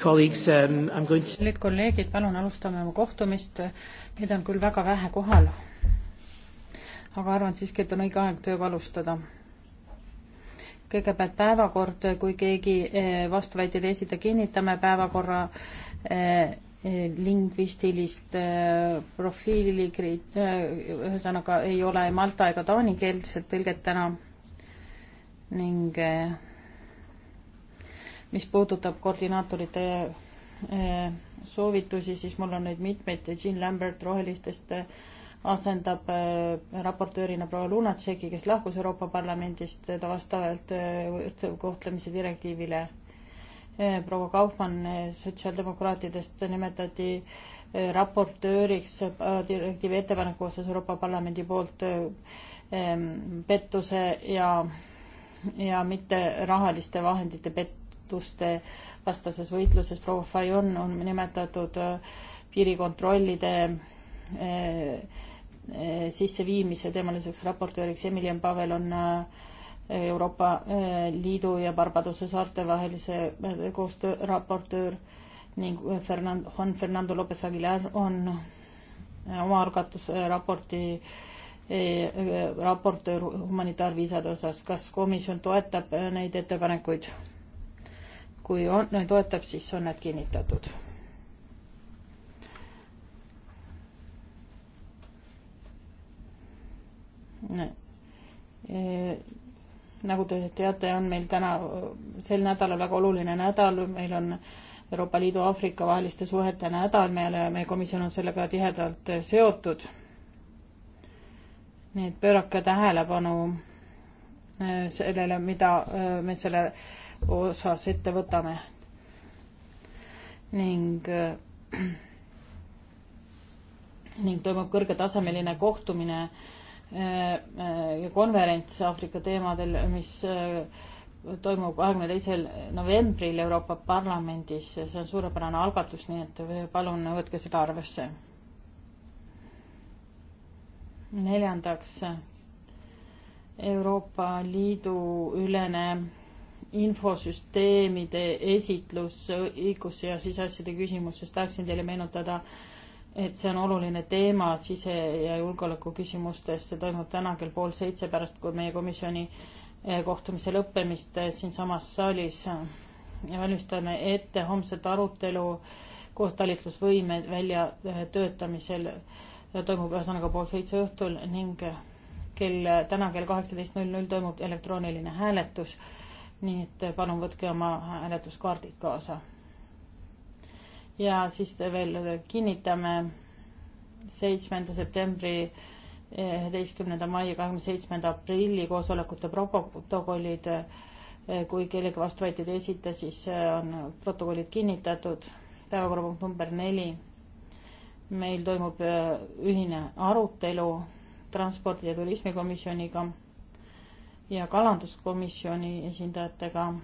Colleagues, um, I'm going to... nüüd kolleegid, palun alustame oma kohtumist, meid on küll väga vähe kohal, aga arvan siiski, et on õige aeg tööga alustada. kõigepealt päevakord, kui keegi eh, vastuväiteid ei esita, kinnitame päevakorra eh, eh lingvistilist eh, profiili eh,, ühesõnaga ei ole malta ega taanikeelset tõlget täna ning eh, mis puudutab koordinaatorite eh, soovitusi, siis mul on neid mitmeid, Jean Lambert Rohelistest eh, asendab eh, raportöörina proua Lunatšeki, kes lahkus Euroopa Parlamendist, ta vastavalt võrdse kohtlemise direktiivile. proua Kaufmann sotsiaaldemokraatidest nimetati raportööriks direktiivi ettepaneku osas Euroopa Parlamendi poolt ehm, pettuse ja, ja mitte rahaliste vahendite pet-, pettuste vastases võitluses, proua Fajon on nimetatud äh, piirikontrollide äh, äh, sisseviimise teemaliseks raportööriks, Emilian Pavel on Euroopa Liidu ja Barbadose saarte vahelise koostöö raportöör ning Fernand, Juan Fernando Lopez Aguilar on omaalgatuse raporti raportöör humanitaarviisade osas, kas komisjon toetab neid ettepanekuid? kui on, toetab, siis on need kinnitatud. nagu te teate, on meil täna, sel nädalal väga oluline nädal, meil on Euroopa Liidu Aafrika vaheliste suhete nädal, me oleme, meie komisjon on sellega tihedalt seotud. nii et pöörake tähelepanu sellele, mida me selle osas ette võtame. ning, äh, ning toimub kõrgetasemeline kohtumine äh, äh, ja konverents Aafrika teemadel, mis toimub kahekümne teisel novembril Euroopa Parlamendis, see on suurepärane algatus, nii et palun võtke seda arvesse. neljandaks Euroopa Liidu ülene infosüsteemide esitlus õigus- ja siseasjade küsimuses, tahaksin teile meenutada, et see on oluline teema sise- ja julgeoleku küsimustes, see toimub täna kell pool seitse pärast meie komisjoni eh, kohtumise lõppemist eh, siinsamas saalis. valmistame ette homset arutelu koos talitlusvõime väljatöötamisel, eh, toimub ühesõnaga pool seitse õhtul ning kell, täna kell kaheksateist null null toimub elektrooniline hääletus nii et palun võtke oma hääletuskaardid kaasa. ja siis veel kinnitame seitsmenda septembri, üheteistkümnenda mai ja kahekümne seitsmenda aprilli koosolekute protokollid. kui kellegi vastuväiteid ei esita, siis on protokollid kinnitatud. päevakorrapunkt number neli. meil toimub ühine arutelu transpordi ja turismikomisjoniga ja kalanduskomisjoni esindajatega.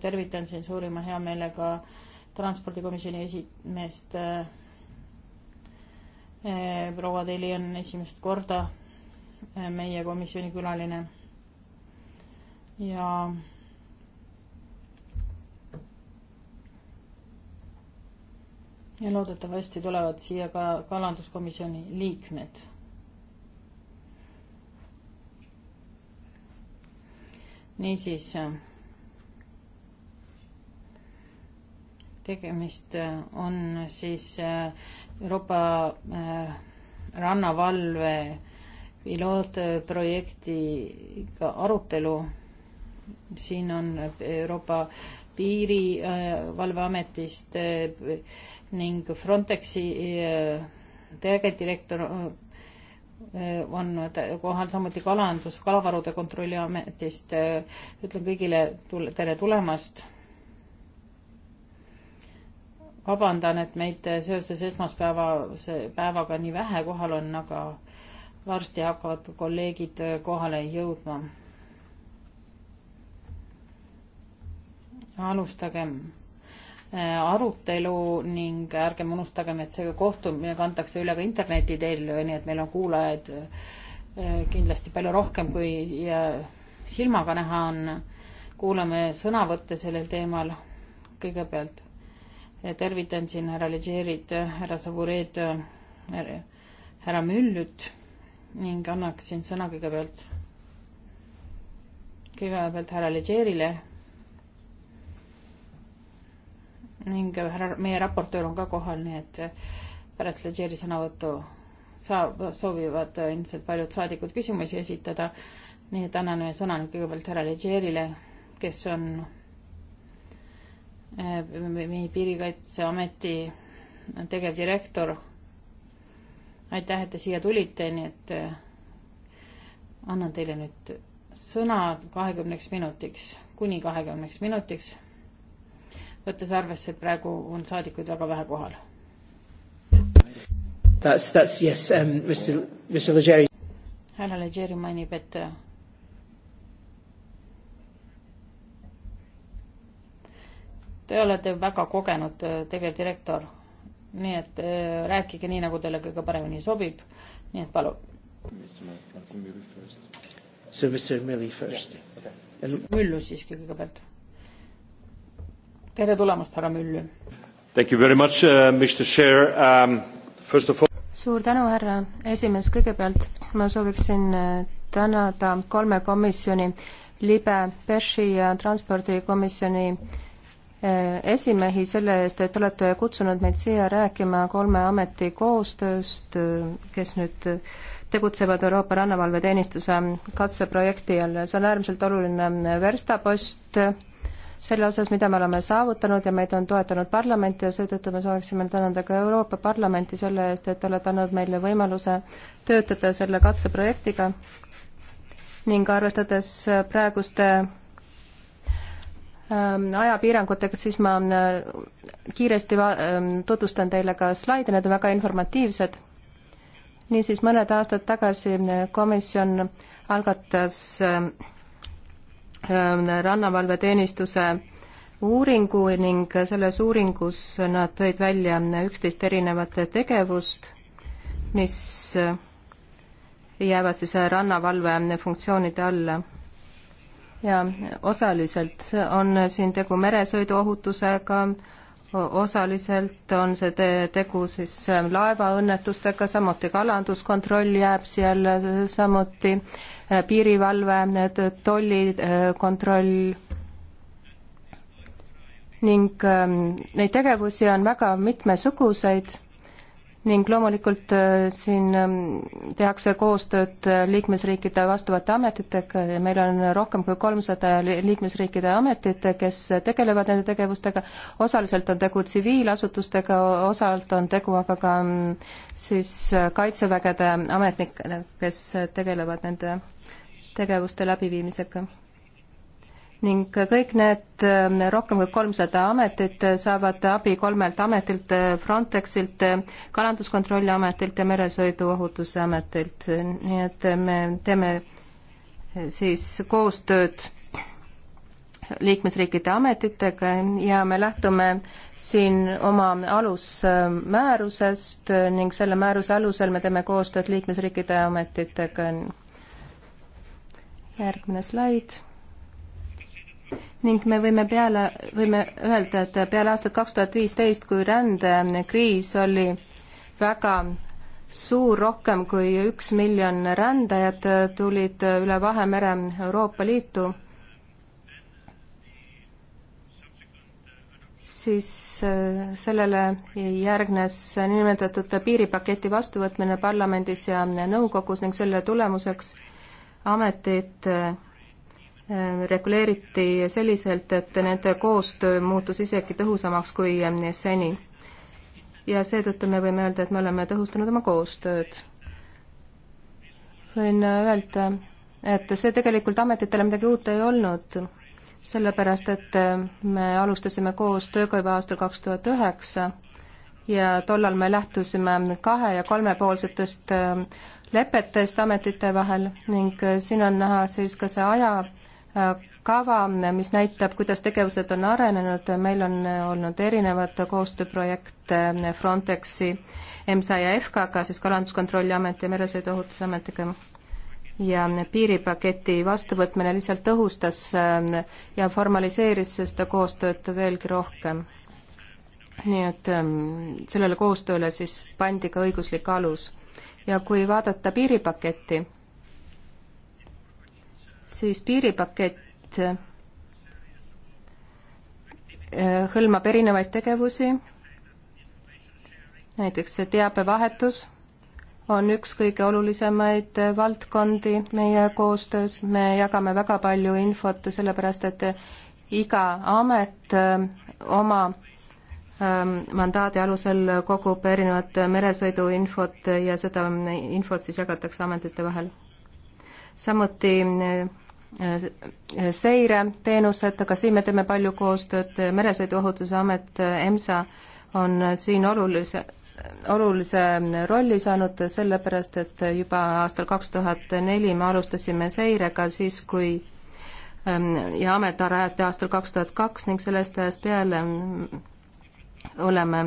tervitan siin suurima heameelega transpordikomisjoni esimeest eh, proua Teli on esimest korda eh, meie komisjoni külaline ja ja loodetavasti tulevad siia ka kalanduskomisjoni liikmed niisiis, äh, tegemist äh, on siis äh, Euroopa rannavalve pilootprojektiga arutelu. siin on Euroopa piirivalveametist ning Frontexi tegevdirektor Äh, on kohal samuti kalandus, kalavarude kontrolliametist. Äh, ütlen kõigile tere tulemast. vabandan, et meid seoses esmaspäevase päevaga nii vähe kohal on, aga varsti hakkavad kolleegid kohale jõudma. alustagem Äh, arutelu ning ärgem unustagem, et see kohtumine kantakse üle ka interneti teel, nii et meil on kuulajaid äh, kindlasti palju rohkem, kui silmaga näha on. kuulame sõnavõtte sellel teemal kõigepealt. tervitan siin härra Legeerit, härra Savureed, härra Müllut ning annaksin sõna kõigepealt, kõigepealt härra Legeerile ning härra, meie raportöör on ka kohal, nii et eh, pärast Legeri sõnavõttu saab, soovivad eh, ilmselt paljud saadikud küsimusi esitada. nii et annan sõna nüüd kõigepealt härra Legerile, kes on eh, meie Piirikaitseameti tegevdirektor. aitäh, et te siia tulite, nii et annan teile nüüd sõna kahekümneks minutiks, kuni kahekümneks minutiks võttes arvesse, et praegu on saadikuid väga vähe kohal. That's, that's yes um,, Mr, Mr Legeri. härra Legeri mainib, et Te olete väga kogenud äh, tegevdirektor, nii et äh, rääkige nii, nagu teile kõige paremini sobib, nii et palun. Müllu siiski kõigepealt tere tulemast, härra Müllü! Thank you very much uh,, Mr Chair um,, first of all suur tänu, härra esimees, kõigepealt ma sooviksin uh, tänada kolme komisjoni, libe, PERSi ja transpordikomisjoni uh, esimehi selle eest, et olete kutsunud meid siia rääkima kolme ameti koostööst, uh, kes nüüd tegutsevad Euroopa Rannavalveteenistuse katseprojekti all. see on äärmiselt oluline verstapost selle osas, mida me oleme saavutanud ja meid on toetanud parlament ja seetõttu me sooviksime tänada ka Euroopa Parlamenti selle eest, et olete andnud meile võimaluse töötada selle katseprojektiga ning arvestades praeguste ähm, ajapiirangutega, siis ma äh, kiiresti ähm, tutvustan teile ka slaide, need on väga informatiivsed. niisiis, mõned aastad tagasi komisjon algatas ähm, Ähm, rannavalveteenistuse uuringu ning selles uuringus nad tõid välja üksteist erinevat tegevust, mis jäävad siis rannavalve funktsioonide alla. ja osaliselt on siin tegu meresõiduohutusega, osaliselt on see te tegu siis laevaõnnetustega, samuti kalanduskontroll jääb seal samuti äh, Äh, piirivalve, tollikontroll äh, ning ähm, neid tegevusi on väga mitmesuguseid ning loomulikult äh, siin ähm, tehakse koostööd liikmesriikide vastavate ametitega ja meil on rohkem kui kolmsada liikmesriikide ametit, kes tegelevad nende tegevustega, osaliselt on tegu tsiviilasutustega, osalt on tegu aga ka mm, siis kaitsevägede ametnikega, kes tegelevad nende tegevuste läbiviimisega. ning kõik need äh, rohkem kui kolmsada ametit äh, saavad abi kolmelt ametilt, äh, Frontexilt, Kalanduskontrolli ametilt ja Meresõiduohutuse ametilt, nii et me teeme siis koostööd liikmesriikide ametitega ja me lähtume siin oma alusmäärusest ning selle määruse alusel me teeme koostööd liikmesriikide ametitega järgmine slaid. ning me võime peale, võime öelda, et peale aastat kaks tuhat viisteist, kui rändekriis oli väga suur, rohkem kui üks miljon rändajat tulid üle Vahemere Euroopa Liitu, siis äh, sellele järgnes niinimetatud piiripaketi vastuvõtmine parlamendis ja nõukogus ning selle tulemuseks ametit äh, äh, reguleeriti selliselt, et nende koostöö muutus isegi tõhusamaks kui äh, seni. ja seetõttu me võime öelda, et me oleme tõhustanud oma koostööd. võin öelda, et see tegelikult ametitele midagi uut ei olnud, sellepärast et me alustasime koostööga juba aastal kaks tuhat üheksa ja tollal me lähtusime kahe- ja kolmepoolsetest lepetest ametite vahel ning äh, siin on näha siis ka see ajakava, äh, mis näitab, kuidas tegevused on arenenud, meil on äh, olnud erinevad koostööprojekte Frontexi, EMSA ja EFKA-ga, siis Kalanduskontrolliameti ja Meresõiduohutusametiga ja piiripaketi vastuvõtmine lihtsalt tõhustas ja formaliseeris seda koostööd veelgi rohkem. nii et ähm, sellele koostööle siis pandi ka õiguslik alus ja kui vaadata piiripaketti, siis piiripakett äh, hõlmab erinevaid tegevusi, näiteks teabevahetus on üks kõige olulisemaid valdkondi meie koostöös, me jagame väga palju infot, sellepärast et iga amet äh, oma Ähm, mandaadi alusel kogub erinevat meresõiduinfot ja seda infot siis jagatakse ametite vahel. samuti äh, äh, seireteenused, aga siin me teeme palju koostööd, Meresõiduohutuse Amet, äh, EMSA, on siin olulise, olulise rolli saanud, sellepärast et juba aastal kaks tuhat neli me alustasime seirega siis, kui ähm, ja amet rajati aastal kaks tuhat kaks ning sellest ajast peale mm, oleme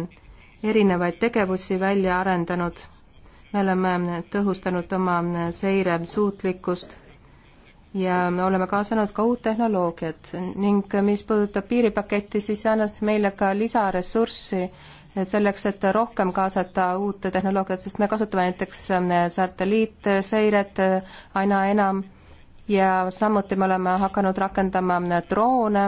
erinevaid tegevusi välja arendanud, me oleme tõhustanud oma seiresuutlikkust ja me oleme kaasanud ka uut tehnoloogiat ning mis puudutab piiripaketti, siis see annab meile ka lisaressurssi selleks, et rohkem kaasata uut tehnoloogiat, sest me kasutame näiteks satelliitseiret aina enam ja samuti me oleme hakanud rakendama droone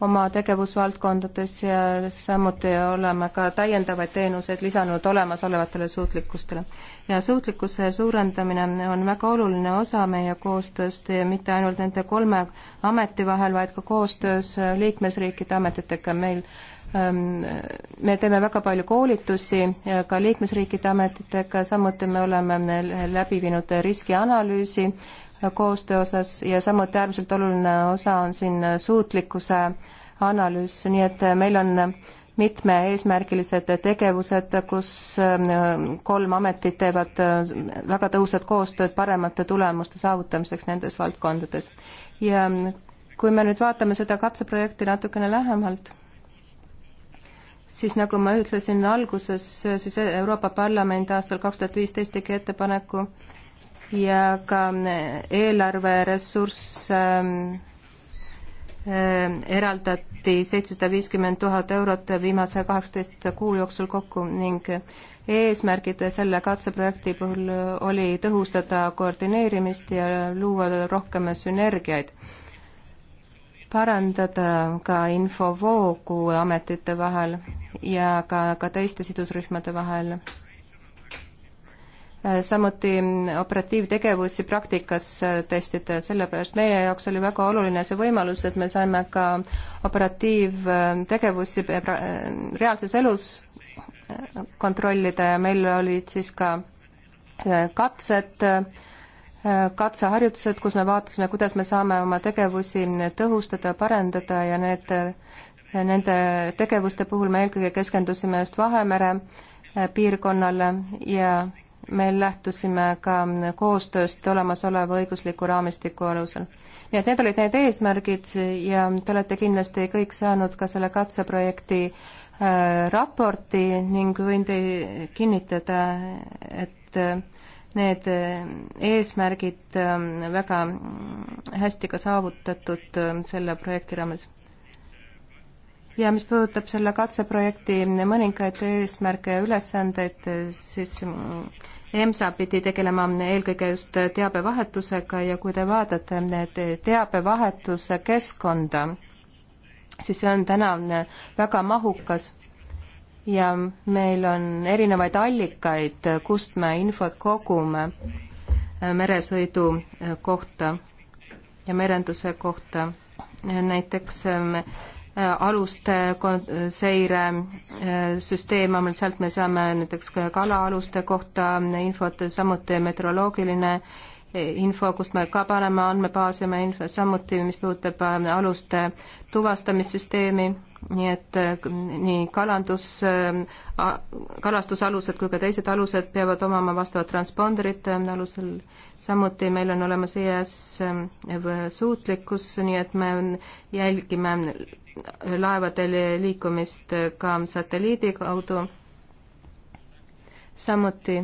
oma tegevusvaldkondades ja samuti oleme ka täiendavaid teenuseid lisanud olemasolevatele suutlikkustele. ja suutlikkuse suurendamine on väga oluline osa meie koostööst ja mitte ainult nende kolme ameti vahel, vaid ka koostöös liikmesriikide ametitega meil ähm, me teeme väga palju koolitusi ka liikmesriikide ametitega, samuti me oleme läbi viinud riskianalüüsi koostöö osas ja samuti äärmiselt oluline osa on siin suutlikkuse analüüs, nii et meil on mitmeeesmärgilised tegevused, kus ähm, kolm ametit teevad äh, väga tõhusat koostööd paremate tulemuste saavutamiseks nendes valdkondades. ja ähm, kui me nüüd vaatame seda katseprojekti natukene lähemalt, siis nagu ma ütlesin alguses, siis Euroopa Parlament aastal kaks tuhat viisteist tegi ettepaneku äh, ja ka mm, eelarveressurss mm, mm, eraldati seitsesada viiskümmend tuhat eurot viimase kaheksateist kuu jooksul kokku ning eesmärgid selle katseprojekti puhul oli tõhustada koordineerimist ja luua rohkem sünergiaid, parandada ka infovoogu ametite vahel ja ka, ka teiste sidusrühmade vahel Äh, samuti mm, operatiivtegevusi praktikas äh, testida, sellepärast meie jaoks oli väga oluline see võimalus, et me saime ka operatiivtegevusi äh, reaalses elus kontrollida ja meil olid siis ka katsed, katseharjutused, kus me vaatasime, kuidas me saame oma tegevusi mm, tõhustada, parendada ja need, nende tegevuste puhul me eelkõige keskendusime just Vahemere piirkonnale ja me lähtusime ka koostööst olemasoleva õigusliku raamistiku alusel. nii et need olid need eesmärgid ja te olete kindlasti kõik saanud ka selle katseprojekti äh, raporti ning võin teile kinnitada, et äh, need äh, eesmärgid ähm, väga hästi ka saavutatud äh, selle projekti raames ja mis puudutab selle katseprojekti mõningaid eesmärke ja ülesandeid, siis mm, EMSA pidi tegelema eelkõige just teabevahetusega ja kui te vaatate teabevahetuse keskkonda, siis see on täna väga mahukas ja meil on erinevaid allikaid, kust me infot kogume meresõidu kohta ja merenduse kohta. näiteks aluste äh, seiresüsteem, äh, sealt me saame näiteks kalaaluste kohta infot, samuti meteoroloogiline äh, info, kust me ka paneme andmebaasi oma info, samuti mis puudutab aluste tuvastamissüsteemi, nii et nii kalandus, kalastusalused kui ka teised alused peavad omama vastavat transponderit alusel, samuti meil on olemas EAS suutlikkus, nii et me jälgime laevadel liikumist ka satelliidi kaudu. samuti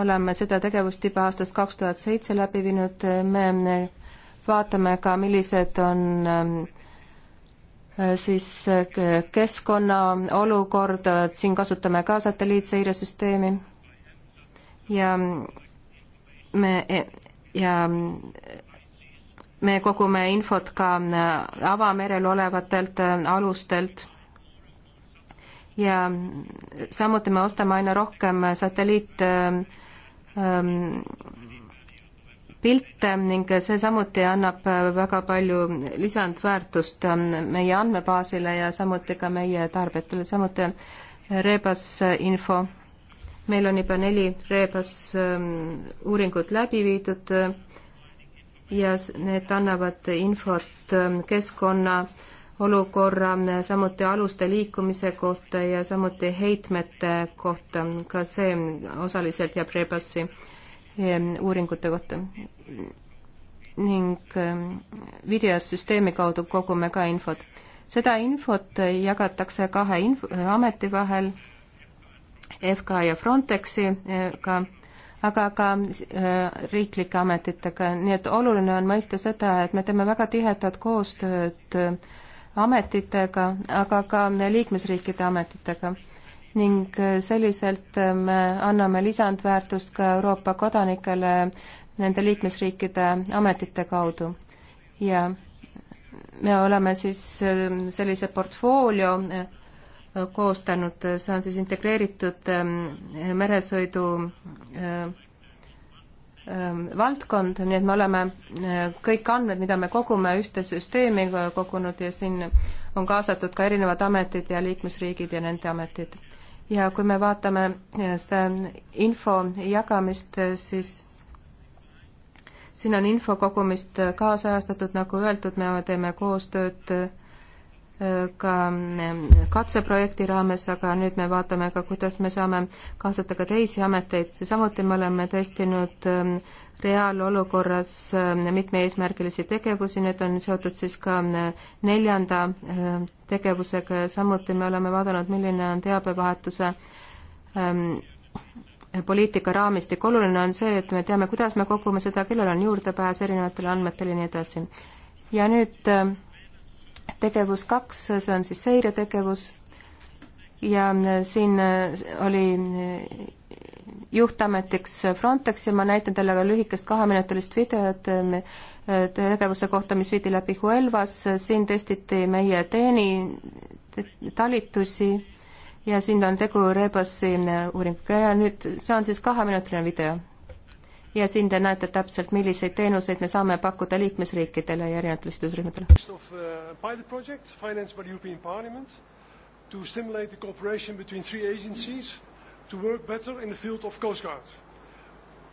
oleme seda tegevust juba aastast kaks tuhat seitse läbi viinud, me vaatame ka, millised on äh, siis äh, keskkonna olukord, siin kasutame ka satelliitseiresüsteemi ja me ja me kogume infot ka äh, avamerel olevatelt äh, alustelt ja samuti me ostame aina rohkem äh, satelliit ähm, ähm, pilte ning see samuti annab väga palju lisandväärtust ähm, meie andmebaasile ja samuti ka meie tarbijatele, samuti Rebas info. meil on juba neli Rebas uuringut läbi viidud ja need annavad infot ähm, keskkonna olukorra, samuti aluste liikumise kohta ja samuti heitmete kohta, ka see osaliselt jääb Rebasi ähm, uuringute kohta. ning ähm, videosüsteemi kaudu kogume ka infot. seda infot jagatakse kahe inf-, ameti vahel, FK ja Frontexiga äh, ka aga ka äh, riiklike ametitega, nii et oluline on mõista seda, et me teeme väga tihedat koostööd äh, ametitega, aga ka liikmesriikide ametitega. ning äh, selliselt me anname lisandväärtust ka Euroopa kodanikele nende liikmesriikide ametite kaudu. ja me oleme siis sellise portfoolio koostanud, see on siis integreeritud ähm, meresõidu äh, ähm, valdkond, nii et me oleme äh, kõik andmed, mida me kogume, ühte süsteemi kogunud ja siin on kaasatud ka erinevad ametid ja liikmesriigid ja nende ametid. ja kui me vaatame äh, seda info jagamist, siis siin on info kogumist kaasajastatud, nagu öeldud, me teeme koostööd ka ähm, katseprojekti raames, aga nüüd me vaatame ka, kuidas me saame kaasata ka teisi ameteid, samuti me oleme testinud ähm, reaalolukorras ähm, mitmeeesmärgilisi tegevusi, need on seotud siis ka neljanda tegevusega ja samuti me oleme vaadanud, milline on teabevahetuse poliitika raamistik, oluline on see, et me teame, kuidas me kogume seda, kellel on juurdepääs erinevatele andmetele ja nii edasi. ja nüüd tegevus kaks, see on siis seiretegevus ja siin oli juhtametiks Frontex ja ma näitan teile ka lühikest kaheminutilist videot tegevuse kohta, mis viidi läbi Huelvas, siin testiti meie teeni talitusi ja siin on tegu Rebasi uuringuga ja nüüd see on siis kaheminutiline video ja siin te näete täpselt, milliseid teenuseid me saame pakkuda liikmesriikidele ja erinevatele sidusrühmadele. Uh, to stimulate the cooperation between three agencies to work better in the field of Coast Guard.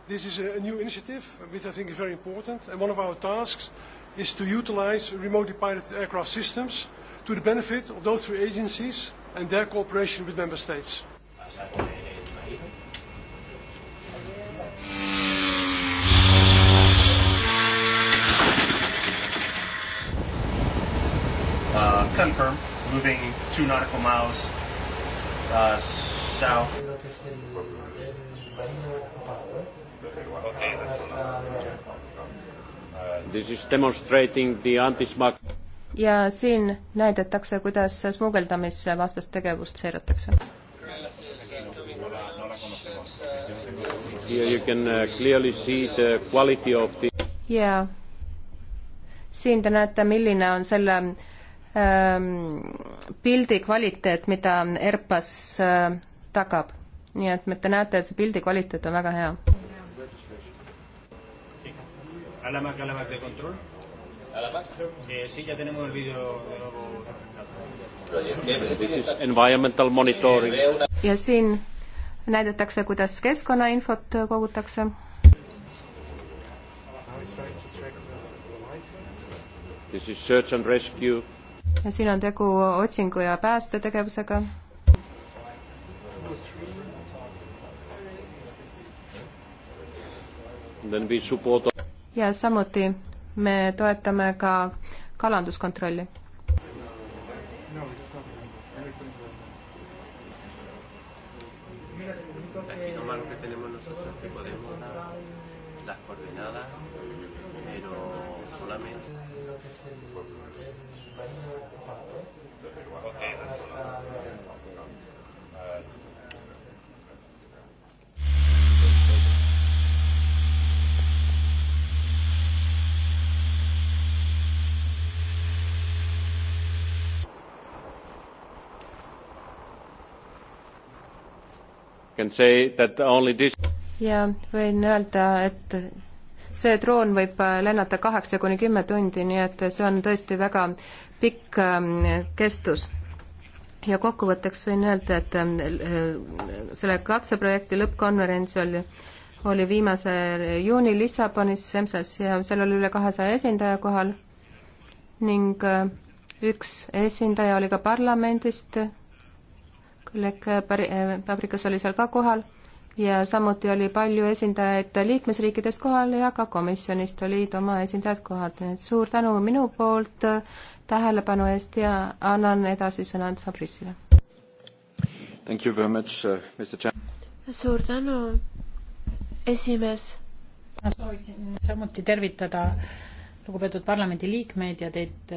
This is a new initiative, which I think is very important, and one of our tasks is to utilize remotely piloted aircraft systems to the benefit of those three agencies and their cooperation with member states. uh, confirm, moving two nautical miles uh, south. ja siin näidatakse, kuidas smugeldamisse vastast tegevust seiratakse. Uh, ja siin te näete, milline on selle Ähm, pildi kvaliteet, mida ERPAS äh, tagab. nii et te näete, et see pildi kvaliteet on väga hea. A la Mac, a la Mac de control. A la Mac. Eh, sí, ya tenemos el vídeo. This is environmental monitoring. ja siin näidatakse, kuidas keskkonnainfot kogutakse. This is search and rescue siin on tegu otsingu- ja päästetegevusega. ja samuti me toetame ka kalanduskontrolli ja võin öelda, et see droon võib äh, lennata kaheksa kuni kümme tundi, nii et see on tõesti väga pikk ähm, kestus. ja kokkuvõtteks võin öelda, et ähm, äh, selle katseprojekti lõppkonverents oli oli viimasel juunil Lissabonis EMSA-s ja seal oli üle kahesaja esindaja kohal ning äh, üks esindaja oli ka parlamendist kolleeg äh, äh, Pabrikas oli seal ka kohal ja samuti oli palju esindajaid liikmesriikidest kohal ja ka komisjonist olid oma esindajad kohal. nii et suur tänu minu poolt äh, tähelepanu eest ja annan edasi sõna Fabricile. Uh, suur tänu, esimees. ma sooviksin samuti tervitada lugupeetud parlamendiliikmeid ja teid,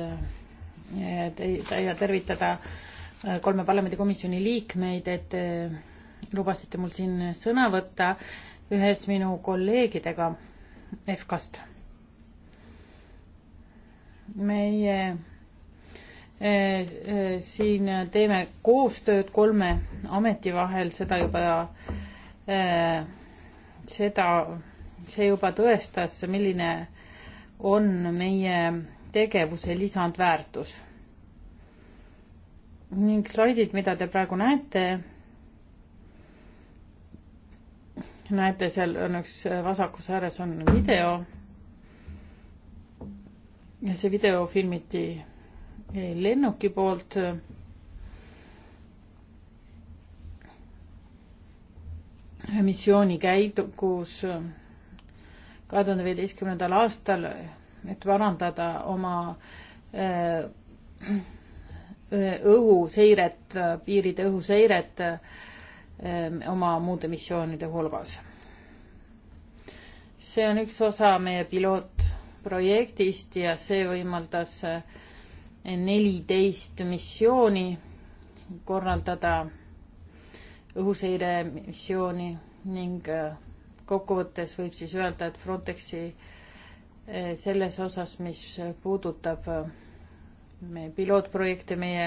teid ja tervitada äh, Äh, kolme parlamendikomisjoni liikmeid, et äh, lubasite mul siin sõna võtta ühes minu kolleegidega EFKast. meie äh, siin teeme koostööd kolme ameti vahel, seda juba, seda, see juba tõestas, milline on meie tegevuse lisandväärtus ning slaidid, mida te praegu näete, näete, seal on üks äh, vasakus ääres on video. ja see video filmiti äh, lennuki poolt missiooni käigus äh, kahe tuhande viieteistkümnendal aastal, et parandada oma äh, õhuseiret, piiride õhuseiret ehm, oma muude missioonide hulgas. see on üks osa meie pilootprojektist ja see võimaldas eh, neliteist missiooni korraldada, õhuseiremissiooni ning eh, kokkuvõttes võib siis öelda, et Frontexi eh, selles osas, mis puudutab me pilootprojekte meie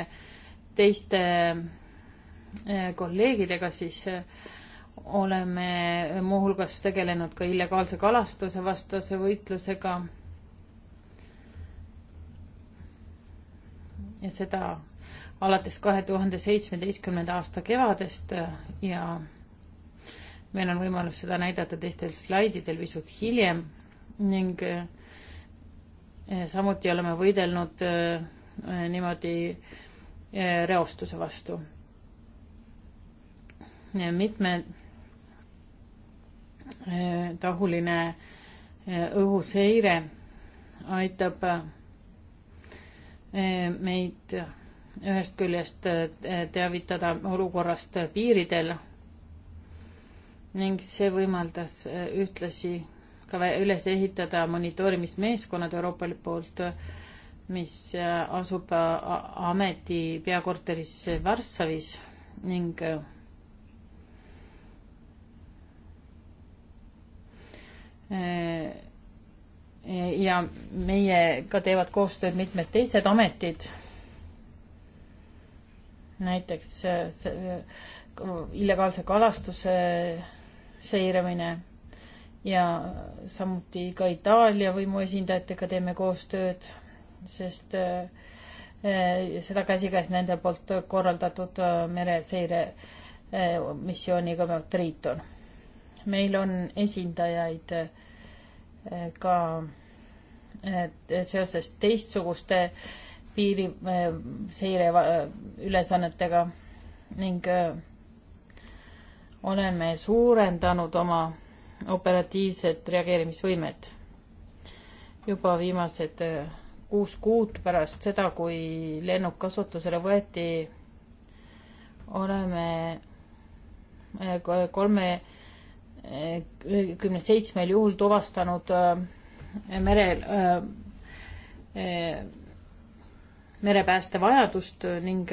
teiste eh, kolleegidega, siis eh, oleme muuhulgas tegelenud ka illegaalse kalastuse vastase võitlusega. ja seda alates kahe tuhande seitsmeteistkümnenda aasta kevadest eh, ja meil on võimalus seda näidata teistel slaididel pisut hiljem ning samuti oleme võidelnud äh, Eh, niimoodi eh, reostuse vastu. mitmetahuline eh, õhuseire aitab meid ühest küljest teavitada olukorrast piiridel ning see võimaldas ühtlasi ka üles ehitada monitoorimismeeskonnad Euroopa Liidu poolt mis äh, asub äh, ameti peakorteris Varssavis ning äh, ja meiega teevad koostööd mitmed teised ametid, näiteks illegaalse kalastuse seiramine ja samuti ka Itaalia võimuesindajatega teeme koostööd sest äh, äh, seda käsikäes nende poolt korraldatud äh, mereseire missiooniga Triit on. meil on esindajaid ka seoses teistsuguste piiriseire ülesannetega ning oleme suurendanud oma operatiivset reageerimisvõimet juba viimased kuus kuud pärast seda, kui lennuk kasutusele võeti, oleme eh, kolme eh, kümne seitsmel juhul tuvastanud eh, merel merepääste vajadust ning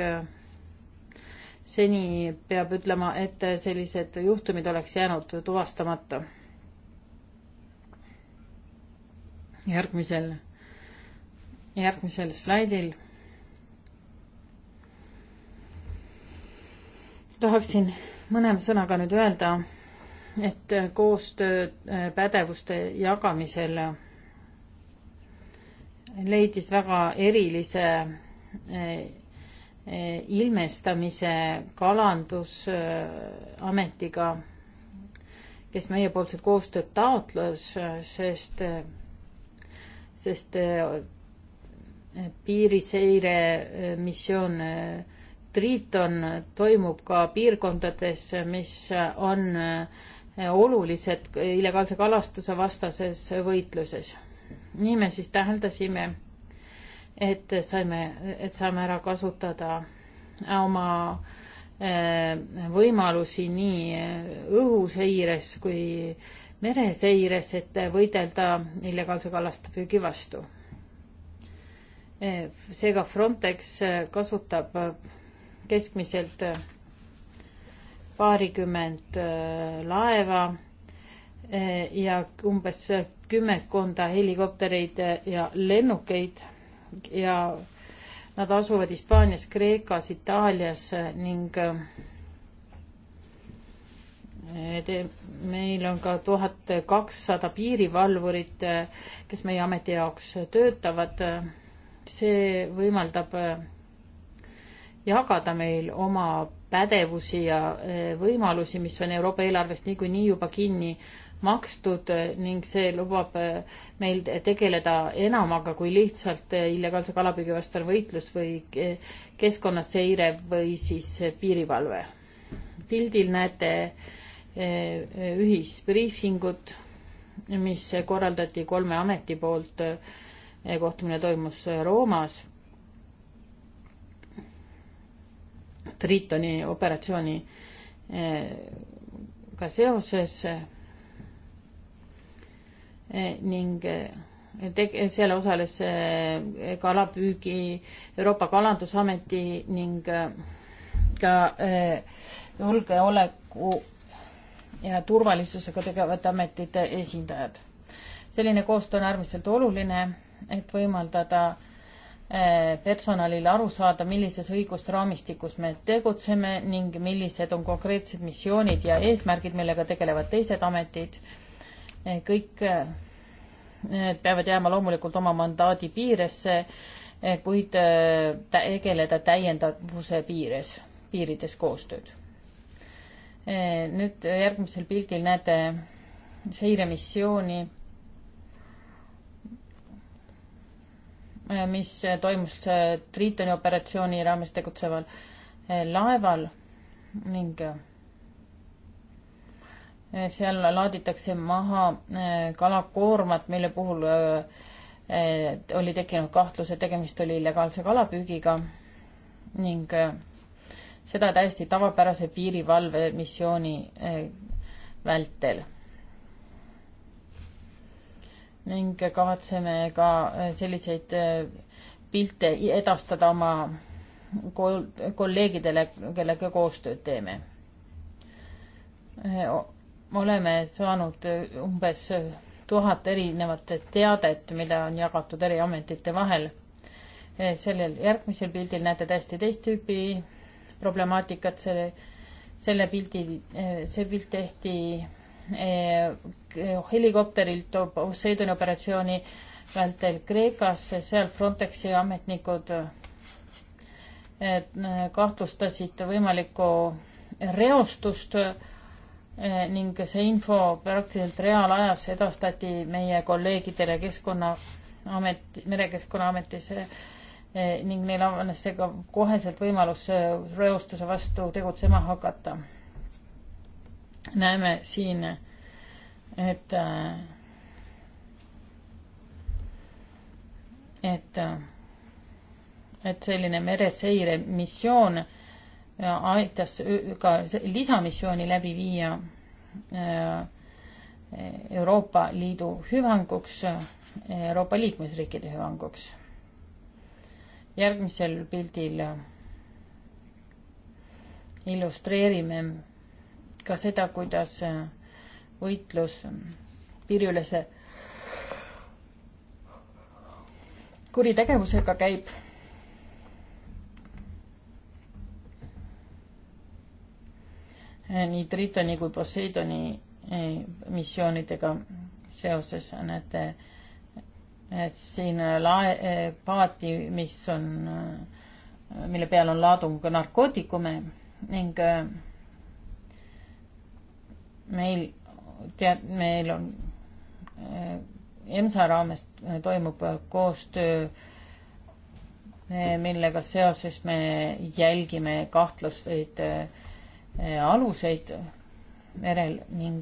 seni peab ütlema, et sellised juhtumid oleks jäänud tuvastamata. järgmisel järgmisel slaidil tahaksin mõne sõnaga nüüd öelda, et koostöö äh, pädevuste jagamisel leidis väga erilise äh, äh, ilmestamise kalandusametiga, kes meiepoolset koostööd taotles, sest, sest piiriseire eh, missioon eh, Triton toimub ka piirkondades, mis on eh, olulised illegaalse kalastuse vastases võitluses. nii me siis täheldasime, et saime, et saame ära kasutada oma võimalusi nii õhuseires kui mereseires, et võidelda illegaalse kalastapüügi vastu Eh, seega Frontex eh, kasutab eh, keskmiselt paarikümmend laeva ja umbes kümmekonda helikoptereid ja lennukeid ja nad asuvad Hispaanias, Kreekas, Itaalias ning te, meil on ka tuhat kakssada piirivalvurit, kes meie ameti jaoks töötavad see võimaldab äh, jagada meil oma pädevusi ja äh, võimalusi, mis on Euroopa eelarvest niikuinii juba kinni makstud äh, ning see lubab meil tegeleda enamaga kui lihtsalt illegaalse kalapüügi vastane võitlus või keskkonnaseire või siis piirivalve. pildil näete ühisbriifingut, mis korraldati kolme ameti poolt kohtumine toimus Roomas. Tritoni operatsiooni eh, ka seoses eh, ning eh, tege-, seal osales kalapüügi Euroopa Kalandusameti ning ka julgeoleku ja turvalisusega tegevate ametite esindajad. selline koostöö on äärmiselt oluline et võimaldada eh, personalile aru saada, millises õigusraamistikus me tegutseme ning millised on konkreetsed missioonid ja eesmärgid, millega tegelevad teised ametid. Eh, kõik eh, peavad jääma loomulikult oma mandaadi piiresse, kuid tegeleda täiendavuse piires, piirides koostööd. nüüd järgmisel pildil näete seiremissiooni Äh, mis toimus äh, Tritoni operatsiooni raames tegutseval äh, laeval ning seal laaditakse maha kalakoormat, mille puhul oli tekkinud kahtlus, et tegemist oli illegaalse kalapüügiga ning seda täiesti tavapärase piirivalvemissiooni vältel ning kavatseme ka äh, selliseid äh, pilte edastada oma kolleegidele, kellega koostööd teeme. Äh, oleme saanud umbes tuhat erinevat teadet, mille on jagatud eri ametite vahel. sellel järgmisel pildil näete täiesti teist tüüpi problemaatikat, see, selle pildi, see pilt tehti Eh, helikopterilt Poseidoni operatsiooni vältel Kreekasse, seal Frontexi ametnikud eh, kahtlustasid võimalikku reostust eh, ning see info praktiliselt reaalajas edastati meie kolleegidele Keskkonnaamet, Merekeskkonnaametis ning neil avanes seega koheselt võimalus reostuse vastu tegutsema hakata näeme siin, et, äh, et, äh, et selline mereseire missioon äh, aitas ka lisamissiooni läbi viia Euroopa Liidu hüvanguks, Euroopa liikmesriikide hüvanguks. järgmisel pildil illustreerime ka seda, kuidas võitlus piiriülese kuritegevusega käib. nii Tritoni kui Poseidoni eh, missioonidega seoses näete, et siin lae, eh, paati, mis on, eh, mille peal on laadung narkootikume ning äh, meil tead, meil on äh, EMSA raames äh, toimub äh, koostöö, millega seoses me jälgime kahtlaseid aluseid merel ning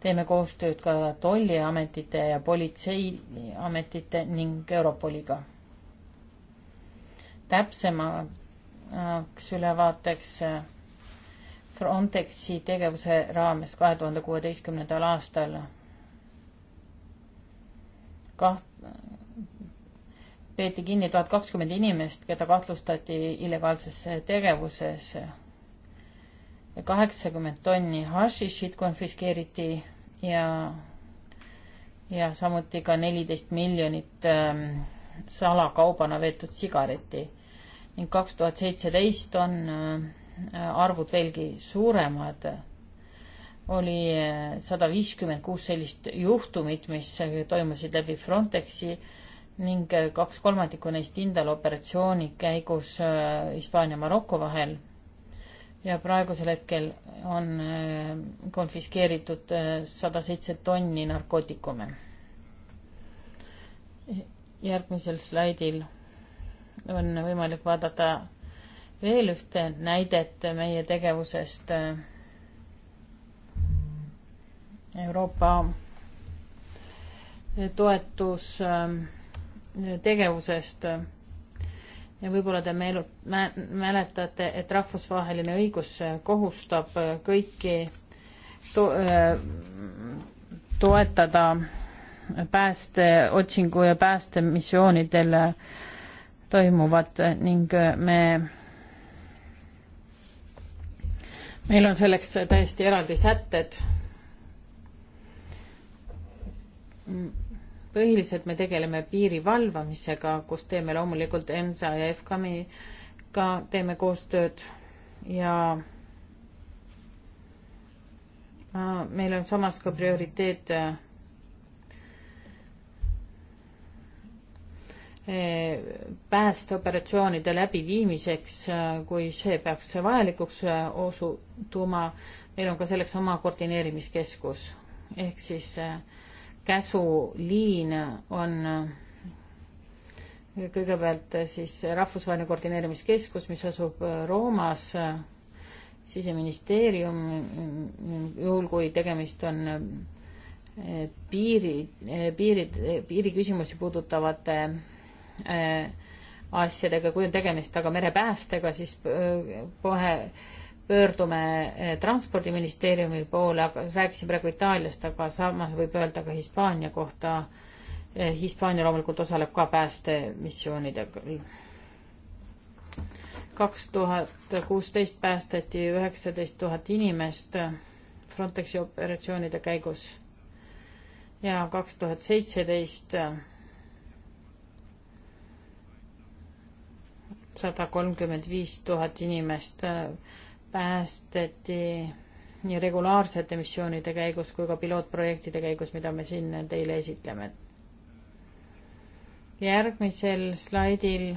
teeme koostööd ka tolliametite ja politseiametite ning Europoliga. täpsemaks ülevaateks Frontexi tegevuse raames kahe tuhande kuueteistkümnendal aastal kaht-, peeti kinni tuhat kakskümmend inimest, keda kahtlustati illegaalses tegevuses. kaheksakümmend tonni hašišit konfiskeeriti ja, ja samuti ka neliteist miljonit ähm, salakaubana veetud sigareti ning kaks tuhat seitseteist on äh, arvud veelgi suuremad. oli eh, sada viiskümmend kuus sellist juhtumit, mis toimusid läbi Frontexi ning eh, kaks kolmandikku neist Indal operatsiooni käigus eh, Hispaania ja Maroko vahel. ja praegusel hetkel on konfiskeeritud sada seitse tonni narkootikume. järgmisel slaidil on võimalik vaadata veel ühte näidet meie tegevusest äh, Euroopa toetus äh, tegevusest ja võib-olla te meelu-, mäletate, et rahvusvaheline õigus kohustab äh, kõiki to-, toetada päästeotsingu ja päästemissioonidel toimuvat ning me meil on selleks täiesti eraldi sätted. põhiliselt me tegeleme piiri valvamisega, kus teeme loomulikult EMSA ja EFKAM-iga teeme koostööd ja meil on samas ka prioriteet äh, päästeoperatsioonide läbiviimiseks, äh, kui see peaks vajalikuks äh, osutuma. meil on ka selleks oma koordineerimiskeskus ehk siis äh, käsuliin on kõigepealt siis rahvusvaheline koordineerimiskeskus, mis asub Roomas, siseministeerium, juhul kui tegemist on piiri, piiri, piiriküsimusi puudutavate Äh, asjadega, kui on tegemist aga merepäästega, siis äh, kohe pöördume äh, Transpordiministeeriumi poole, aga rääkisin praegu Itaaliast, aga samas võib öelda ka Hispaania kohta. Hispaania loomulikult osaleb ka päästemissioonidel. kaks tuhat kuusteist päästeti üheksateist tuhat inimest Frontexi operatsioonide käigus ja kaks tuhat seitseteist sada kolmkümmend viis tuhat inimest äh, päästeti nii regulaarsete missioonide käigus kui ka pilootprojektide käigus, mida me siin teile esitleme. järgmisel slaidil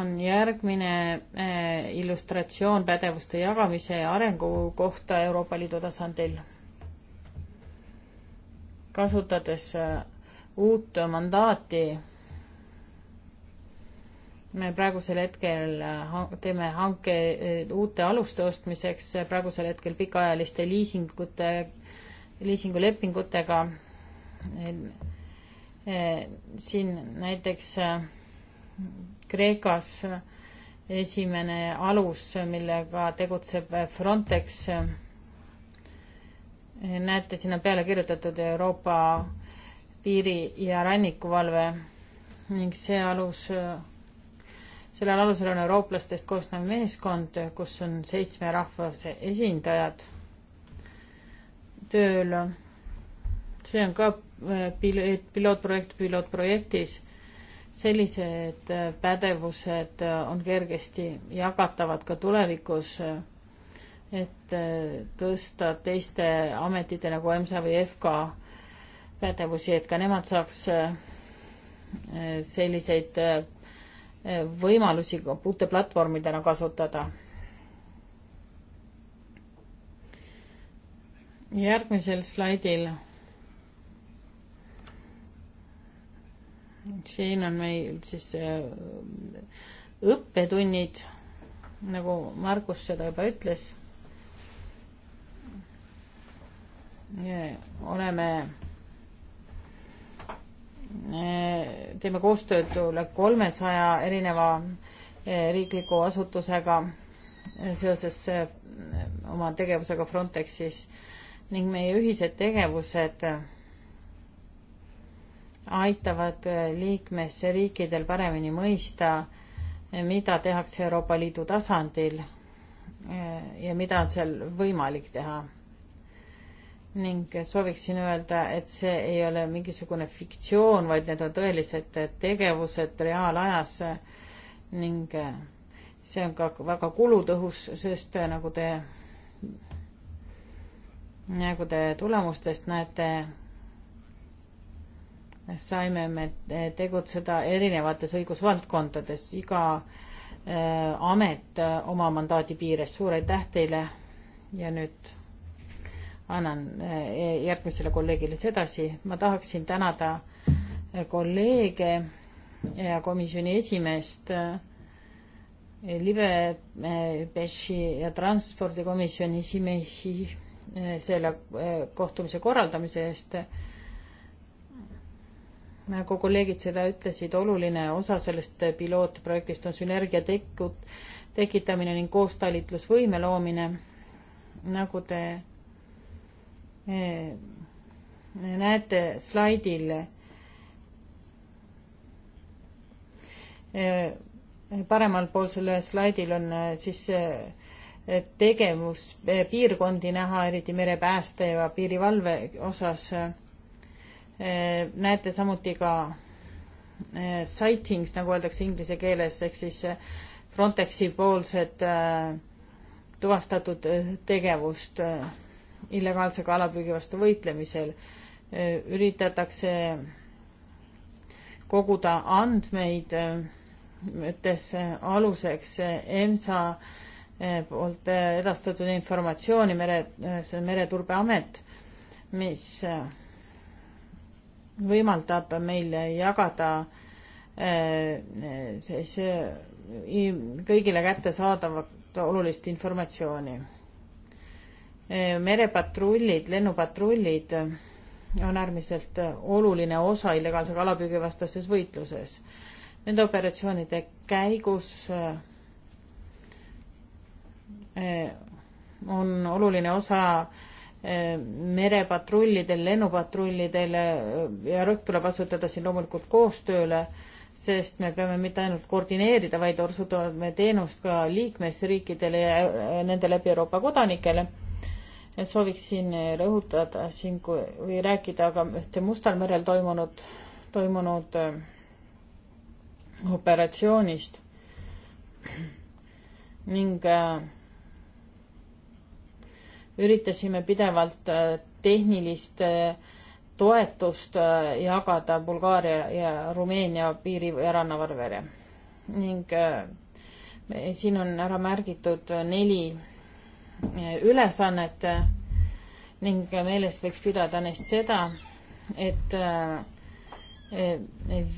on järgmine äh, illustratsioon pädevuste jagamise ja arengu kohta Euroopa Liidu tasandil. kasutades äh, uut mandaati me praegusel hetkel äh, teeme hanke äh, uute aluste ostmiseks, äh, praegusel hetkel pikaajaliste liisingute, liisingulepingutega. siin näiteks Kreekas esimene alus, millega tegutseb Frontex. näete, siin on peale kirjutatud Euroopa piiri- ja rannikuvalve ning see alus sellel alusel on eurooplastest koosnev meeskond, kus on seitsme rahvuse esindajad tööl. see on ka äh, pil-, pilootprojekt pilootprojektis. sellised äh, pädevused äh, on kergesti jagatavad ka tulevikus, et tõsta teiste ametite nagu EMSA või EFKA pädevusi, et ka nemad saaks selliseid võimalusi uute platvormidena kasutada. järgmisel slaidil. siin on meil siis äh, õppetunnid, nagu Margus seda juba ütles. oleme teeme koostööd üle kolmesaja erineva eh, riikliku asutusega eh, seoses eh, oma tegevusega Frontexis ning meie ühised tegevused aitavad liikmesriikidel paremini mõista, mida tehakse Euroopa Liidu tasandil ja mida on seal võimalik teha ning sooviksin öelda, et see ei ole mingisugune fiktsioon, vaid need on tõelised tegevused reaalajas ning äh, see on ka väga kulutõhus, sest äh, nagu te, nagu te tulemustest näete, saime me tegutseda erinevates õigusvaldkondades, iga äh, amet oma mandaadi piires. suur aitäh teile ja nüüd annan eh, järgmisele kolleegile sedasi. ma tahaksin tänada eh, kolleege ja komisjoni esimeest, eh, libe, peši ja transpordikomisjoni esimehi selle kohtumise korraldamise eest. nagu kolleegid seda ütlesid, oluline osa sellest pilootprojektist on sünergia tekut-, tekitamine ning koostalitlusvõime loomine. nagu te näete slaidil paremal pool sellel slaidil on siis tegevuspiirkondi näha, eriti merepääste ja piirivalve osas. näete samuti ka sightings, nagu öeldakse inglise keeles, ehk siis Frontexi poolset tuvastatud tegevust illegaalse kalapüügi vastu võitlemisel. üritatakse koguda andmeid, võttes aluseks EMSA poolt edastatud informatsiooni, mere, see on Mereturbeamet, mis võimaldab meil jagada siis kõigile kättesaadavat olulist informatsiooni merepatrullid, lennupatrullid on äärmiselt oluline osa illegaalse kalapüügi vastases võitluses. Nende operatsioonide käigus eh, on oluline osa eh, merepatrullidel, lennupatrullidel eh, ja rõhk tuleb asutada siin loomulikult koostööle, sest me peame mitte ainult koordineerida, vaid osutame teenust ka liikmesriikidele ja nende läbi Euroopa kodanikele sooviksin rõhutada siin kui, või rääkida ka ühte Mustal merel toimunud, toimunud äh, operatsioonist ning äh, üritasime pidevalt äh, tehnilist toetust jagada Bulgaaria ja Rumeenia piiri ja rannavalvele ning siin on ära märgitud neli ülesannet ning meeles võiks pidada neist seda, et äh,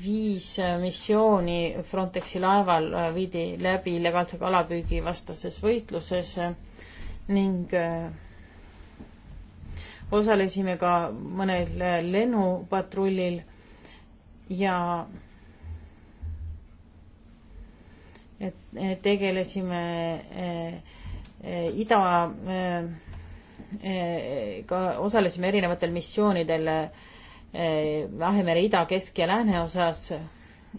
viis missiooni Frontexi laeval viidi läbi illegaalse kalapüügi vastases võitluses ning äh, osalesime ka mõnel lennupatrullil ja et tegelesime eh, Eh, ida eh, eh, ka osalesime erinevatel missioonidel Vahemere ida, kesk ja lääneosas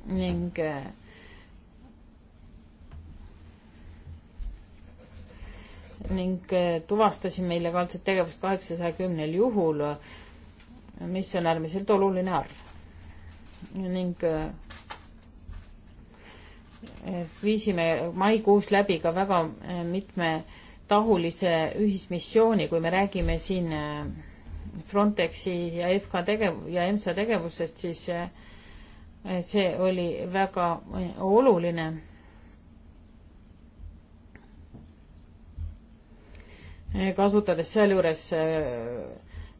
ning ning tuvastasime illegaalset tegevust kaheksasaja kümnel juhul, mis on äärmiselt oluline arv. ning viisime maikuus läbi ka väga mitme kahestahulise ühismissiooni, kui me räägime siin äh, Frontexi ja EFK tegev- ja EMSA tegevusest, siis äh, see oli väga äh, oluline. kasutades sealjuures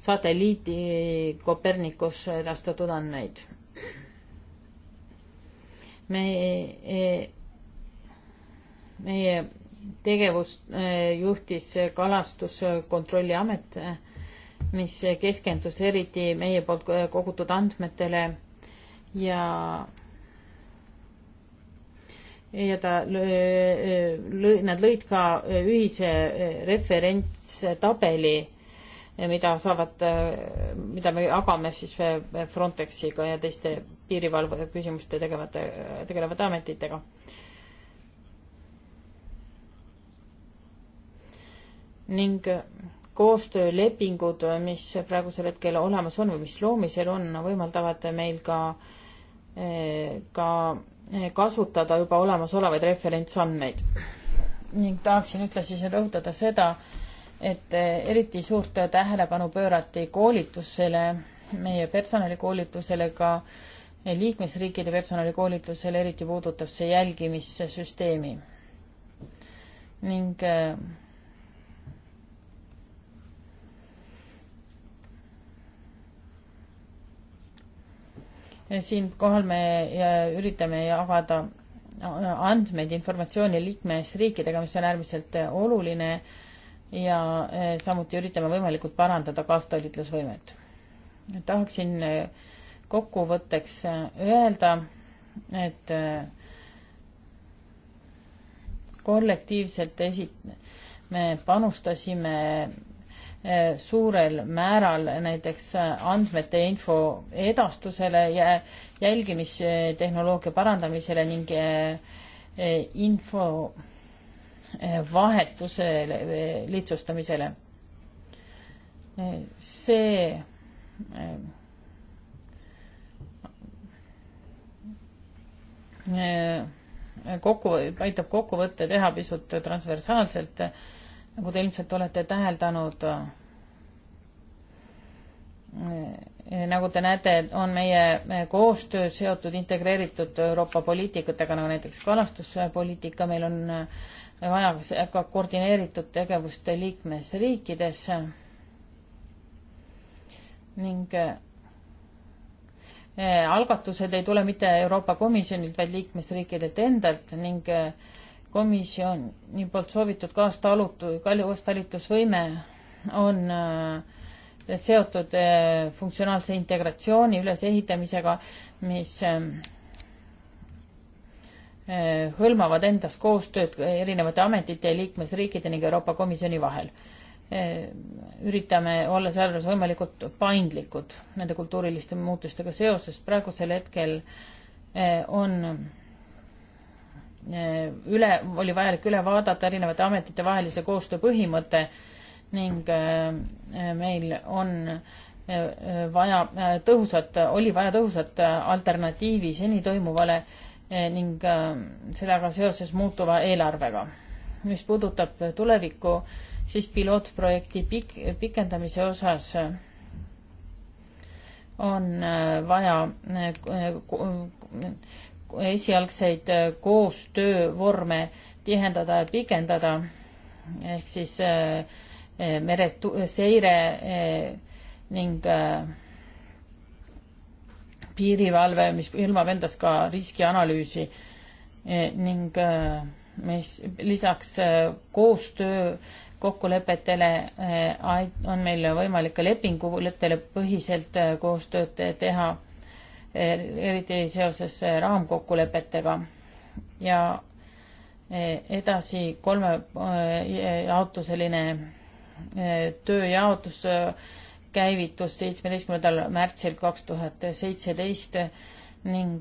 satelliiti Kopernikus edastatud andmeid. me, meie tegevust eh, juhtis Kalastuskontrolliamet, eh, mis keskendus eriti meie poolt eh, kogutud andmetele ja ja ta lõi, nad lõid ka ühise referentstabeli, mida saavad, mida me jagame siis Frontexiga ja teiste piirivalve küsimuste tegevate, tegelevate ametitega. ning koostöölepingud, mis praegusel hetkel olemas on või mis loomisel on, võimaldavad meil ka, ka kasutada juba olemasolevaid referentsandmeid. ning tahaksin ühtlasi rõhutada seda, et eriti suurt tähelepanu pöörati koolitusele, meie personalikoolitusele, ka liikmesriikide personalikoolitusele, eriti puudutab see jälgimissüsteemi. ning siinkohal me üritame jagada andmeid, informatsiooni liikmesriikidega, mis on äärmiselt oluline ja e, samuti üritame võimalikult parandada kaastalitlusvõimet. tahaksin e, kokkuvõtteks e, öelda, et kollektiivselt esi-, me panustasime Eh, suurel määral näiteks andmete info edastusele ja jälgimistehnoloogia parandamisele ning eh, eh, info vahetuse lihtsustamisele. see kokku, aitab kokkuvõtte teha pisut transversaalselt nagu te ilmselt olete täheldanud, eh, nagu te näete, on meie eh, koostöö seotud integreeritud Euroopa poliitikatega, nagu näiteks kalastuspoliitika, meil on eh, vaja ka koordineeritud tegevust liikmesriikides ning algatused ei tule mitte Euroopa Komisjonilt, vaid liikmesriikidelt endalt ning komisjoni poolt soovitud kaastalutu, kaastalitusvõime on äh, seotud äh, funktsionaalse integratsiooni ülesehitamisega, mis ähm, äh, hõlmavad endas koostööd erinevate ametite ja liikmesriikide ning Euroopa Komisjoni vahel. üritame olla sealjuures võimalikult paindlikud nende kultuuriliste muutustega seoses, praegusel hetkel on Äh, üle, oli vajalik üle vaadata erinevate ametite vahelise koostöö põhimõte ning äh, meil on äh, vaja tõhusat, oli vaja tõhusat alternatiivi seni toimuvale ning sellega seoses muutuva eelarvega. mis puudutab tulevikku, siis pilootprojekti pik-, pikendamise osas on vaja esialgseid äh, koostöövorme tihendada ja pikendada, ehk siis äh, äh, merest seire ning piirivalve, mis hõlmab endas ka riskianalüüsi ning mis lisaks koostöö kokkulepetele on meil võimalik ka lepingutele põhiselt koostööd teha eriti seoses eh, raamkokkulepetega ja eh, edasi kolme jaotuseline eh, tööjaotus käivitus seitsmeteistkümnendal märtsil kaks tuhat seitseteist ning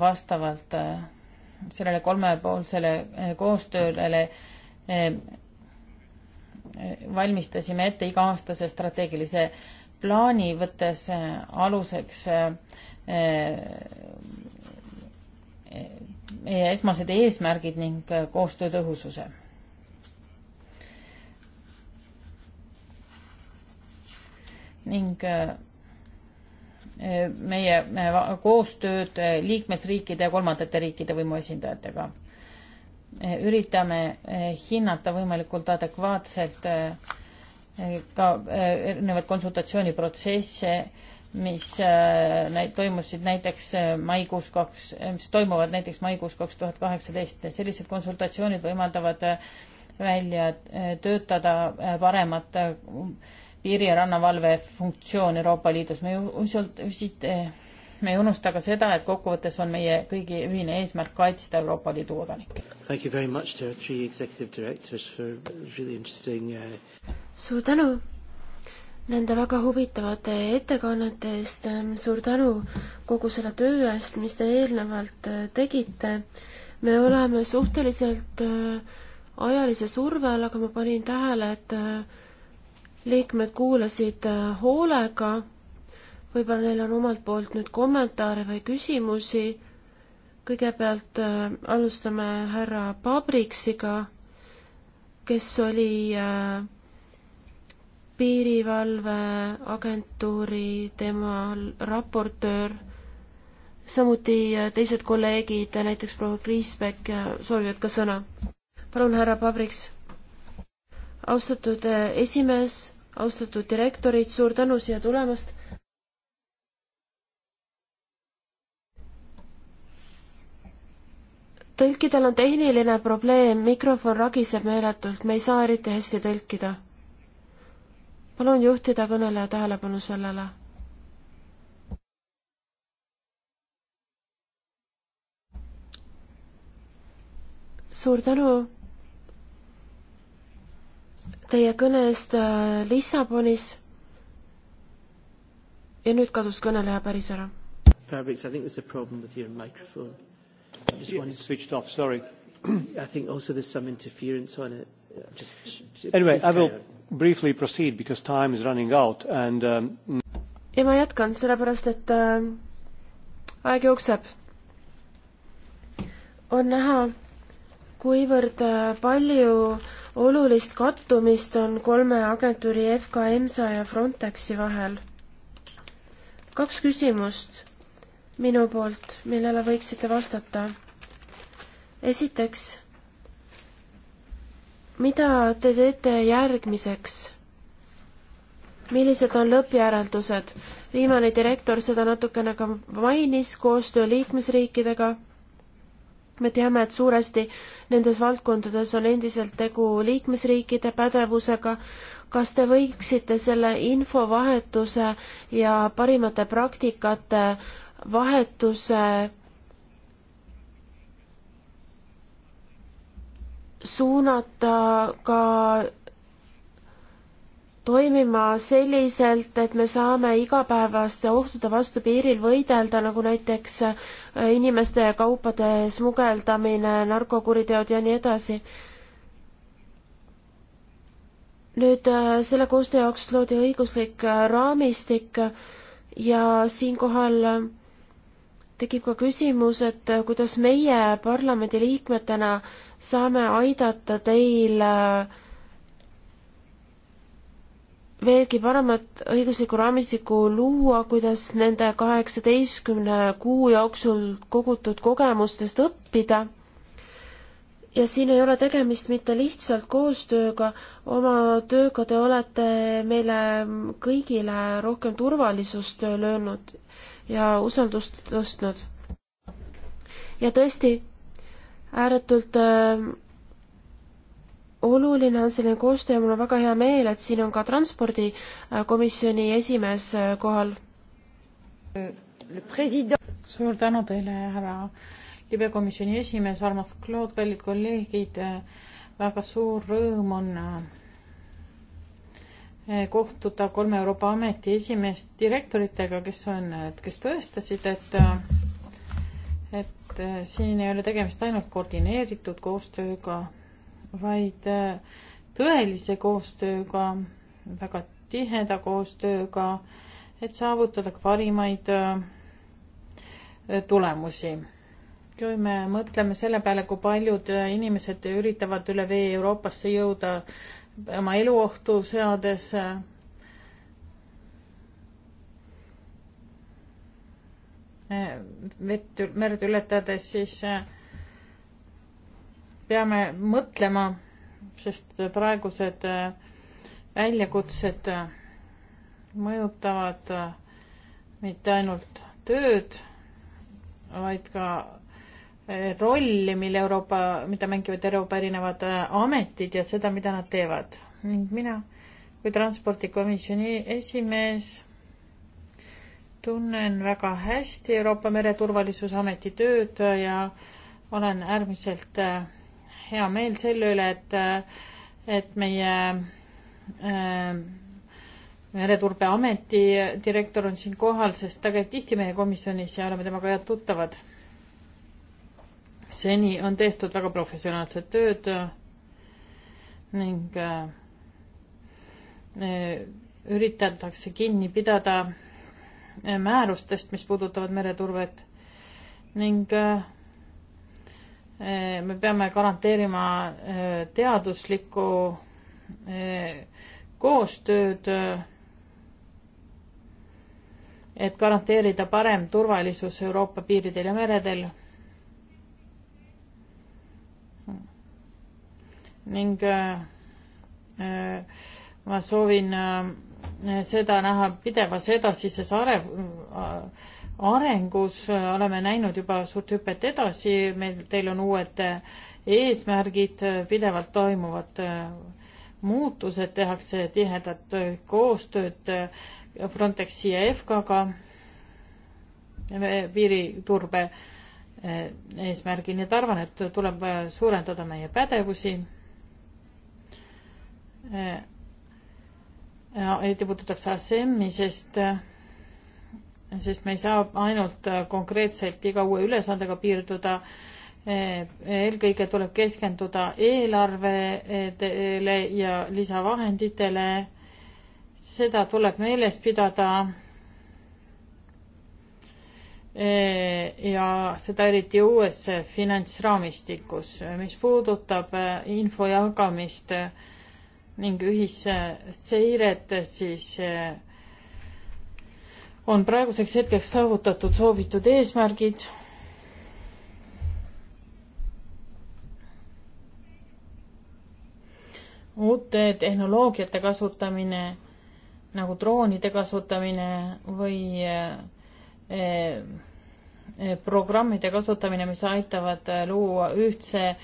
vastavalt sellele kolmepoolsele koostööle valmistasime ette iga-aastase strateegilise plaani, võttes äh, aluseks meie äh, äh, esmased eesmärgid ning koostöö tõhususe. ning meie, meie koostööd liikmesriikide ja kolmandate riikide võimuesindajatega. üritame hinnata võimalikult adekvaatselt äh, Eh, ka eh, erinevaid konsultatsiooniprotsesse, mis eh, näit-, toimusid näiteks maikuus kaks, mis toimuvad näiteks maikuus kaks tuhat kaheksateist. sellised konsultatsioonid võimaldavad välja töötada paremat piiri- ja rannavalve funktsioon Euroopa Liidus. me usult-, siit me ei unusta ka seda, et kokkuvõttes on meie kõigi ühine eesmärk kaitsta Euroopa Liidu kodanikke. Thank you very much to our three executive directors for really interesting uh suur tänu nende väga huvitavate ettekannete eest, suur tänu kogu selle töö eest, mis te eelnevalt äh, tegite. me oleme suhteliselt äh, ajalise surve all, aga ma panin tähele, et äh, liikmed kuulasid hoolega. võib-olla neil on omalt poolt nüüd kommentaare või küsimusi. kõigepealt alustame härra Pabriksiga, kes oli äh, piirivalveagentuuri, temal raportöör, samuti äh, teised kolleegid, näiteks proua Kriisbeck, äh, soovivad ka sõna. palun, härra Pabriks. austatud äh, esimees, austatud direktorid, suur tänu siia tulemast. tõlkidel on tehniline probleem, mikrofon ragiseb meeletult, me ei saa eriti hästi tõlkida palun juhtida kõneleja tähelepanu sellele. suur tänu teie kõne eest äh, Lissabonis. ja nüüd kadus kõneleja päris ära. Fabrics, I think there's a problem with your microphone. I just yeah, wanted... switched off, sorry. I think also there's some interference on it. Just, just anyway, I will carry on briefly proceed because time is running out and um... ja ma jätkan, sellepärast et äh, aeg jookseb. on näha, kuivõrd äh, palju olulist kattumist on kolme agentuuri FK, EMSA ja Frontexi vahel. kaks küsimust minu poolt, millele võiksite vastata. esiteks mida te teete järgmiseks? millised on lõppjäreldused? viimane direktor seda natukene ka mainis, koostöö liikmesriikidega. me teame, et suuresti nendes valdkondades on endiselt tegu liikmesriikide pädevusega. kas te võiksite selle infovahetuse ja parimate praktikate vahetuse suunata ka toimima selliselt, et me saame igapäevaste ohtude vastu piiril võidelda, nagu näiteks äh, inimeste ja kaupade smugeldamine, narkokuriteod ja nii edasi. nüüd äh, selle koostöö jaoks loodi õiguslik äh, raamistik ja siinkohal tekib ka küsimus, et kuidas meie parlamendiliikmetena saame aidata teil äh, veelgi paremat õiguslikku raamistikku luua, kuidas nende kaheksateistkümne kuu jooksul kogutud kogemustest õppida. ja siin ei ole tegemist mitte lihtsalt koostööga, oma tööga te olete meile kõigile rohkem turvalisust löönud ja usaldust tõstnud. ja tõesti, ääretult äh, oluline on selline koostöö ja mul on väga hea meel, et siin on ka transpordikomisjoni äh, esimees äh, kohal. suur tänu teile, härra libekomisjoni esimees, armas Claude, kallid kolleegid, väga suur rõõm on äh, kohtuda kolme Euroopa Ameti esimeest direktoritega, kes on, kes tõestasid, et et äh, siin ei ole tegemist ainult koordineeritud koostööga, vaid äh, tõelise koostööga, väga tiheda koostööga, et saavutada parimaid äh, tulemusi. kui me mõtleme selle peale, kui paljud inimesed üritavad üle vee Euroopasse jõuda oma eluohtu seades vett, merd ületades, siis äh, peame mõtlema, sest praegused äh, väljakutsed äh, mõjutavad mitte ainult tööd, vaid ka rolli, mille Euroopa, mida mängivad Euroopa erinevad ametid ja seda, mida nad teevad. ning mina kui transpordikomisjoni esimees tunnen väga hästi Euroopa Mereturvalisusameti tööd ja olen äärmiselt äh, hea meel selle üle, et, äh, et meie äh, Mereturbeameti direktor on siin kohal, sest ta käib tihti meie komisjonis ja oleme temaga head tuttavad. seni on tehtud väga professionaalset tööd ning äh, äh üritatakse kinni pidada Eh, määrustest, mis puudutavad mereturvet ning eh, eh, me peame garanteerima teaduslikku koostööd, et garanteerida parem turvalisus Euroopa piiridel ja meredel ning äh, ma soovin äh, seda näha pidevas edasises arev, arengus, oleme näinud juba suurt hüpet edasi, meil, teil on uued eesmärgid, pidevalt toimuvad äh, muutused, tehakse tihedat koostööd äh, Frontexi ja EFKA-ga äh, piiriturbe eesmärgil, nii et arvan, et tuleb suurendada meie pädevusi eriti puudutab see ASM-i, sest, sest me ei saa ainult konkreetselt iga uue ülesandega piirduda. eelkõige tuleb keskenduda eelarvele ja lisavahenditele. seda tuleb meeles pidada ja seda eriti uues finantsraamistikus, mis puudutab info jagamist ja ning ühisseiret, siis eh, on praeguseks hetkeks saavutatud soovitud eesmärgid. uute tehnoloogiate kasutamine nagu droonide kasutamine või eh, eh, programmide kasutamine, mis aitavad luua ühtse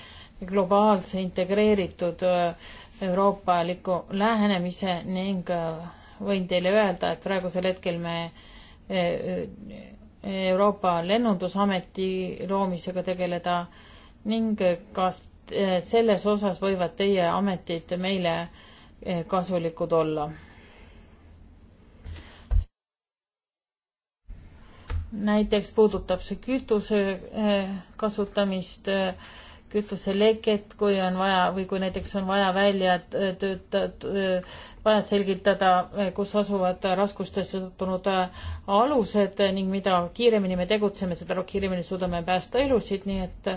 globaalse integreeritud euroopaliku lähenemise ning äh, võin teile öelda, et praegusel hetkel me äh, äh, Euroopa Lennundusameti loomisega tegeleda ning kas selles osas võivad teie ametid meile kasulikud olla? näiteks puudutab see kütuse kasutamist äh, kütuseleket, kui on vaja või kui näiteks on vaja välja töötada, vaja selgitada, kus asuvad raskustes sattunud alused ning mida kiiremini me tegutseme, seda kiiremini suudame päästa elusid, nii et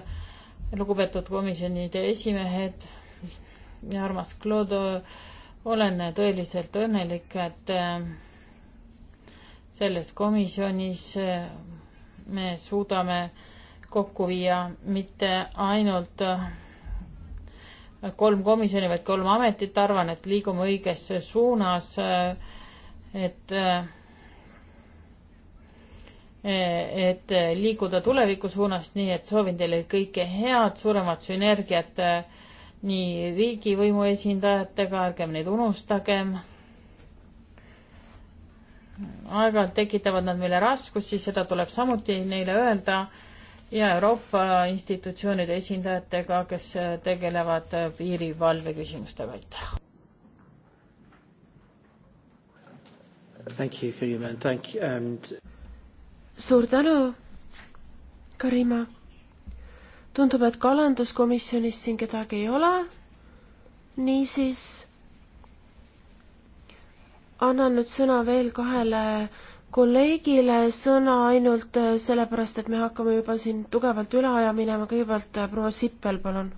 lugupeetud komisjonide esimehed ja armas Claude, olen tõeliselt õnnelik, et selles komisjonis me suudame äh, kokku viia mitte ainult äh, kolm komisjoni, vaid kolm ametit, arvan, et liigume õiges suunas, äh, et äh, et liikuda tuleviku suunas, nii et soovin teile kõike head, suuremat sünergiat nii riigivõimu esindajatega, ärgem neid unustagem. aeg-ajalt tekitavad nad meile raskusi, seda tuleb samuti neile öelda ja Euroopa institutsioonide esindajatega, kes tegelevad piirivalve küsimustega, aitäh! Thank you, Karima, and thank you, and suur tänu, Karima! tundub, et kalanduskomisjonis siin kedagi ei ole, niisiis annan nüüd sõna veel kahele kolleegile sõna ainult äh, sellepärast, et me hakkame juba siin tugevalt üle aja minema, kõigepealt äh, proua Sippel, palun.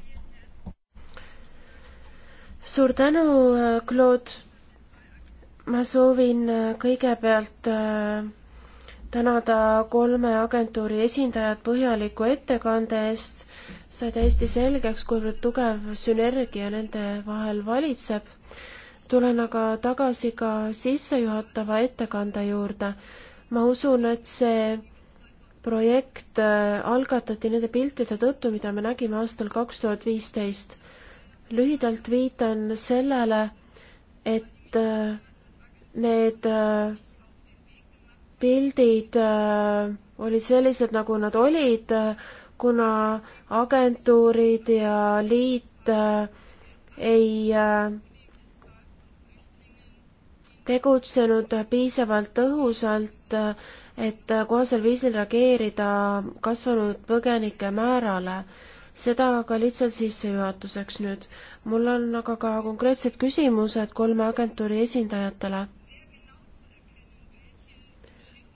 suur tänu, äh, Claude. ma soovin kõigepealt tänada kolme agentuuri esindajat põhjaliku ettekande eest. sai täiesti selgeks, kuivõrd tugev sünergia nende vahel valitseb tulen aga tagasi ka sissejuhatava ettekande juurde. ma usun, et see projekt äh, algatati nende piltide tõttu, mida me nägime aastal kaks tuhat viisteist. lühidalt viitan sellele, et äh, need äh, pildid olid sellised, nagu nad olid, kuna agentuurid ja liit ei tegutsenud piisavalt tõhusalt, et kohasel viisil reageerida kasvanud põgenike määrale. seda ka lihtsalt sissejuhatuseks nüüd. mul on aga ka konkreetsed küsimused kolme agentuuri esindajatele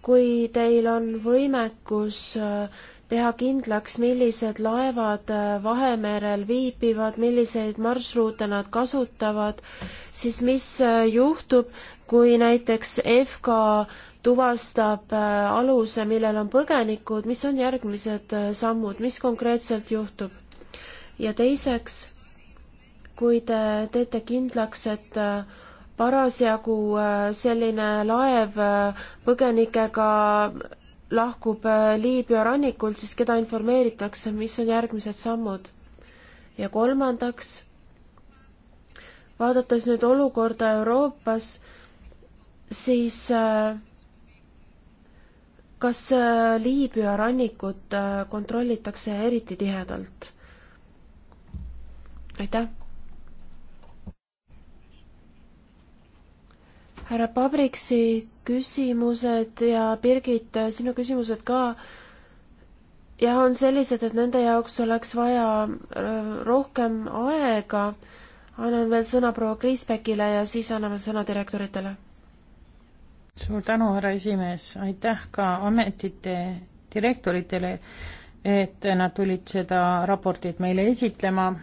kui teil on võimekus äh, teha kindlaks, millised laevad äh, Vahemerel viibivad, milliseid marsruute nad kasutavad, siis mis äh, juhtub, kui näiteks EFKA tuvastab äh, aluse, millel on põgenikud, mis on järgmised äh, sammud, mis konkreetselt juhtub? ja teiseks, kui te teete kindlaks, et äh, parasjagu selline laev põgenikega lahkub Liibüa rannikult, siis keda informeeritakse, mis on järgmised sammud? ja kolmandaks, vaadates nüüd olukorda Euroopas, siis äh, kas äh, Liibüa rannikut äh, kontrollitakse eriti tihedalt? aitäh. härra Pabriksi küsimused ja Birgit, sinu küsimused ka jah, on sellised, et nende jaoks oleks vaja rohkem aega. annan veel sõna proua Kriisbekile ja siis anname sõna direktoritele suur tänu, härra esimees, aitäh ka ametite direktoritele, et nad tulid seda raportit meile esitlema.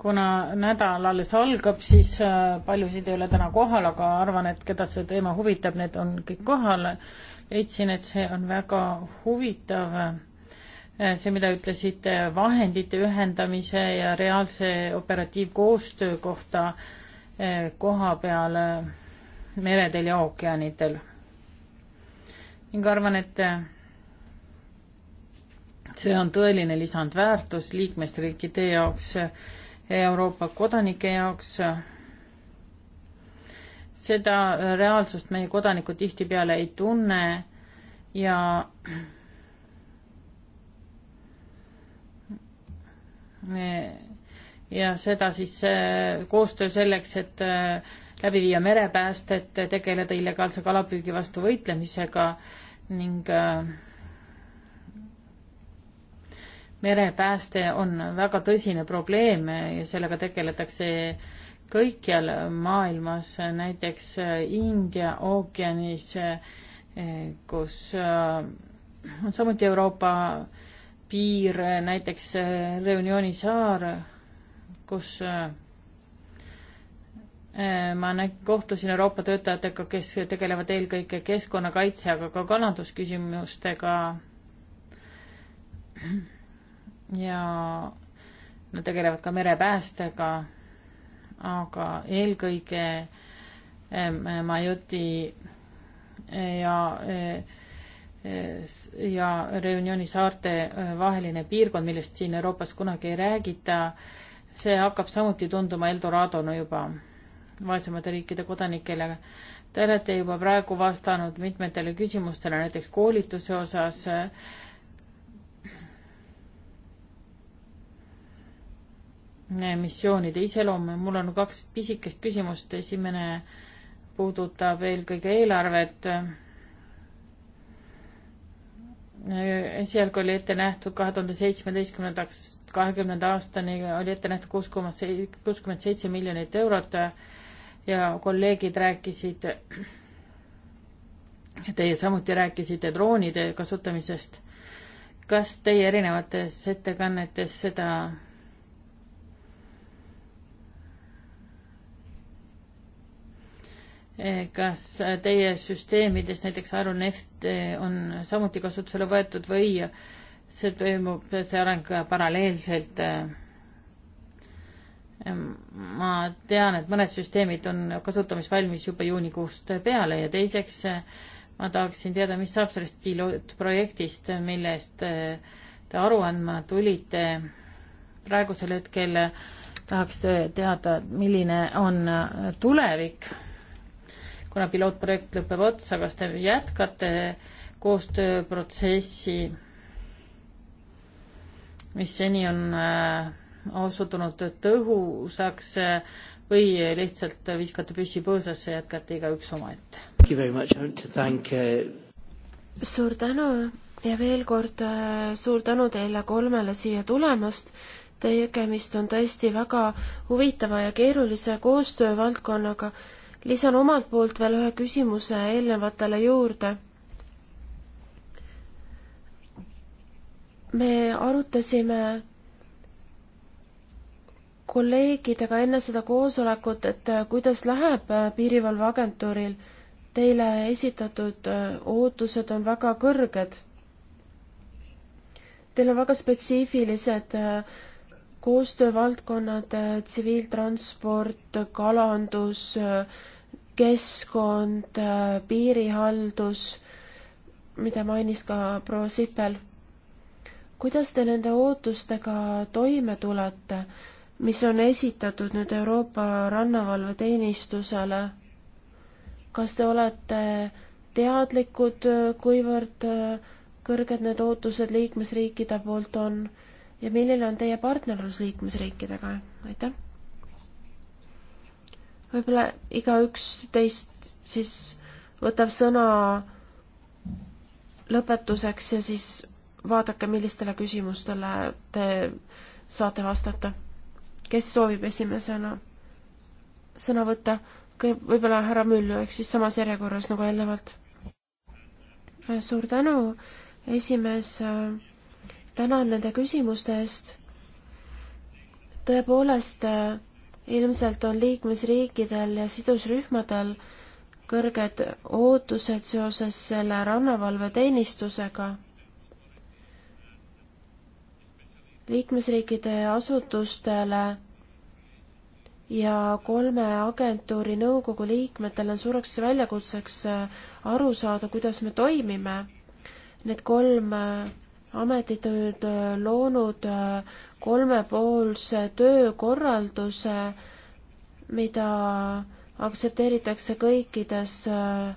kuna nädal alles algab, siis äh, paljusid ei ole täna kohal, aga arvan, et keda see teema huvitab, need on kõik kohal. leidsin, et see on väga huvitav, äh, see, mida ütlesite vahendite ühendamise ja reaalse operatiivkoostöö kohta Eh, koha peal eh, meredel ja ookeanidel. ning arvan, et eh, see on tõeline lisandväärtus liikmesriikide jaoks, Euroopa kodanike jaoks. seda reaalsust meie kodanikud tihtipeale ei tunne ja me ja seda siis äh, koostöö selleks, et äh, läbi viia merepäästet, tegeleda illegaalse kalapüügi vastu võitlemisega ning äh, merepääste on väga tõsine probleem ja sellega tegeletakse kõikjal maailmas, näiteks India ookeanis, kus on samuti Euroopa piir, näiteks Reunioni saar kus äh, äh, ma kohtusin Euroopa töötajatega, kes tegelevad eelkõige keskkonnakaitse, aga ka kalandusküsimustega. ja nad tegelevad ka merepäästega, aga eelkõige ähm, Majuti äh, ja ja Reunioni saarte vaheline piirkond, millest siin Euroopas kunagi ei räägita see hakkab samuti tunduma Eldoradona juba vaesemate riikide kodanikele. Te olete juba praegu vastanud mitmetele küsimustele, näiteks koolituse osas. missioonide iseloom, mul on kaks pisikest küsimust, esimene puudutab eelkõige eelarvet esialgu oli ette nähtud kahe tuhande seitsmeteistkümnendaks, kahekümnenda aastani oli ette nähtud kuus koma seitse, kuuskümmend seitse miljonit eurot ja kolleegid rääkisid, teie samuti rääkisite droonide kasutamisest. kas teie erinevates ettekannetes seda Eh, kas teie süsteemides näiteks Aruneft eh, on samuti kasutusele võetud või see toimub, see areng paralleelselt? Eh? ma tean, et mõned süsteemid on kasutamisvalmis juba juunikuust peale ja teiseks ma tahaksin teada, mis saab sellest pilootprojektist, millest te aru andma tulite. praegusel hetkel tahaks teada, milline on tulevik kuna pilootprojekt lõpeb otsa, kas te jätkate koostööprotsessi, mis seni on äh, osutunud tõhusaks äh, või lihtsalt viskate püssi põõsasse ja jätkate igaüks omaette? Uh, suur tänu ja veel kord äh, suur tänu teile kolmele siia tulemast tegemist on tõesti väga huvitava ja keerulise koostöövaldkonnaga lisan omalt poolt veel ühe küsimuse eelnevatele juurde. me arutasime kolleegidega enne seda koosolekut, et kuidas läheb Piirivalveagentuuril. Teile esitatud ootused on väga kõrged. Teil on väga spetsiifilised äh, koostöövaldkonnad, tsiviiltransport, kalandus, keskkond, piirihaldus, mida mainis ka proua Sipel. kuidas te nende ootustega toime tulete, mis on esitatud nüüd Euroopa rannavalveteenistusele? kas te olete teadlikud, kuivõrd kõrged need ootused liikmesriikide poolt on? ja milline on teie partnerlus liikmesriikidega, aitäh! võib-olla igaüks teist siis võtab sõna lõpetuseks ja siis vaadake, millistele küsimustele te saate vastata. kes soovib esimesena sõna võtta? võib-olla härra Müllu, ehk siis samas järjekorras nagu eelnevalt. suur tänu, esimees äh, tänan nende küsimuste eest. tõepoolest, äh, ilmselt on liikmesriikidel ja sidusrühmadel kõrged ootused seoses selle rannavalveteenistusega. liikmesriikide asutustele ja kolme agentuuri nõukogu liikmetel on suureks väljakutseks äh, aru saada, kuidas me toimime. Need kolm äh, ametid on äh, nüüd loonud äh, kolmepoolse töökorralduse, mida aktsepteeritakse kõikides äh,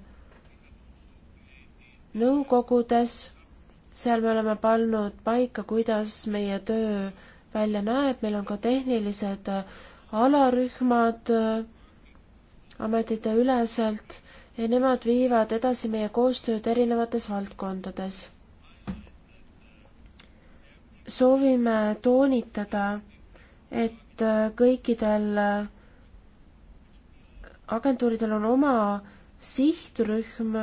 nõukogudes. seal me oleme pannud paika, kuidas meie töö välja näeb, meil on ka tehnilised alarühmad ametite üleselt ja nemad viivad edasi meie koostööd erinevates valdkondades soovime toonitada, et kõikidel agentuuridel on oma sihtrühm,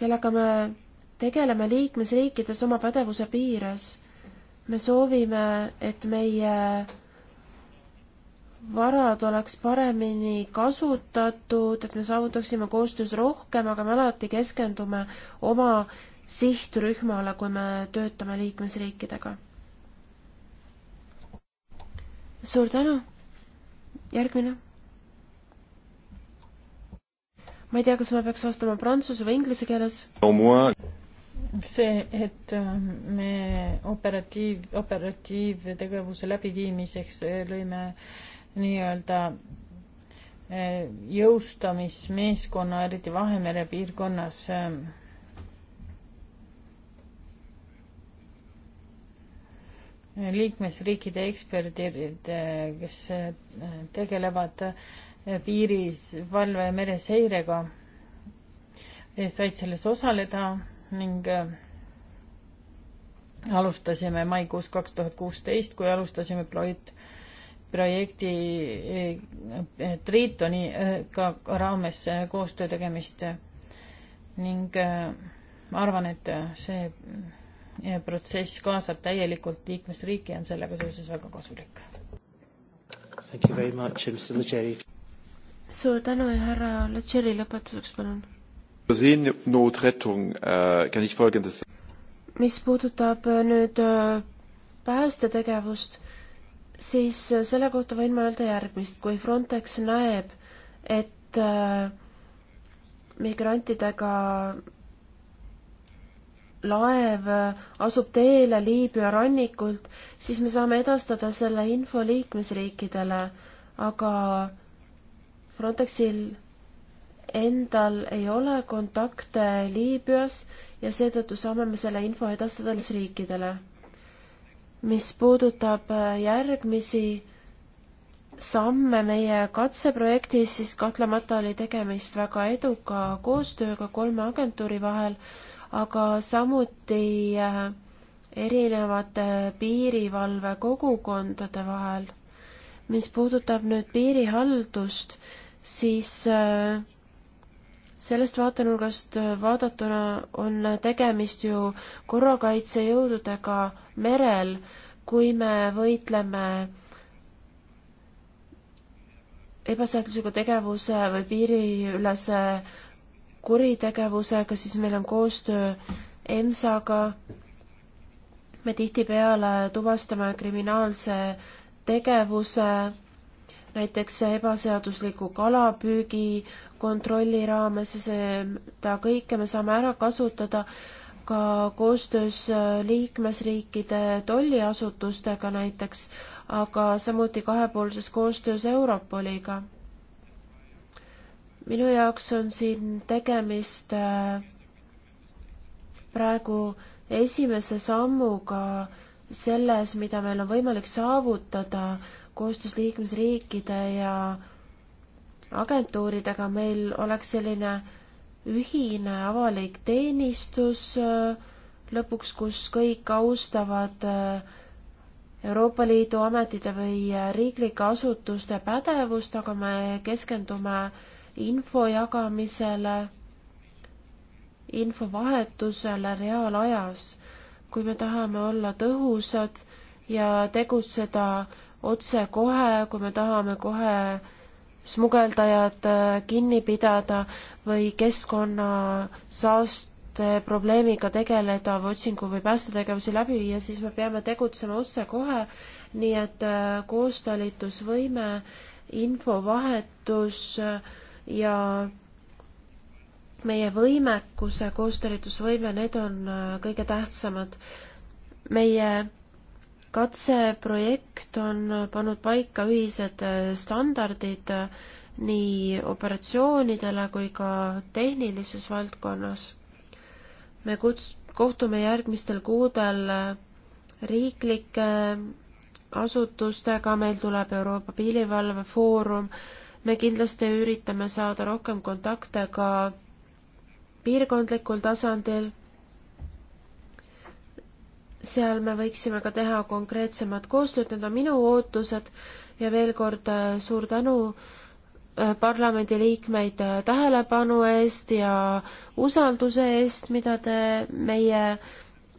kellega me tegeleme liikmesriikides oma pädevuse piires. me soovime, et meie varad oleks paremini kasutatud, et me saavutaksime koostöös rohkem, aga me alati keskendume oma sihtrühmale, kui me töötame liikmesriikidega. suur tänu, järgmine. ma ei tea, kas ma peaks vastama prantsuse või inglise keeles no,. see, et äh, me operatiiv, operatiivtegevuse läbiviimiseks äh, lõime nii-öelda äh, jõustamismeeskonna, eriti Vahemere piirkonnas liikmesriikide eksperdid, kes tegelevad piirivalve ja mereseirega, said selles osaleda ning alustasime maikuus kaks tuhat kuusteist, kui alustasime projekt, projekti eh, Tritoniga raames koostöö tegemist ning eh, ma arvan, et see protsess kaasab täielikult liikmesriiki, on sellega seoses väga kasulik. suur tänu ja härra Lutšeri lõpetuseks, palun. Äh, mis puudutab äh, nüüd äh, päästetegevust, siis selle kohta võin ma öelda järgmist, kui Frontex näeb, et migrantidega laev asub teele Liibüa rannikult, siis me saame edastada selle info liikmesriikidele, aga Frontexil endal ei ole kontakte Liibüas ja seetõttu saame me selle info edastada liikmesriikidele. mis puudutab äh, järgmisi samme meie katseprojektis, siis kahtlemata oli tegemist väga eduka koostööga kolme agentuuri vahel aga samuti äh, erinevate piirivalvekogukondade vahel. mis puudutab nüüd piirihaldust, siis äh, sellest vaatenurgast vaadatuna on tegemist ju korrakaitsejõududega merel, kui me võitleme ebaseadusliku tegevuse või piiriülese kuritegevusega, siis meil on koostöö EMSA-ga. me tihtipeale tuvastame kriminaalse tegevuse, näiteks ebaseadusliku kalapüügi kontrolli raames ja seda kõike me saame ära kasutada ka koostöös liikmesriikide tolliasutustega näiteks, aga samuti kahepoolses koostöös Europoliga minu jaoks on siin tegemist äh, praegu esimese sammuga selles, mida meil on võimalik saavutada koostöös liikmesriikide ja agentuuridega, meil oleks selline ühine avalik teenistus äh, lõpuks, kus kõik austavad äh, Euroopa Liidu ametite või riiklike asutuste pädevust, aga me keskendume äh, info jagamisele, infovahetusele reaalajas. kui me tahame olla tõhusad ja tegutseda otsekohe, kui me tahame kohe smugeldajad äh, kinni pidada või keskkonna saaste probleemiga tegeleda või otsingu või päästetegevusi läbi viia, siis me peame tegutsema otsekohe, nii et äh, koostalitusvõime, infovahetus äh, ja meie võimekus, koostöölitusvõime, need on äh, kõige tähtsamad. meie katseprojekt on pannud paika ühised äh, standardid äh, nii operatsioonidele kui ka tehnilises valdkonnas. me kuts-, kohtume järgmistel kuudel riiklike asutustega, meil tuleb Euroopa piirivalvefoorum, me kindlasti üritame saada rohkem kontakte ka piirkondlikul tasandil. seal me võiksime ka teha konkreetsemat koostööd, need on minu ootused ja veel kord äh, suur tänu äh, parlamendiliikmeid äh, tähelepanu eest ja usalduse eest, mida te meie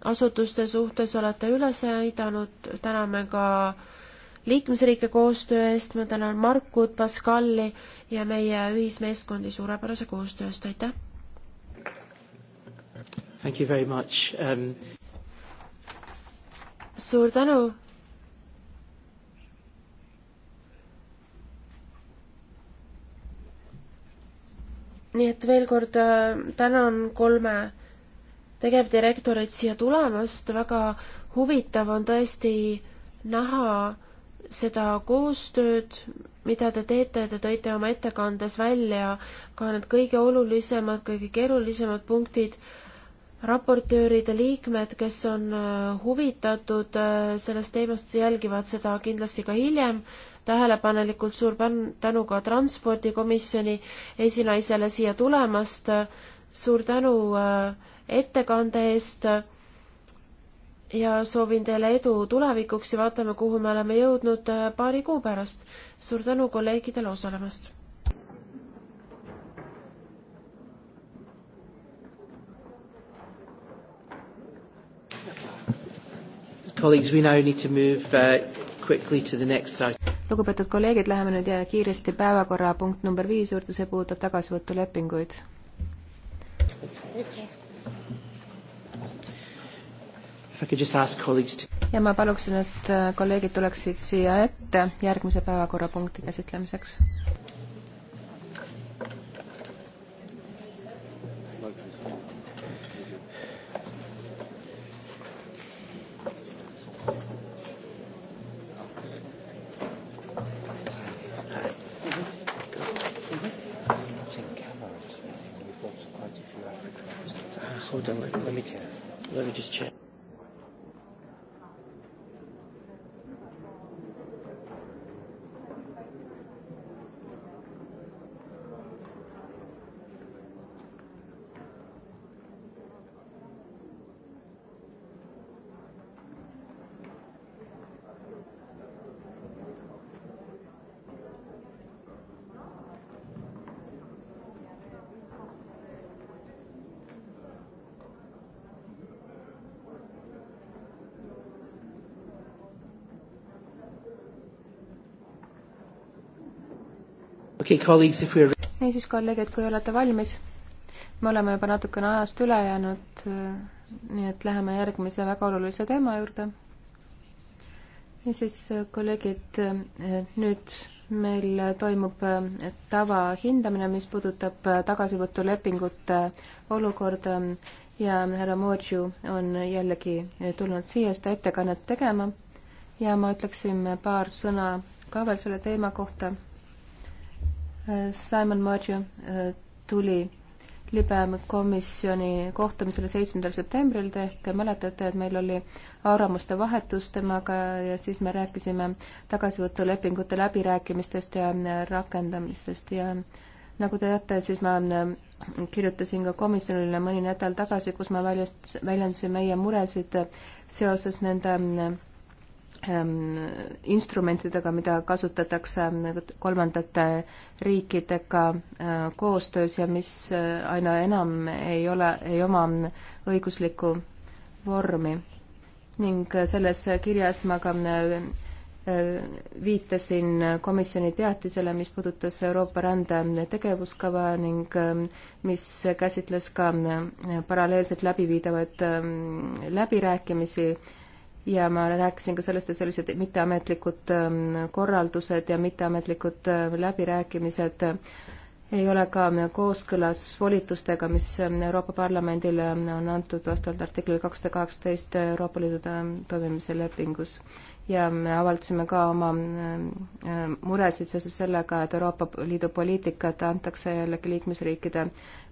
asutuste suhtes olete üles näidanud, täname ka äh, liikmesriike koostöö eest, ma tänan Markut, Pascali ja meie ühismeeskondi suurepärase koostöö eest, aitäh! Thank you very much um.... suur tänu! nii et veel kord äh, tänan kolme tegevdirektorit siia tulemast, väga huvitav on tõesti näha, seda koostööd, mida te teete, te tõite oma ettekandes välja ka need kõige olulisemad, kõige keerulisemad punktid, raportööride liikmed, kes on äh, huvitatud äh, sellest teemast, jälgivad seda kindlasti ka hiljem tähelepanelikult, suur tänu ka Transpordikomisjoni esinaisele siia tulemast, suur tänu äh, ettekande eest ja soovin teile edu tulevikuks ja vaatame, kuhu me oleme jõudnud äh, paari kuu pärast. suur tänu kolleegidele osalemast! Uh, lugupeetud kolleegid, läheme nüüd kiiresti päevakorrapunkt number viis juurde, see puudutab tagasivõtulepinguid okay ja ma paluksin, et äh, kolleegid tuleksid siia ette järgmise päevakorrapunkti käsitlemiseks. niisiis, kolleegid, kui olete valmis, me oleme juba natukene ajast üle jäänud, äh, nii et läheme järgmise väga olulise teema juurde. niisiis, äh, kolleegid, äh, nüüd meil toimub tavahindamine, mis puudutab tagasivõtulepingute olukorda ja härra Moodžu on jällegi tulnud siia seda ettekannet tegema ja ma ütleksin paar sõna ka veel selle teema kohta Simon Marju eh, tuli libekomisjoni kohtumisele seitsmendal septembril, te ehk mäletate, et meil oli arvamuste vahetus temaga ja siis me rääkisime tagasivõtulepingute läbirääkimistest ja eh, rakendamisest ja nagu te teate, siis ma eh, kirjutasin ka komisjonile mõni nädal tagasi, kus ma väljast, väljendasin meie muresid seoses nende Ähm, instrumentidega, mida kasutatakse ähm, kolmandate riikidega äh, koostöös ja mis äh, aina enam ei ole, ei oma õiguslikku vormi. ning äh, selles kirjas ma ka viitasin komisjoni teatisele, mis puudutas Euroopa rände tegevuskava ning ähm, mis käsitles ka paralleelselt läbiviidavaid läbirääkimisi ja ma rääkisin ka sellest, et sellised mitteametlikud ähm, korraldused ja mitteametlikud ähm, läbirääkimised äh, ei ole ka äh, kooskõlas volitustega, mis ähm, Euroopa Parlamendile on antud vastavalt artiklile kakssada kaheksateist Euroopa Liidu toimimise lepingus. ja me avaldasime ka oma äh, muresid seoses sellega, et Euroopa Liidu poliitikat antakse jällegi liikmesriikide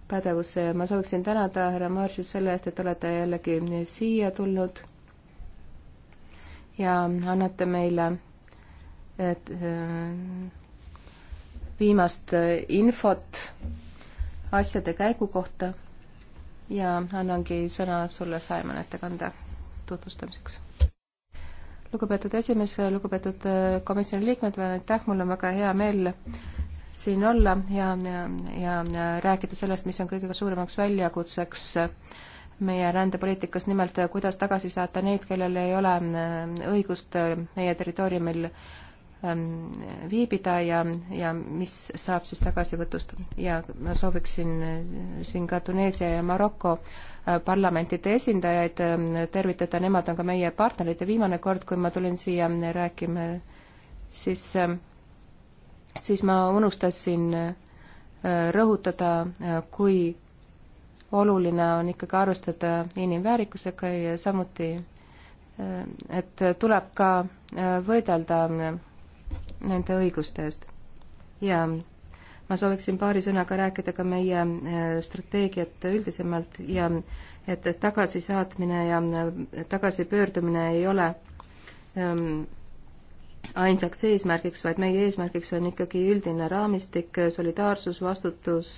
pädevusse ja ma sooviksin tänada härra Marši selle eest, et olete jällegi siia tulnud ja annate meile et, äh, viimast äh, infot asjade käigu kohta ja annangi sõna sulle, Simon, ettekande tutvustamiseks. lugupeetud esimees, lugupeetud äh, komisjoni liikmed, aitäh, mul on väga hea meel siin olla ja, ja, ja rääkida sellest, mis on kõige suuremaks väljakutseks äh, meie rändepoliitikas, nimelt kuidas tagasi saata neid, kellel ei ole äh, õigust äh, meie territooriumil ähm, viibida ja, ja mis saab siis tagasivõtust. ja ma sooviksin äh, siin ka Tuneesia ja Maroko parlamentide esindajaid ähm, tervitada, nemad on ka meie partnerid ja viimane kord, kui ma tulin siia rääkima, siis, ähm, siis ma unustasin rõhutada, kui oluline on ikkagi arvestada inimväärikusega ja samuti, et tuleb ka äh, võidelda äh, nende õiguste eest. ja ma sooviksin paari sõnaga rääkida ka meie äh, strateegiat üldisemalt ja et tagasisaatmine ja tagasipöördumine ei ole ähm, ainsaks eesmärgiks, vaid meie eesmärgiks on ikkagi üldine raamistik, solidaarsus, vastutus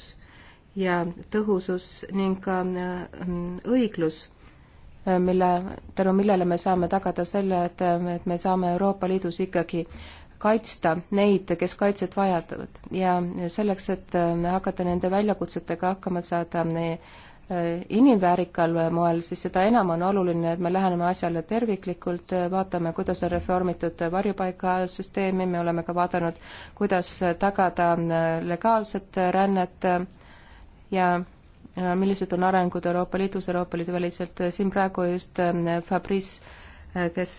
ja tõhusus ning ka ähm, õiglus, äh, mille, tänu millele me saame tagada selle, et, äh, et me saame Euroopa Liidus ikkagi kaitsta neid, kes kaitset vajavad ja selleks, et äh, hakata nende väljakutsetega hakkama saada inimväärikal moel, siis seda enam on oluline, et me läheneme asjale terviklikult, vaatame, kuidas on reformitud varjupaigasüsteemi, me oleme ka vaadanud, kuidas tagada legaalset rännet ja äh, millised on arengud Euroopa Liidus, Euroopa Liidu väliselt, siin praegu just äh, Fabrice, äh, kes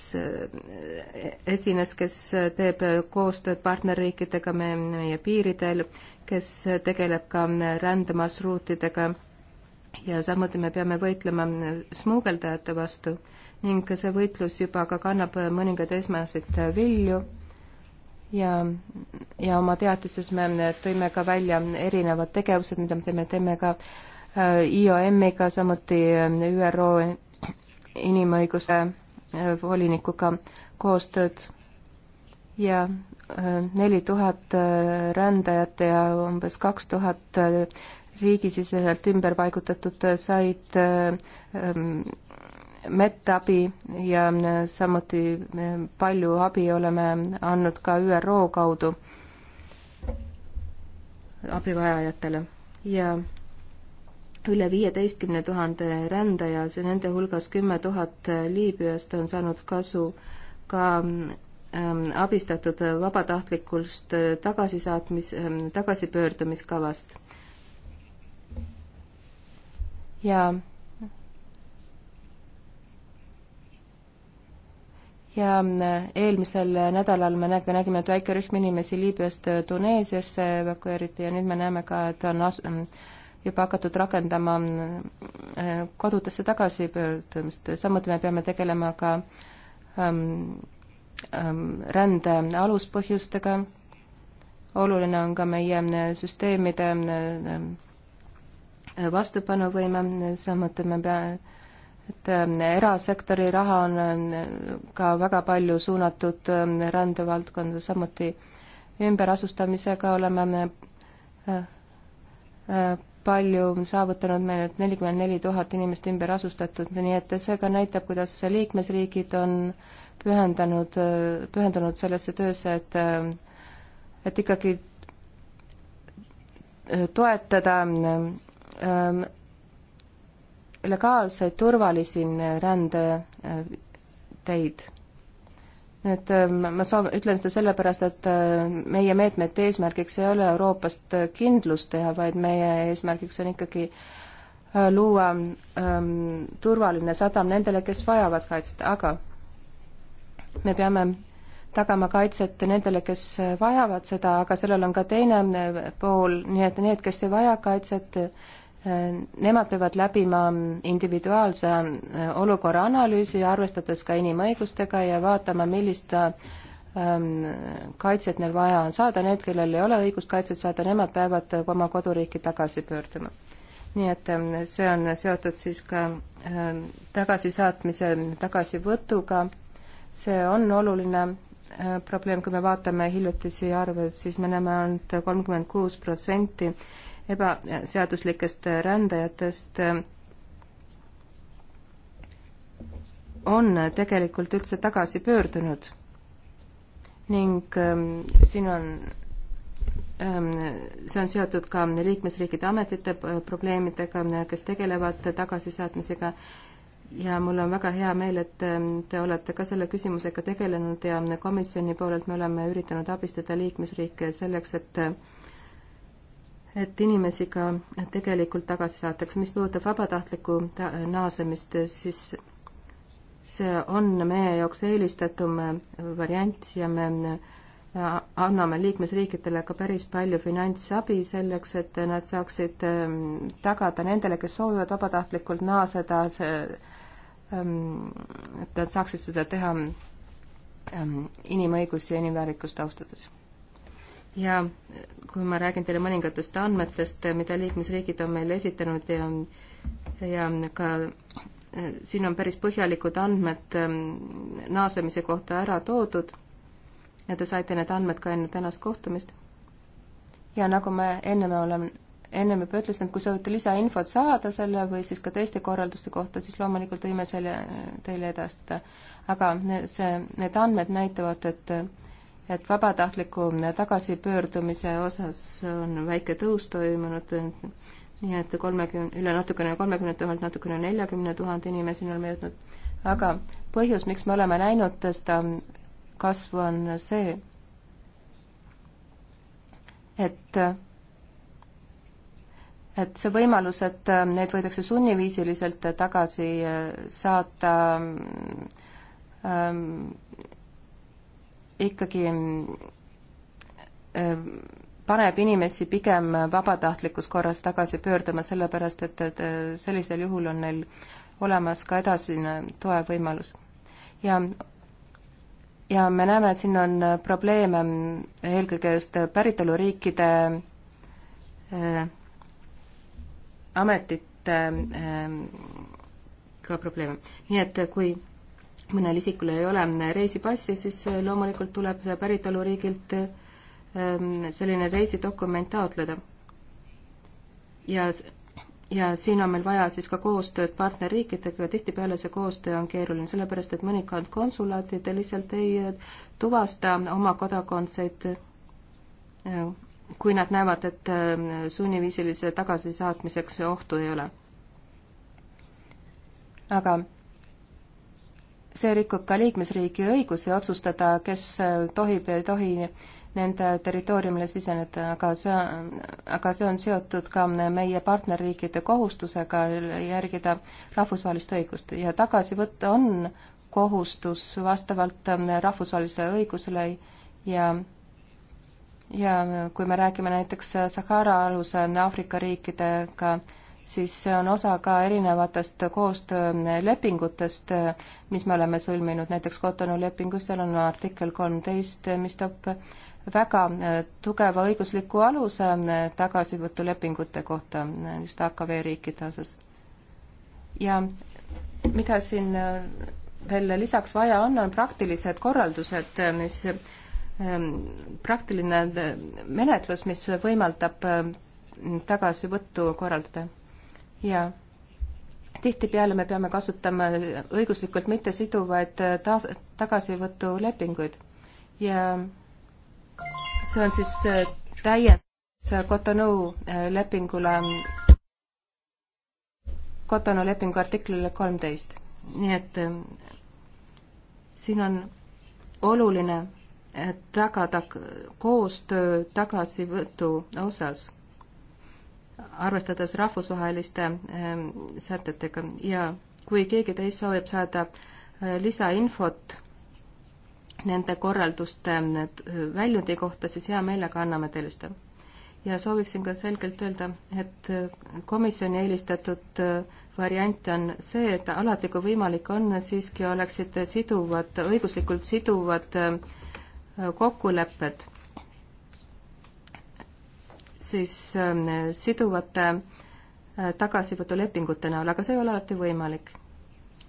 esines, kes teeb koostööd partnerriikidega me, meie piiridel, kes tegeleb ka rändemarsruutidega ja samuti me peame võitlema smuugeldajate vastu ning see võitlus juba ka kannab mõningaid esmaseid vilju ja, ja oma teatises me tõime ka välja erinevad tegevused, mida me teeme, teeme ka äh, IOM-iga, samuti äh, ÜRO inimõiguse äh, volinikuga koostööd ja neli tuhat rändajat ja umbes kaks tuhat riigisiseselt ümber paigutatud said ähm, mettabi ja samuti eh, palju abi oleme andnud ka ÜRO kaudu abivajajatele ja üle viieteistkümne tuhande rändaja, see nende hulgas kümme tuhat Liibüast on saanud kasu ka ähm, abistatud vabatahtlikust tagasisaatmis ähm,, tagasipöördumiskavast. ja ja äh, eelmisel nädalal me nägime, nägime, et väike rühm inimesi Liibüast äh, Tuneesiasse evakueeriti ja nüüd me näeme ka, et on as-, mm, juba hakatud rakendama mm, äh, kodudesse tagasipöördumist, samuti me peame tegelema ka ähm, ähm, rände aluspõhjustega, oluline on ka meie süsteemide vastupanuvõime, samuti me pea-, et ähm, erasektori raha on ka väga palju suunatud ähm, rändevaldkonda, samuti ümberasustamisega oleme me äh, äh, palju saavutanud, meil on nelikümmend neli tuhat inimest ümber asustatud, nii et see ka näitab, kuidas liikmesriigid on pühendanud, pühendunud sellesse töösse, et äh, et ikkagi toetada ähm, legaalseid turvalisi rändeteid. et ähm, ma soov-, ütlen seda sellepärast, et äh, meie meetmete eesmärgiks ei ole Euroopast kindlust teha, vaid meie eesmärgiks on ikkagi äh, luua ähm, turvaline sadam nendele, kes vajavad kaitset, aga me peame tagama kaitset nendele, kes äh, vajavad seda, aga sellel on ka teine pool, nii et need, kes ei vaja kaitset, Nemad peavad läbima individuaalse äh, olukorra analüüsi, arvestades ka inimõigustega ja vaatama, millist ähm, kaitset neil vaja on saada, need, kellel ei ole õigust kaitset saada, nemad peavad äh, oma koduriiki tagasi pöörduma. nii et ähm, see on seotud siis ka ähm, tagasisaatmise tagasivõtuga, see on oluline äh, probleem, kui me vaatame hiljutisi arve, siis me näeme ainult kolmkümmend kuus protsenti ebaseaduslikest rändajatest on tegelikult üldse tagasi pöördunud ning ähm, siin on ähm, see on seotud ka liikmesriikide ametite probleemidega, kes tegelevad tagasisaatmisega ja mul on väga hea meel, et ähm, te olete ka selle küsimusega tegelenud ja komisjoni poolelt me oleme üritanud abistada liikmesriike selleks, et et inimesi ka tegelikult tagasi saatakse. mis puudutab vabatahtlikku naasemist, siis see on meie jaoks eelistatum variant ja me äh, anname liikmesriikidele ka päris palju finantsabi selleks, et nad saaksid ähm, tagada nendele, kes soovivad vabatahtlikult naaseda, see, ähm, et nad saaksid seda teha ähm, inimõigusi ja inimväärikust austades ja kui ma räägin teile mõningatest andmetest, mida liikmesriigid on meile esitanud ja, ja ka äh, siin on päris põhjalikud andmed ähm, naasemise kohta ära toodud ja te saite need andmed ka enne tänast kohtumist. ja nagu me ennem oleme, ennem juba ütlesin, et kui soovite lisainfot saada selle või siis ka teiste korralduste kohta, siis loomulikult võime selle äh, teile edastada. aga see, need andmed näitavad, et et vabatahtliku tagasipöördumise osas on väike tõus toimunud, nii et kolmekümne, üle natukene kolmekümne tuhande, natukene neljakümne tuhande inimeseni oleme jõudnud. aga põhjus, miks me oleme näinud seda kasvu, on see, et et see võimalus, et neid võidakse sunniviisiliselt tagasi saata ähm, ikkagi äh, paneb inimesi pigem vabatahtlikus korras tagasi pöörduma, sellepärast et, et sellisel juhul on neil olemas ka edasine toe võimalus. ja, ja me näeme, et siin on probleeme eelkõige just päritoluriikide äh, ametite äh, ka probleeme. nii et kui mõnel isikul ei ole reisipassi, siis loomulikult tuleb päritoluriigilt ähm, selline reisidokument taotleda. ja, ja siin on meil vaja siis ka koostööd partnerriikidega ja tihtipeale see koostöö on keeruline, sellepärast et mõnikord konsulaadid lihtsalt ei äh, tuvasta oma kodakondseid, äh, kui nad näevad, et ähm, sunniviisilise tagasisaatmiseks ohtu ei ole. aga see rikub ka liikmesriigi õigusi otsustada, kes äh, tohib ja ei tohi nende territooriumile siseneda, aga see, aga see on seotud ka meie partnerriikide kohustusega järgida rahvusvahelist õigust ja tagasivõtt on kohustus vastavalt äh, rahvusvahelisele õigusele ja ja kui me räägime näiteks Sahara aluse Aafrika riikidega, siis see on osa ka erinevatest koostöölepingutest, mis me oleme sõlminud, näiteks Cotonou lepingus, seal on artikkel kolmteist, mis toob väga äh, tugeva õigusliku aluse äh, tagasivõtulepingute kohta äh, just AKV riikide osas. ja mida siin veel lisaks vaja on, on praktilised korraldused, mis praktiline menetlus, mis võimaldab tagasivõttu korraldada ja tihtipeale me peame kasutama õiguslikult mittesiduvaid äh, taas-, tagasivõtulepinguid ja see on siis äh, täiendus Cotonou äh, lepingule, Cotonou lepingu artiklile kolmteist. nii et siin on oluline tagada koostöö tagasivõtu osas arvestades rahvusvaheliste ähm, sätetega ja kui keegi teist soovib saada äh, lisainfot nende korralduste ähm, äh, väljundi kohta, siis hea meelega anname teile seda. ja sooviksin ka selgelt öelda, et äh, komisjoni eelistatud variant on see, et alati, kui võimalik on, siiski oleksid siduvad, õiguslikult siduvad ähm, kokkulepped siis ähm, siduvate äh, tagasivõtulepingute näol, aga see ei ole alati võimalik.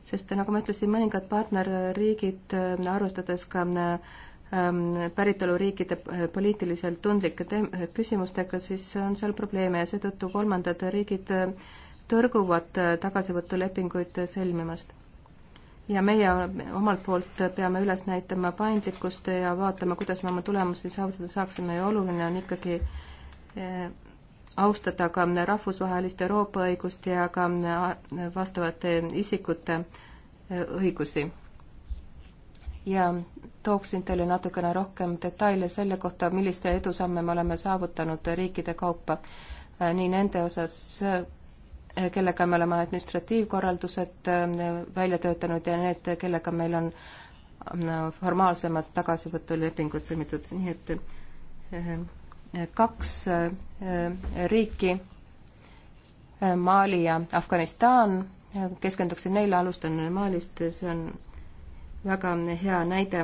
sest nagu ma ütlesin, mõningad partnerriigid, äh, arvestades ka ähm, päritoluriikide äh, poliitiliselt tundlike küsimustega, siis on seal probleeme ja seetõttu kolmandad riigid tõrguvad tagasivõtulepinguid sõlmimast. ja meie omalt poolt peame üles näitama paindlikkust ja vaatama, kuidas me oma tulemusi saavutada saaksime ja oluline on ikkagi äh, Äh, austada ka äh, rahvusvahelist Euroopa õigust ja ka äh, vastavate isikute õigusi. ja tooksin teile natukene rohkem detaile selle kohta, milliste edusamme me oleme saavutanud riikide kaupa, nii nende osas, kellega me oleme administratiivkorraldused välja töötanud ja need, kellega meil on formaalsemad tagasivõtulepingud sõlmitud, nii et kaks äh, riiki, äh, Mali ja Afganistan, äh, keskenduksin neile, alustan Malist, see on väga hea näide,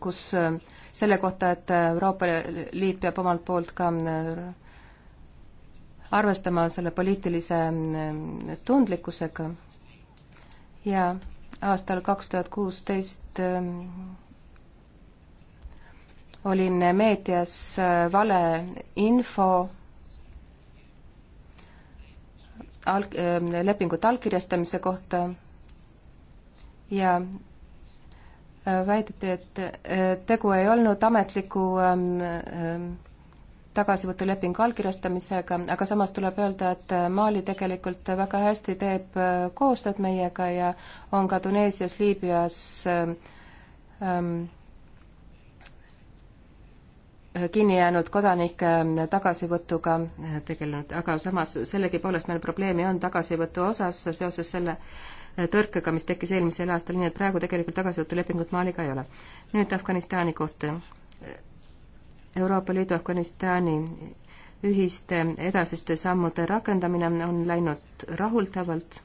kus selle kohta, et Euroopa Liit peab omalt poolt ka arvestama selle poliitilise tundlikkusega ja aastal kaks tuhat kuusteist olin meedias äh, valeinfo alg-, äh, lepingute allkirjastamise kohta ja äh, väideti, et tegu ei olnud ametliku ähm, ähm, tagasivõtulepingu allkirjastamisega, aga samas tuleb öelda, et Mali tegelikult väga hästi teeb koostööd meiega ja on ka Tuneesias, Liibüas ähm, kinni jäänud kodanike ähm, tagasivõtuga äh, tegelenud, aga samas sellegipoolest meil probleemi on tagasivõtu osas seoses selle äh, tõrkega, mis tekkis eelmisel aastal, nii et praegu tegelikult tagasivõtulepingut Maliga ei ole. nüüd Afganistani kohta. Euroopa Liidu Afganistani ühiste edasiste sammude rakendamine on läinud rahuldavalt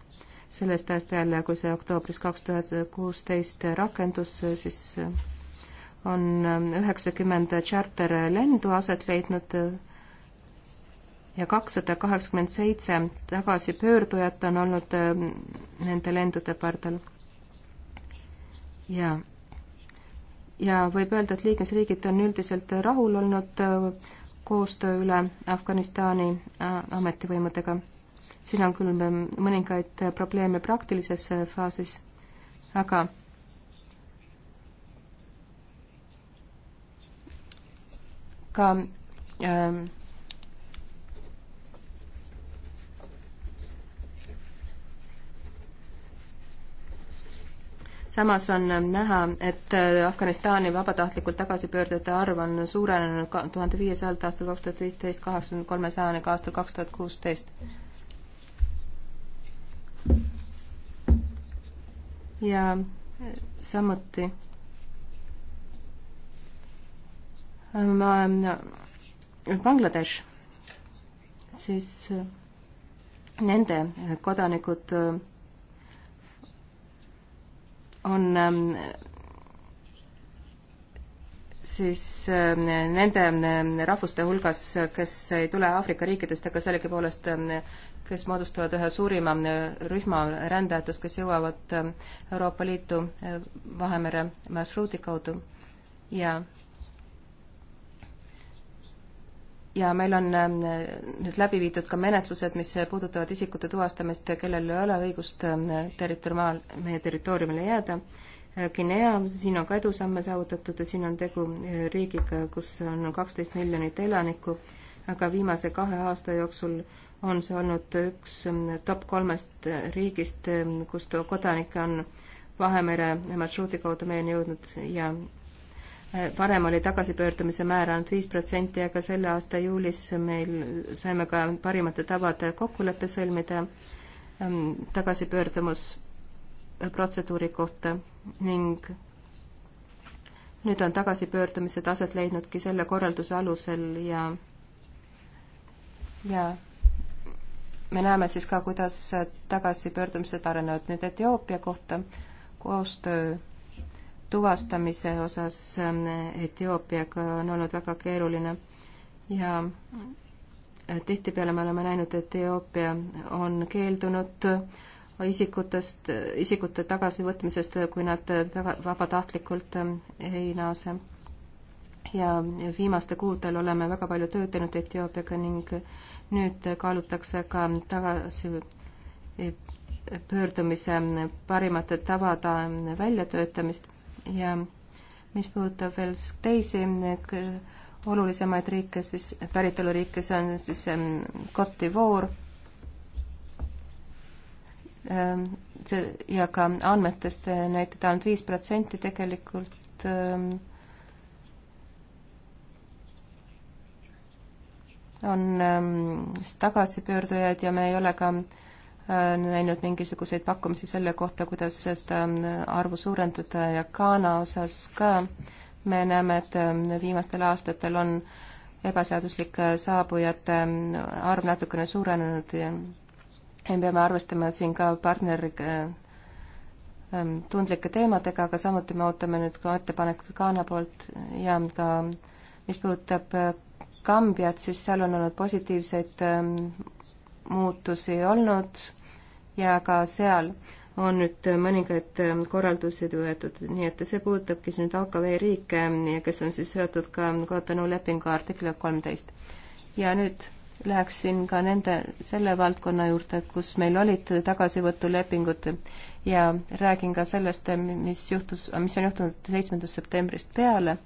sellest ajast peale, kui see oktoobris kaks tuhat kuusteist rakendus, siis äh, on ähm, üheksakümmend tšarterlendu aset leidnud äh, ja kakssada kaheksakümmend seitse tagasipöördujat on olnud ähm, nende lendude pardal. ja, ja võib öelda, et liikmesriigid on üldiselt rahul olnud äh, koostöö üle Afganistani äh, ametivõimudega. siin on küll ähm, mõningaid probleeme praktilises faasis, aga ka ähm, samas on ähm, näha, et äh, Afganistani vabatahtlikult tagasipöördujate arv on suurenenud tuhande viiesajalt aastal kaks tuhat viisteist kaheksakümne kolmesajani ka aastal kaks tuhat kuusteist. ja äh, samuti Äh, Bangladesh, siis äh, nende kodanikud äh, on ähm, siis nende rahvuste hulgas, kes ei tule Aafrika riikidest, aga sellegipoolest, kes moodustavad ühe suurima rühma rändajatest, kes jõuavad Euroopa Liitu Vahemere marsruudi kaudu ja ja meil on ähm, nüüd läbi viidud ka menetlused, mis puudutavad isikute tuvastamist, kellel ei ole õigust ähm, territoriaal, meie territooriumile jääda. Äh, Guinea, siin on ka edusamme saavutatud ja siin on tegu äh, riigiga, kus on kaksteist miljonit elanikku, aga viimase kahe aasta jooksul on see olnud üks ähm, top kolmest äh, riigist, kus kodanike on Vahemere marsruudi kaudu meieni jõudnud ja varem oli tagasipöördumise määr ainult viis protsenti, aga selle aasta juulis meil saime ka parimate tavade kokkuleppe sõlmida ähm, tagasipöördumusprotseduuri kohta ning nüüd on tagasipöördumised aset leidnudki selle korralduse alusel ja, ja me näeme siis ka, kuidas tagasipöördumised arenevad nüüd Etioopia kohta, koostöö tuvastamise osas ähm, Etioopiaga on olnud väga keeruline ja äh, tihtipeale me oleme näinud, et Etioopia on keeldunud isikutest, isikute tagasivõtmisest, kui nad taga, vabatahtlikult ähm, ei naase. ja viimaste kuudel oleme väga palju tööd teinud Etioopiaga ning nüüd kaalutakse ka tagasi äh, pöördumise ähm, parimate tavade väljatöötamist ja mis puudutab veel teisi eh, olulisemaid riike, siis päritoluriike, see on siis Cote d'Ivoire, see ja ka andmetest eh, näitab ainult viis protsenti tegelikult on tagasipöördujaid ja me ei ole ka äh, Äh, näinud mingisuguseid pakkumisi selle kohta, kuidas seda ähm, arvu suurendada ja Ghana osas ka me näeme, et ähm, viimastel aastatel on ebaseaduslike äh, saabujate ähm, arv natukene suurenenud ja me peame arvestama siin ka partneriga äh, tundlike teemadega, aga samuti me ootame nüüd ka ettepanekut Ghana poolt ja ka mis puudutab Kambiat, siis seal on olnud positiivseid muutusi olnud ja ka seal on nüüd mõningaid korraldusid võetud, nii et see puudutabki nüüd AKV riike, kes on siis seotud ka Cotonou lepingu artikliga kolmteist. ja nüüd läheksin ka nende, selle valdkonna juurde, kus meil olid tagasivõtulepingud ja räägin ka sellest, mis juhtus, mis on juhtunud seitsmendast septembrist peale.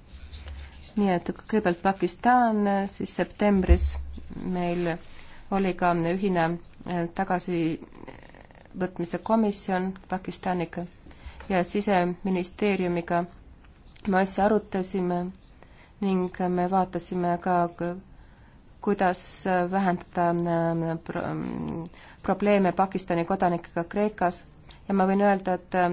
nii et kõigepealt Pakistan, siis septembris meil oli ka ühine tagasi võtmise komisjon Pakistaniga ja siseministeeriumiga me asja arutasime ning me vaatasime ka, kuidas vähendada äh, probleeme Pakistani kodanikega Kreekas ja ma võin öelda, et äh,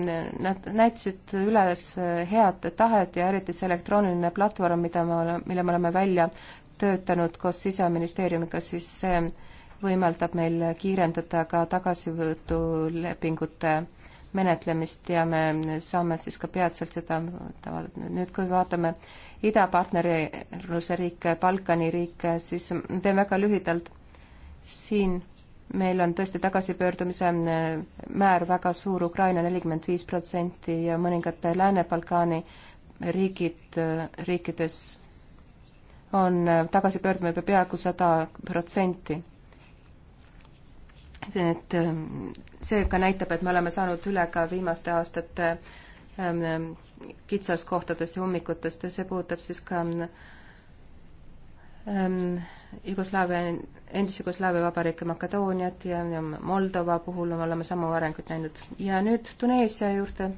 nad näitasid üles äh, head tahet ja eriti see elektrooniline platvorm, mida me, mille me oleme välja töötanud koos Siseministeeriumiga, siis see võimaldab meil kiirendada ka tagasivõtulepingute menetlemist ja me saame siis ka peatselt seda, nüüd kui vaatame idapartnerluse riike, Balkani riike, siis teen väga lühidalt, siin meil on tõesti tagasipöördumise määr väga suur, Ukraina nelikümmend viis protsenti ja mõningate Lääne-Balkani riigid, riikides on tagasipöördumine peaaegu sada protsenti et ähm, see ka näitab, et me oleme saanud üle ka viimaste aastate ähm, kitsaskohtadest ja ummikutest ja see puudutab siis ka ähm, Jugoslaavia, endise Jugoslaavia vabariiki Makedooniat ja Moldova puhul me oleme samu arengut näinud. ja nüüd Tuneesia juurde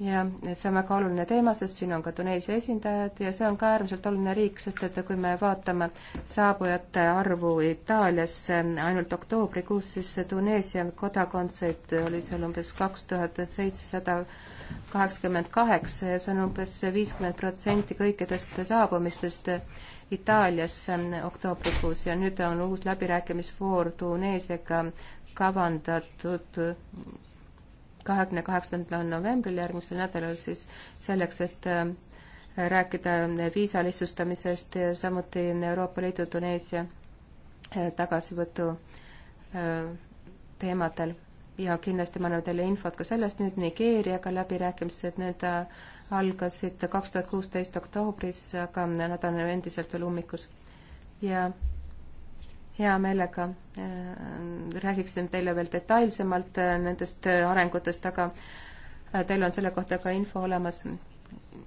ja see on väga oluline teema, sest siin on ka Tuneesia esindajad ja see on ka äärmiselt oluline riik, sest et kui me vaatame saabujate arvu Itaaliasse ainult oktoobrikuus, siis Tuneesia kodakondseid oli seal umbes kaks tuhat seitsesada kaheksakümmend kaheksa ja see on umbes viiskümmend protsenti kõikidest saabumistest Itaaliasse oktoobrikuus ja nüüd on uus läbirääkimisvoor Tuneesiaga kavandatud kahekümne kaheksandal novembril järgmisel nädalal siis selleks, et äh, rääkida viisa lihtsustamisest ja samuti Euroopa Liidu Tuneesia äh, tagasivõtu äh, teemadel. ja kindlasti ma annan teile infot ka sellest nüüd Nigeeriaga läbirääkimised, need algasid kaks tuhat kuusteist oktoobris, aga nad on endiselt veel ummikus. ja hea meelega äh, räägiksin teile veel detailsemalt äh, nendest äh, arengutest, aga teil on selle kohta ka info olemas.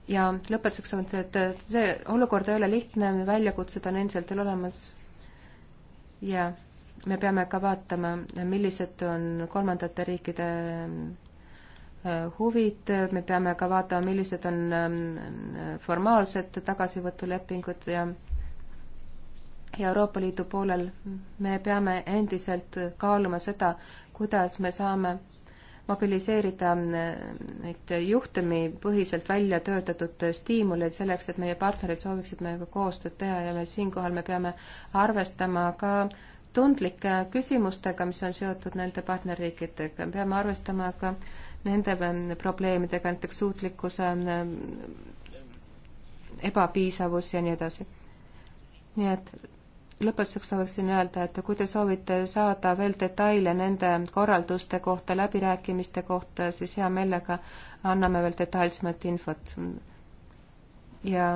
ja lõpetuseks on, et see olukord ei ole lihtne, väljakutsed on endiselt veel olemas ja me peame ka vaatama, millised on kolmandate riikide huvid, me peame ka vaatama, millised on ähm, formaalsed tagasivõtulepingud ja ja Euroopa Liidu poolel me peame endiselt kaaluma seda, kuidas me saame mobiliseerida mm, neid juhtumipõhiselt välja töötatud stiimuleid selleks, et meie partnerid sooviksid meiega koostööd teha ja me siinkohal me peame arvestama ka tundlike küsimustega, mis on seotud nende partnerriikidega, peame arvestama ka nende mm, probleemidega, näiteks suutlikkuse mm, ebapiisavus ja nii edasi. nii et lõpetuseks tahaksin öelda, et kui te soovite saada veel detaile nende korralduste kohta, läbirääkimiste kohta, siis hea meelega anname veel detailsemat infot. ja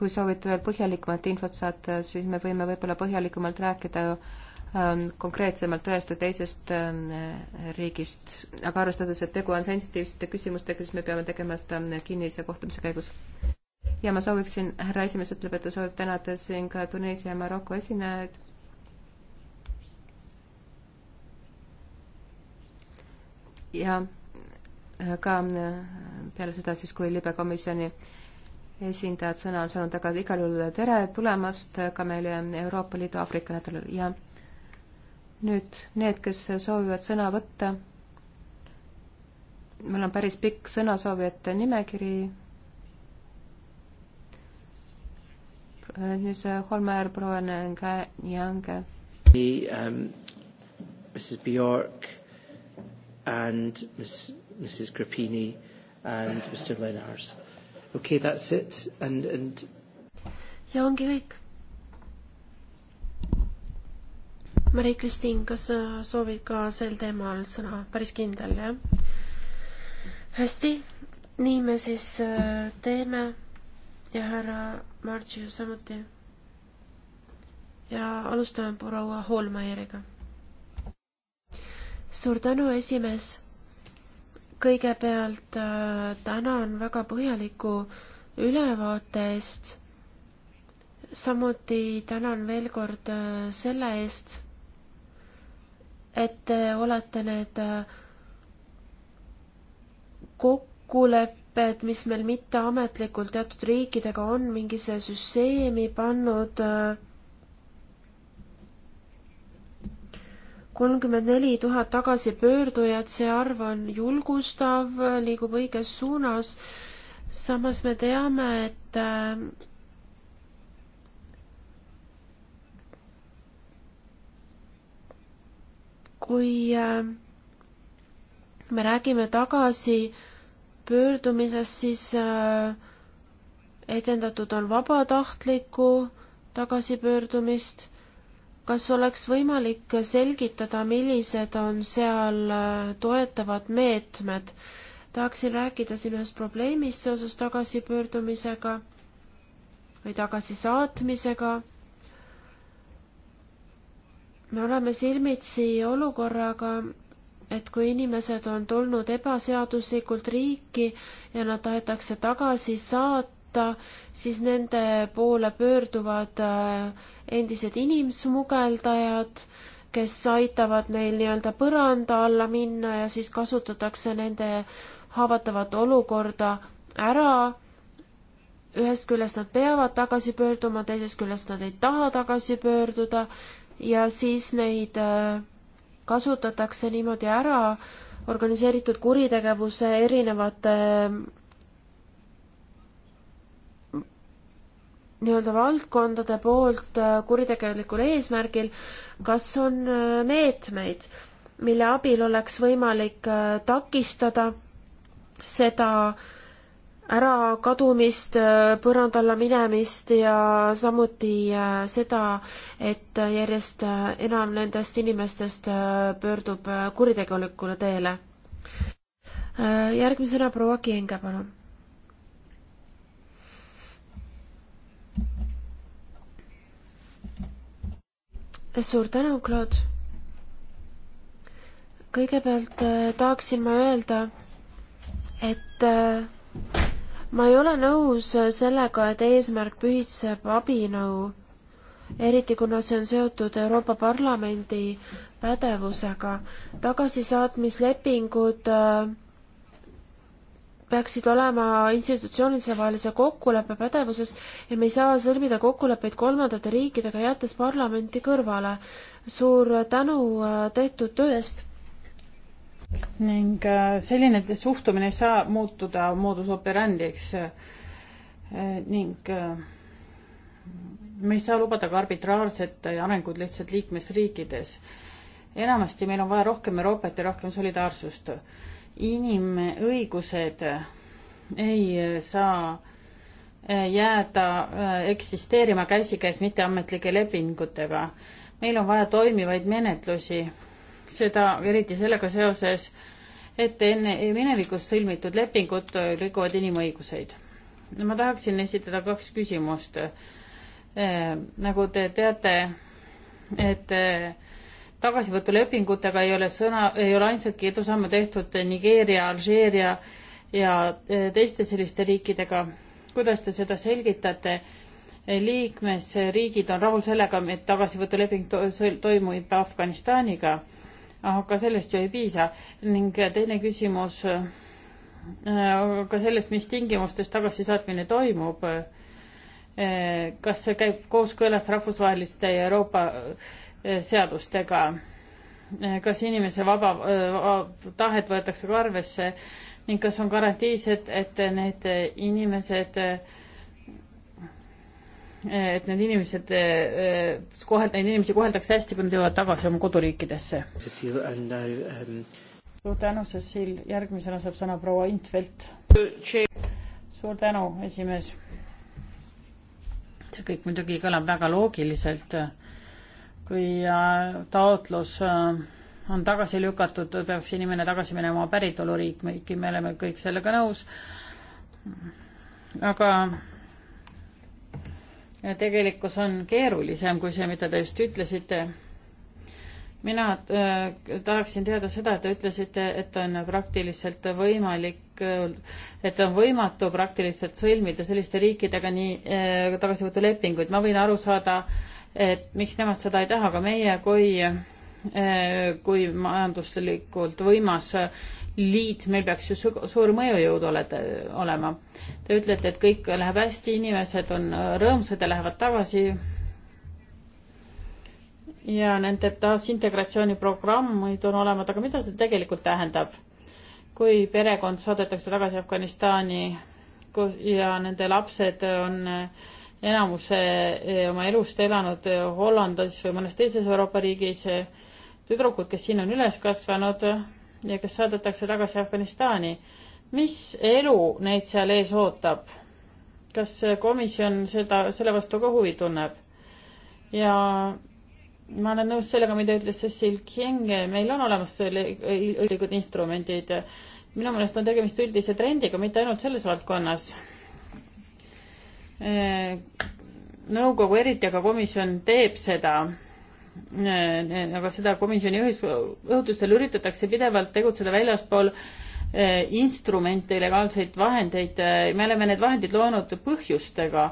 kui soovite veel põhjalikumat infot saada, siis me võime võib-olla põhjalikumalt rääkida ähm, konkreetsemalt ühest või teisest ähm, riigist, aga arvestades, et tegu on sensitiivsete küsimustega, siis me peame tegema seda ähm, kinnise kohtumise käigus ja ma sooviksin, härra esimees ütleb, et ta soovib tänada siin ka Tuneesia ja Maroko esinejaid. ja äh, ka äh, peale seda siis, kui libekomisjoni esindajad sõna on saanud, aga igal juhul tere tulemast ka meile Euroopa Liidu Aafrika nädalal ja nüüd need, kes soovivad sõna võtta, meil on päris pikk sõnasoovijate nimekiri siis Holmer, proua Nänge, Nänge. Um, Mrs Bjork and Miss, Mrs Grappini and Mr Lenars. Okay, that's it and, and ja ongi kõik. Mari-Kristiin, kas sa soovid ka sel teemal sõna? päris kindel, jah? hästi, nii me siis äh, teeme ja härra Martšiu samuti. ja alustame proua Holmeieriga. suur tänu, esimees. kõigepealt äh, tänan väga põhjaliku ülevaate eest. samuti tänan veel kord äh, selle eest, et te olete need äh, kokkulepped lepped, mis meil mitteametlikult teatud riikidega on mingisse süsteemi pannud äh, kolmkümmend neli tuhat tagasipöördujat, see arv on julgustav, liigub õiges suunas. samas me teame, et äh, kui äh, me räägime tagasi äh, pöördumises siis äh, edendatud on vabatahtlikku tagasipöördumist. kas oleks võimalik selgitada, millised on seal äh, toetavad meetmed? tahaksin rääkida siin ühest probleemist seoses tagasipöördumisega või tagasisaatmisega. me oleme silmitsi olukorraga, et kui inimesed on tulnud ebaseaduslikult riiki ja nad tahetakse tagasi saata, siis nende poole pöörduvad äh, endised inimsmugeldajad, kes aitavad neil nii-öelda põranda alla minna ja siis kasutatakse nende haavatavat olukorda ära. ühest küljest nad peavad tagasi pöörduma, teisest küljest nad ei taha tagasi pöörduda ja siis neid äh, kasutatakse niimoodi ära organiseeritud kuritegevuse erinevate mm, nii-öelda valdkondade poolt äh, kuritegelikul eesmärgil, kas on äh, meetmeid, mille abil oleks võimalik äh, takistada seda äh, ärakadumist, äh, põranda alla minemist ja samuti äh, seda, et järjest äh, enam nendest inimestest pöördub kuritegelikule teele. järgmisena proua Kienge, palun. suur tänu, Claude. kõigepealt tahaksin ma öelda, et ma ei ole nõus äh, sellega, et eesmärk pühitseb abinõu, eriti kuna see on seotud Euroopa Parlamendi pädevusega. tagasisaatmislepingud äh, peaksid olema institutsioonide vahelise kokkuleppe pädevuses ja me ei saa sõlmida kokkuleppeid kolmandate riikidega, jättes parlamenti kõrvale. suur tänu äh, tehtud töö eest ning äh, selline suhtumine ei saa muutuda moodus operandiks äh, ning äh, me ei saa lubada ka arbitraarset arengut lihtsalt liikmesriikides. enamasti meil on vaja rohkem Euroopat ja rohkem solidaarsust. inimõigused ei saa jääda eksisteerima käsikäes mitteametlike lepingutega. meil on vaja toimivaid menetlusi seda eriti sellega seoses, et enne minevikus sõlmitud lepingud rikuvad inimõiguseid. ma tahaksin esitada kaks küsimust. Äh, nagu te teate, et äh, tagasivõtulepingutega ei ole sõna, ei ole ainsadki edusamme tehtud Nigeeria, Alžeeria ja äh, teiste selliste riikidega. kuidas te seda selgitate? liikmesriigid on rahul sellega, et tagasivõtuleping toimub Afganistaniga Ah, aga sellest ju ei piisa. ning teine küsimus, ka äh, sellest, mis tingimustes tagasisaatmine toimub, äh, kas see käib kooskõlas rahvusvaheliste ja Euroopa äh, seadustega? kas inimese vaba tahet võetakse ka arvesse ning kas on garantiis, et, et need inimesed äh, et need inimesed, eh, koheld-, neid inimesi koheldakse hästi, kui nad jõuavad tagasi oma koduriikidesse. Um, suur tänu, Cecil, järgmisena saab sõna proua Intvelt. suur tänu, esimees. see kõik muidugi kõlab väga loogiliselt. kui äh, taotlus äh, on tagasi lükatud, peaks inimene tagasi minema oma päritoluriiki, me oleme kõik sellega nõus. aga tegelikkus on keerulisem kui see, mida te just ütlesite. mina äh, tahaksin teada seda, et te ütlesite, et on praktiliselt võimalik, äh, et on võimatu praktiliselt sõlmida selliste riikidega nii äh, tagasivõtulepinguid. ma võin aru saada, et miks nemad seda ei taha, aga meie kui Eh, kui majanduslikult võimas liit, meil peaks ju suur mõjujõud olete, olema. Te ütlete, et kõik läheb hästi, inimesed on rõõmsad ja lähevad tagasi. ja nende taasintegratsiooni programmid on olemas, aga mida see tegelikult tähendab? kui perekond saadetakse tagasi Afganistani kus, ja nende lapsed on eh, enamuse eh, oma elust elanud Hollandis või mõnes teises Euroopa riigis, tüdrukud, kes siin on üles kasvanud ja kes saadetakse tagasi Afganistani. mis elu neid seal ees ootab? kas komisjon seda, selle vastu ka huvi tunneb? ja ma olen nõus sellega, mida ütles Cecil King, meil on olemas õiged instrumendid. minu meelest on tegemist üldise trendiga, mitte ainult selles valdkonnas. nõukogu eriti, aga komisjon teeb seda Äh, äh, aga seda komisjoni õhutustel üritatakse pidevalt tegutseda väljaspool äh, instrumente, illegaalseid vahendeid, me oleme need vahendid loonud põhjustega,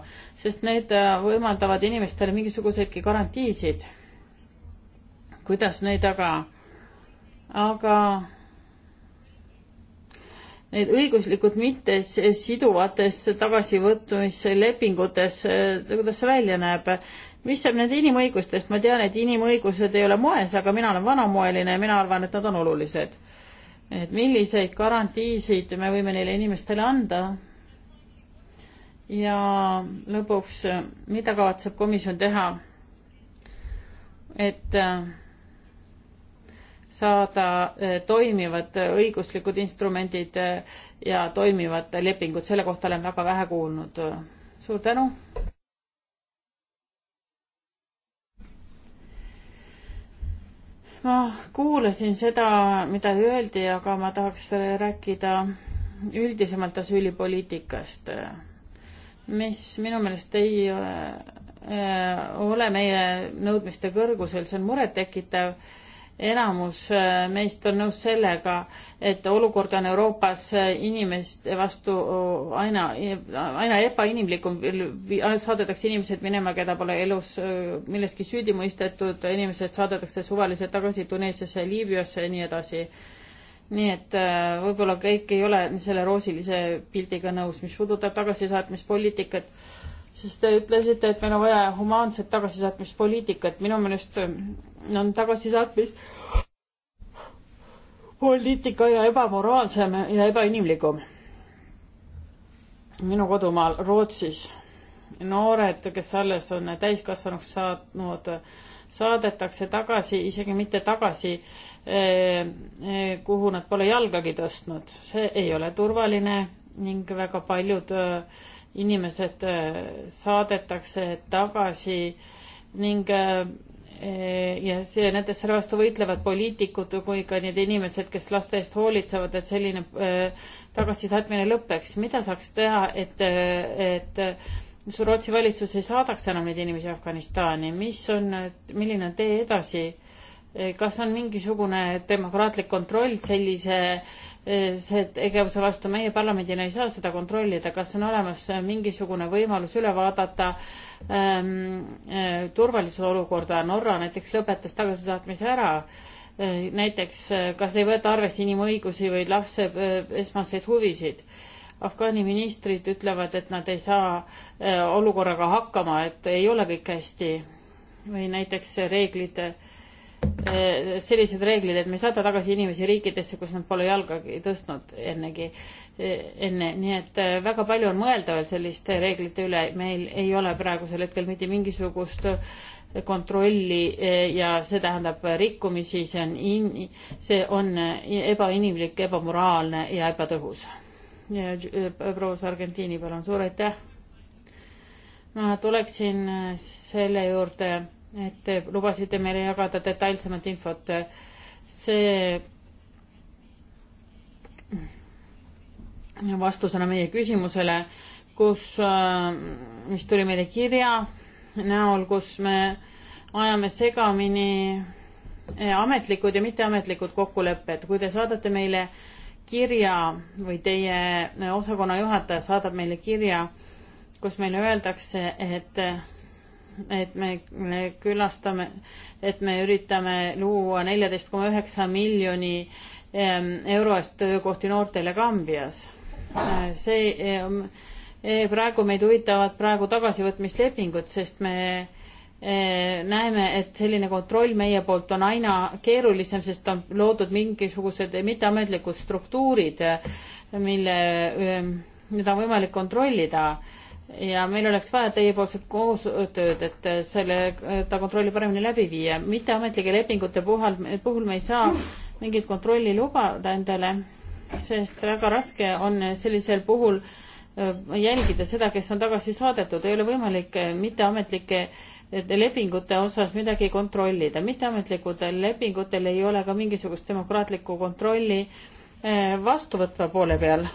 sest need võimaldavad inimestele mingisuguseidki garantiisid. kuidas neid aga, aga need õiguslikult mitte siduvates tagasivõtmislepingutes, kuidas see välja näeb, mis saab nende inimõigustest, ma tean, et inimõigused ei ole moes, aga mina olen vanamoeline ja mina arvan, et nad on olulised. et milliseid garantiisid me võime neile inimestele anda? ja lõpuks, mida kavatseb komisjon teha, et äh, saada äh, toimivad äh, õiguslikud instrumendid ja toimivad lepingud, selle kohta olen väga vähe kuulnud. suur tänu! ma kuulasin seda, mida öeldi, aga ma tahaks rääkida üldisemalt asüülipoliitikast, mis minu meelest ei äh, ole meie nõudmiste kõrgusel, see on murettekitav enamus äh, meist on nõus sellega, et olukord on Euroopas äh, inimeste vastu äh, aina, aina ebainimlikum, saadetakse inimesed minema, keda pole elus milleski süüdi mõistetud, inimesed saadetakse suvaliselt tagasi Tuneesiasse, Liibüasse ja nii edasi. nii et võib-olla kõik ei ole selle roosilise pildiga nõus, mis puudutab tagasisaatmispoliitikat, sest te ütlesite, et meil on vaja humaanset tagasisaatmispoliitikat, minu meelest on tagasisaatmis poliitika ja ebamoraalsem ja ebainimlikum. minu kodumaal Rootsis noored, kes alles on täiskasvanuks saanud, saadetakse tagasi, isegi mitte tagasi, eh, eh, kuhu nad pole jalgagi tõstnud. see ei ole turvaline ning väga paljud eh, inimesed saadetakse tagasi ning Eh, ja see, nende selle vastu võitlevad poliitikud kui ka need inimesed, kes laste eest hoolitsevad, et selline äh, tagasisaatmine lõpeks. mida saaks teha, et, eh, et Rootsi valitsus ei saadaks enam neid inimesi Afganistani, mis on, milline on tee edasi? kas on mingisugune demokraatlik kontroll sellise äh, see tegevuse vastu meie parlamendina ei saa seda kontrollida, kas on olemas mingisugune võimalus üle vaadata ähm, äh, turvalisuse olukorda, Norra näiteks lõpetas tagasisaatmise ära äh,, näiteks äh, kas ei võeta arvesse inimõigusi või lapse äh, esmaseid huvisid. Afgaani ministrid ütlevad, et nad ei saa äh, olukorraga hakkama, et ei ole kõik hästi või näiteks reeglid äh, Eh, sellised reeglid, et me ei saada tagasi inimesi riikidesse, kus nad pole jalgagi tõstnud ennegi, eh, enne, nii et eh, väga palju on mõelda veel selliste reeglite üle, meil ei ole praegusel hetkel mitte mingisugust kontrolli ja see tähendab rikkumisi, see on in-, see on ebainimlik, ebamoraalne ja ebatõhus. proua Sargentini, palun, suur aitäh! ma tuleksin selle juurde et te lubasite meile jagada detailsemat infot. see vastusena meie küsimusele, kus, äh, mis tuli meile kirja näol, kus me ajame segamini äh, ametlikud ja mitteametlikud kokkulepped, kui te saadate meile kirja või teie äh, osakonna juhataja saadab meile kirja, kus meile öeldakse, et et me külastame, et me üritame luua neljateist koma üheksa miljoni ähm, euro eest töökohti noortele Kambias. Äh, see, ähm, e, praegu meid huvitavad praegu tagasivõtmislepingud, sest me e, näeme, et selline kontroll meie poolt on aina keerulisem, sest on loodud mingisugused mitteametlikud struktuurid, mille, e, mida on võimalik kontrollida ja meil oleks vaja teiepoolset koostööd, et selle, ta kontrolli paremini läbi viia. mitteametlike lepingute puhul, puhul me ei saa mingit kontrolli lubada endale, sest väga raske on sellisel puhul äh, jälgida seda, kes on tagasi saadetud, ei ole võimalik äh, mitteametlike äh, lepingute osas midagi kontrollida. mitteametlikutel lepingutel ei ole ka mingisugust demokraatlikku kontrolli vastuvõtva poole peal.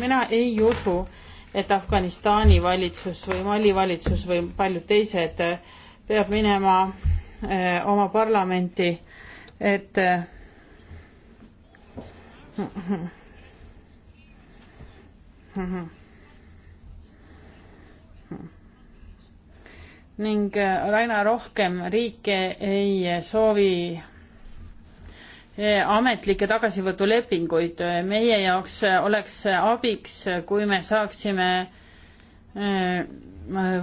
mina ei usu äh, et Afganistani valitsus või Mali valitsus või paljud teised äh, peab minema äh, oma parlamenti, et äh, ning aina rohkem riike ei soovi E, ametlikke tagasivõtulepinguid. E, meie jaoks oleks abiks, kui me saaksime e,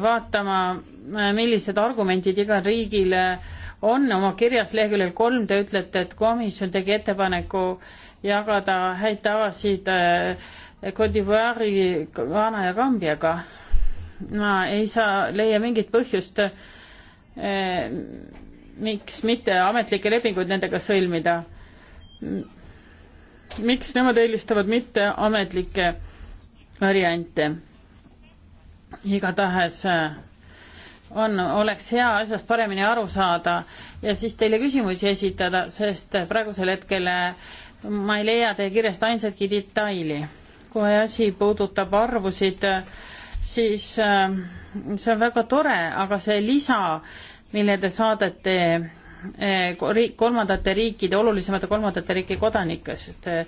vaatama, millised argumendid igal riigil on. oma kirjas leheküljel kolm te ütlete, et komisjon tegi ettepaneku jagada häid tavasid Cote d'Ivoire'i, Ghana ja Kambiaga. ma ei saa, leia mingit põhjust miks mitte ametlikke lepinguid nendega sõlmida miks nemad eelistavad mitteametlikke variante? igatahes äh, on, oleks hea asjast paremini aru saada ja siis teile küsimusi esitada, sest praegusel hetkel äh, ma ei leia teie kirjast ainsatki detaili. kui asi puudutab arvusid, siis äh, see on väga tore, aga see lisa, mille te saadete Eh, kolmandate riikide, olulisemate kolmandate riikide kodanikest, eh,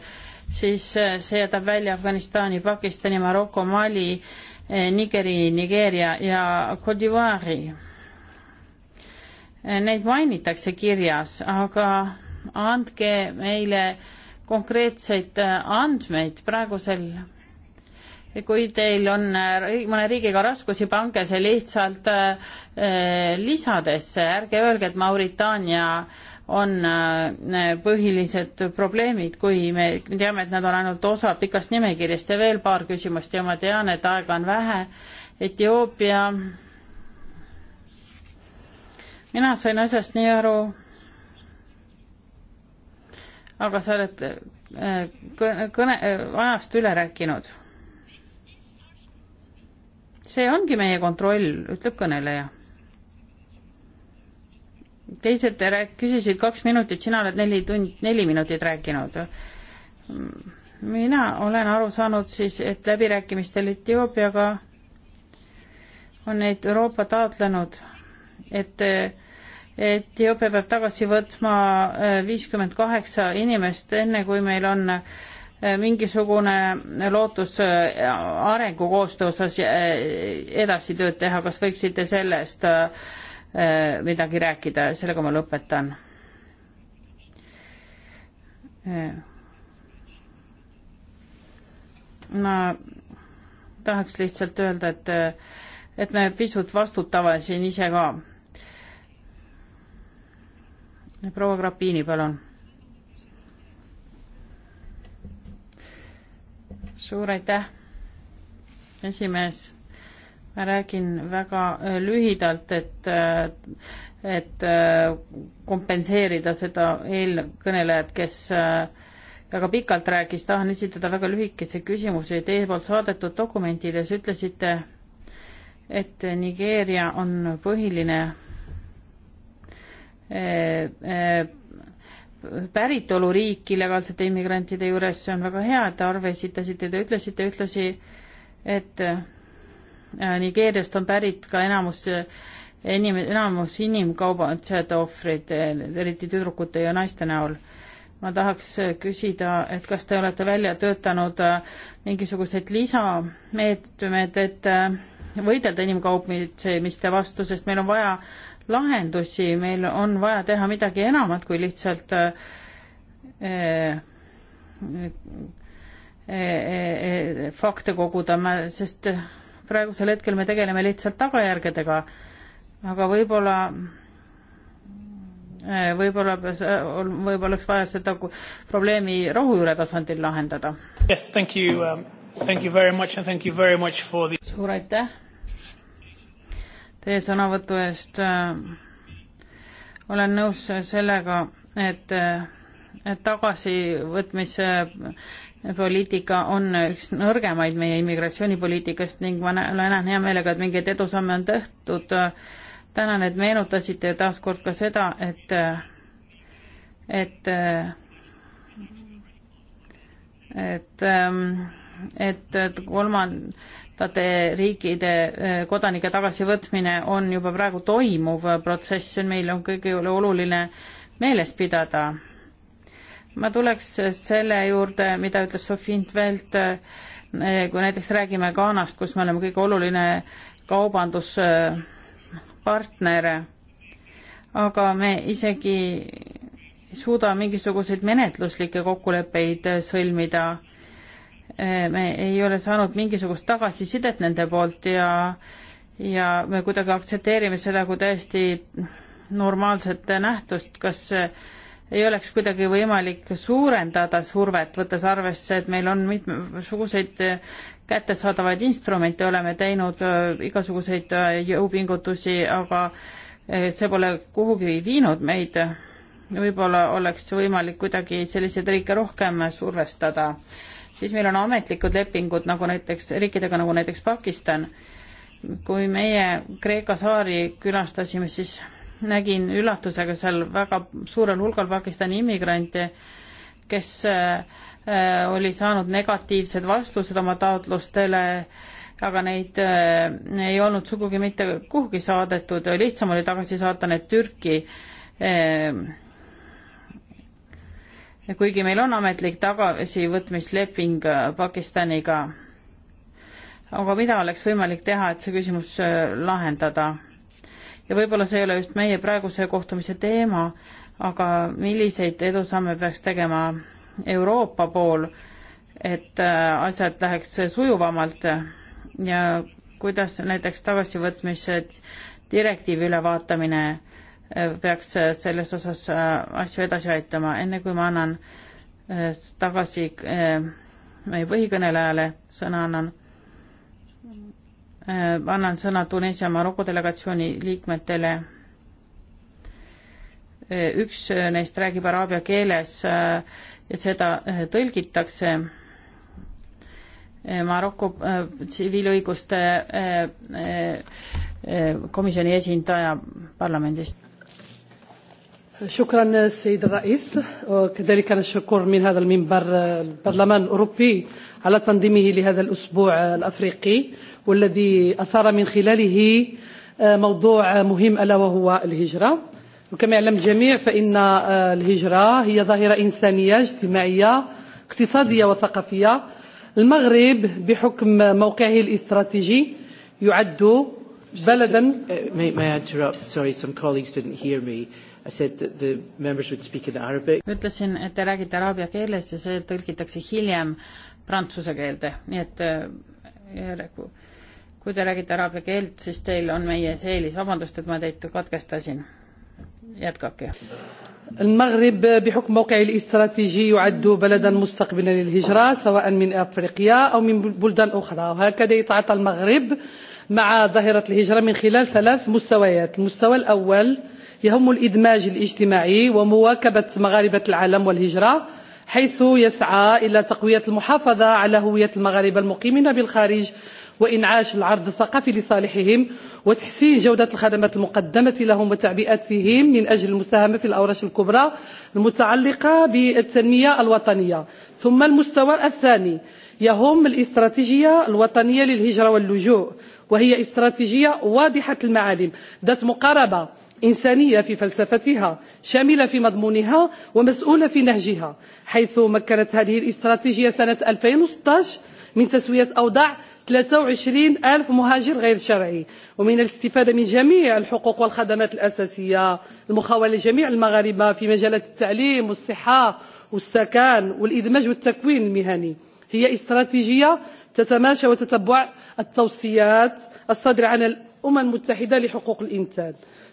siis eh, see jätab välja Afganistani, Pakistani, Maroko, Mali, Nigeri, Nigeeria ja Cote d'Ivoire'i. Neid mainitakse kirjas, aga andke meile konkreetseid andmeid, praegusel kui teil on äh, mõne riigiga raskusi, pange see lihtsalt äh, äh, lisadesse, ärge öelge, et Mauritaania on põhilised probleemid, kui me teame, et nad on ainult osa pikast nimekirjast ja veel paar küsimust ja ma tean, et aega on vähe. Etioopia. mina sain asjast nii aru. aga sa oled kõne, ajast üle rääkinud see ongi meie kontroll, ütleb kõneleja. teised rääk-, küsisid kaks minutit, sina oled neli tund-, neli minutit rääkinud. mina olen aru saanud siis, et läbirääkimistel Etioopiaga on neid Euroopa taotlenud, et Etioopia peab tagasi võtma äh, viiskümmend kaheksa inimest, enne kui meil on äh, Äh, mingisugune lootus äh, arengukoostöö osas äh, edasi tööd teha, kas võiksite sellest midagi rääkida, sellega ma lõpetan. ma tahaks lihtsalt öelda, et, et me pisut vastutame siin ise ka. proua Grappini, palun suur aitäh, esimees. ma räägin väga äh, lühidalt, et, äh, et äh, kompenseerida seda eelkõnelejat, kes väga pikalt rääkis, tahan esitada väga lühikese küsimuse teie poolt saadetud dokumentides ütlesite, et Nigeeria on põhiline päritoluriiki legaalsete immigrantide juures, see on väga hea, et te arve esitasite, te ütlesite ühtlasi, et äh, Nigeeriast on pärit ka enamus äh, inim-, enamus inimkaubandusjate ohvrid, eriti tüdrukute ja naiste näol. ma tahaks küsida, et kas te olete välja töötanud äh, mingisuguseid lisameetmed, et võidelda inimkaubitsemiste vastu, sest meil on vaja lahendusi, meil on vaja teha midagi enamat kui lihtsalt äh, äh, äh, fakte koguda, sest praegusel hetkel me tegeleme lihtsalt tagajärgedega, aga võib-olla võib-olla, võib-olla oleks vaja seda probleemi rohujuure tasandil lahendada. Yes, thank you um,, thank you very much and thank you very much for the suur aitäh teie sõnavõtu eest. Äh, olen nõus sellega, et, äh, et tagasivõtmise äh, poliitika on üks nõrgemaid meie immigratsioonipoliitikast ning ma näen hea meelega, et mingeid edusamme on tehtud. tänan, et meenutasite taaskord ka seda, et, ähm, et, et, et kolmand-, kolmandate riikide eh, kodanike tagasivõtmine on juba praegu toimuv protsess, meil on kõigile oluline meeles pidada. ma tuleks selle juurde, mida ütles Sofi Intvelt, eh, kui näiteks räägime Ghanast, kus me oleme kõige oluline kaubanduspartner, aga me isegi ei suuda mingisuguseid menetluslikke kokkuleppeid sõlmida Äh, me ei ole saanud mingisugust tagasisidet nende poolt ja, ja me kuidagi aktsepteerime seda kui täiesti normaalset nähtust, kas äh, ei oleks kuidagi võimalik suurendada survet, võttes arvesse, et meil on mitmesuguseid äh, kättesaadavaid instrumente, oleme teinud igasuguseid jõupingutusi, aga see pole kuhugi viinud meid. võib-olla oleks võimalik kuidagi selliseid riike rohkem survestada siis meil on ametlikud lepingud nagu näiteks riikidega nagu näiteks Pakistan. kui meie Kreeka saari külastasime, siis nägin üllatusega seal väga suurel hulgal Pakistani immigrante, kes äh, äh, oli saanud negatiivsed vastused oma taotlustele, aga neid äh, ei olnud sugugi mitte kuhugi saadetud, lihtsam oli tagasi saata need Türki ja kuigi meil on ametlik tagasivõtmisleping äh, Pakistaniga, aga mida oleks võimalik teha, et see küsimus äh, lahendada? ja võib-olla see ei ole just meie praeguse kohtumise teema, aga milliseid edusamme peaks tegema Euroopa pool, et äh, asjad läheks sujuvamalt ja kuidas näiteks tagasivõtmise direktiivi ülevaatamine peaks äh, selles osas äh, asju edasi aitama, enne kui ma annan äh, tagasi meie põhikõnelejale sõna annan, annan sõna Tuneesia Maroko delegatsiooni liikmetele. üks neist räägib araabia keeles ja seda tõlgitakse. Maroko tsiviilõiguste komisjoni esindaja parlamendist شكرا سيد الرئيس وكذلك نشكر من هذا المنبر البرلمان الأوروبي على تنظيمه لهذا الأسبوع الأفريقي والذي أثار من خلاله موضوع مهم ألا وهو الهجرة وكما يعلم الجميع فإن الهجرة هي ظاهرة إنسانية اجتماعية اقتصادية وثقافية المغرب بحكم موقعه الاستراتيجي يعد بلدا May, may I interrupt? Sorry, some colleagues didn't hear me. Uh, ütlesin, et te räägite araabia keeles ja see tõlgitakse hiljem prantsuse keelde, nii et äh, kui te räägite araabia keelt, siis teil on meie ees eelis, vabandust, et ma teid katkestasin. jätkake. المغرب بحكم موقعه الاستراتيجي يعد بلدا مستقبلا للهجرة سواء من أفريقيا أو من بلدان أخرى وهكذا يتعاطى المغرب مع ظاهرة الهجرة من خلال ثلاث مستويات المستوى الأول يهم الإدماج الاجتماعي ومواكبة مغاربة العالم والهجرة حيث يسعى إلى تقوية المحافظة على هوية المغاربة المقيمين بالخارج وإنعاش العرض الثقافي لصالحهم وتحسين جودة الخدمات المقدمة لهم وتعبئتهم من أجل المساهمة في الأورش الكبرى المتعلقة بالتنمية الوطنية ثم المستوى الثاني يهم الاستراتيجية الوطنية للهجرة واللجوء وهي استراتيجية واضحة المعالم ذات مقاربة إنسانية في فلسفتها شاملة في مضمونها ومسؤولة في نهجها حيث مكنت هذه الاستراتيجية سنة 2016 من تسوية أوضاع 23 ألف مهاجر غير شرعي ومن الاستفادة من جميع الحقوق والخدمات الأساسية المخاولة لجميع المغاربة في مجالات التعليم والصحة والسكن والإدماج والتكوين المهني هي استراتيجية تتماشى وتتبع التوصيات الصادرة عن الأمم المتحدة لحقوق الإنسان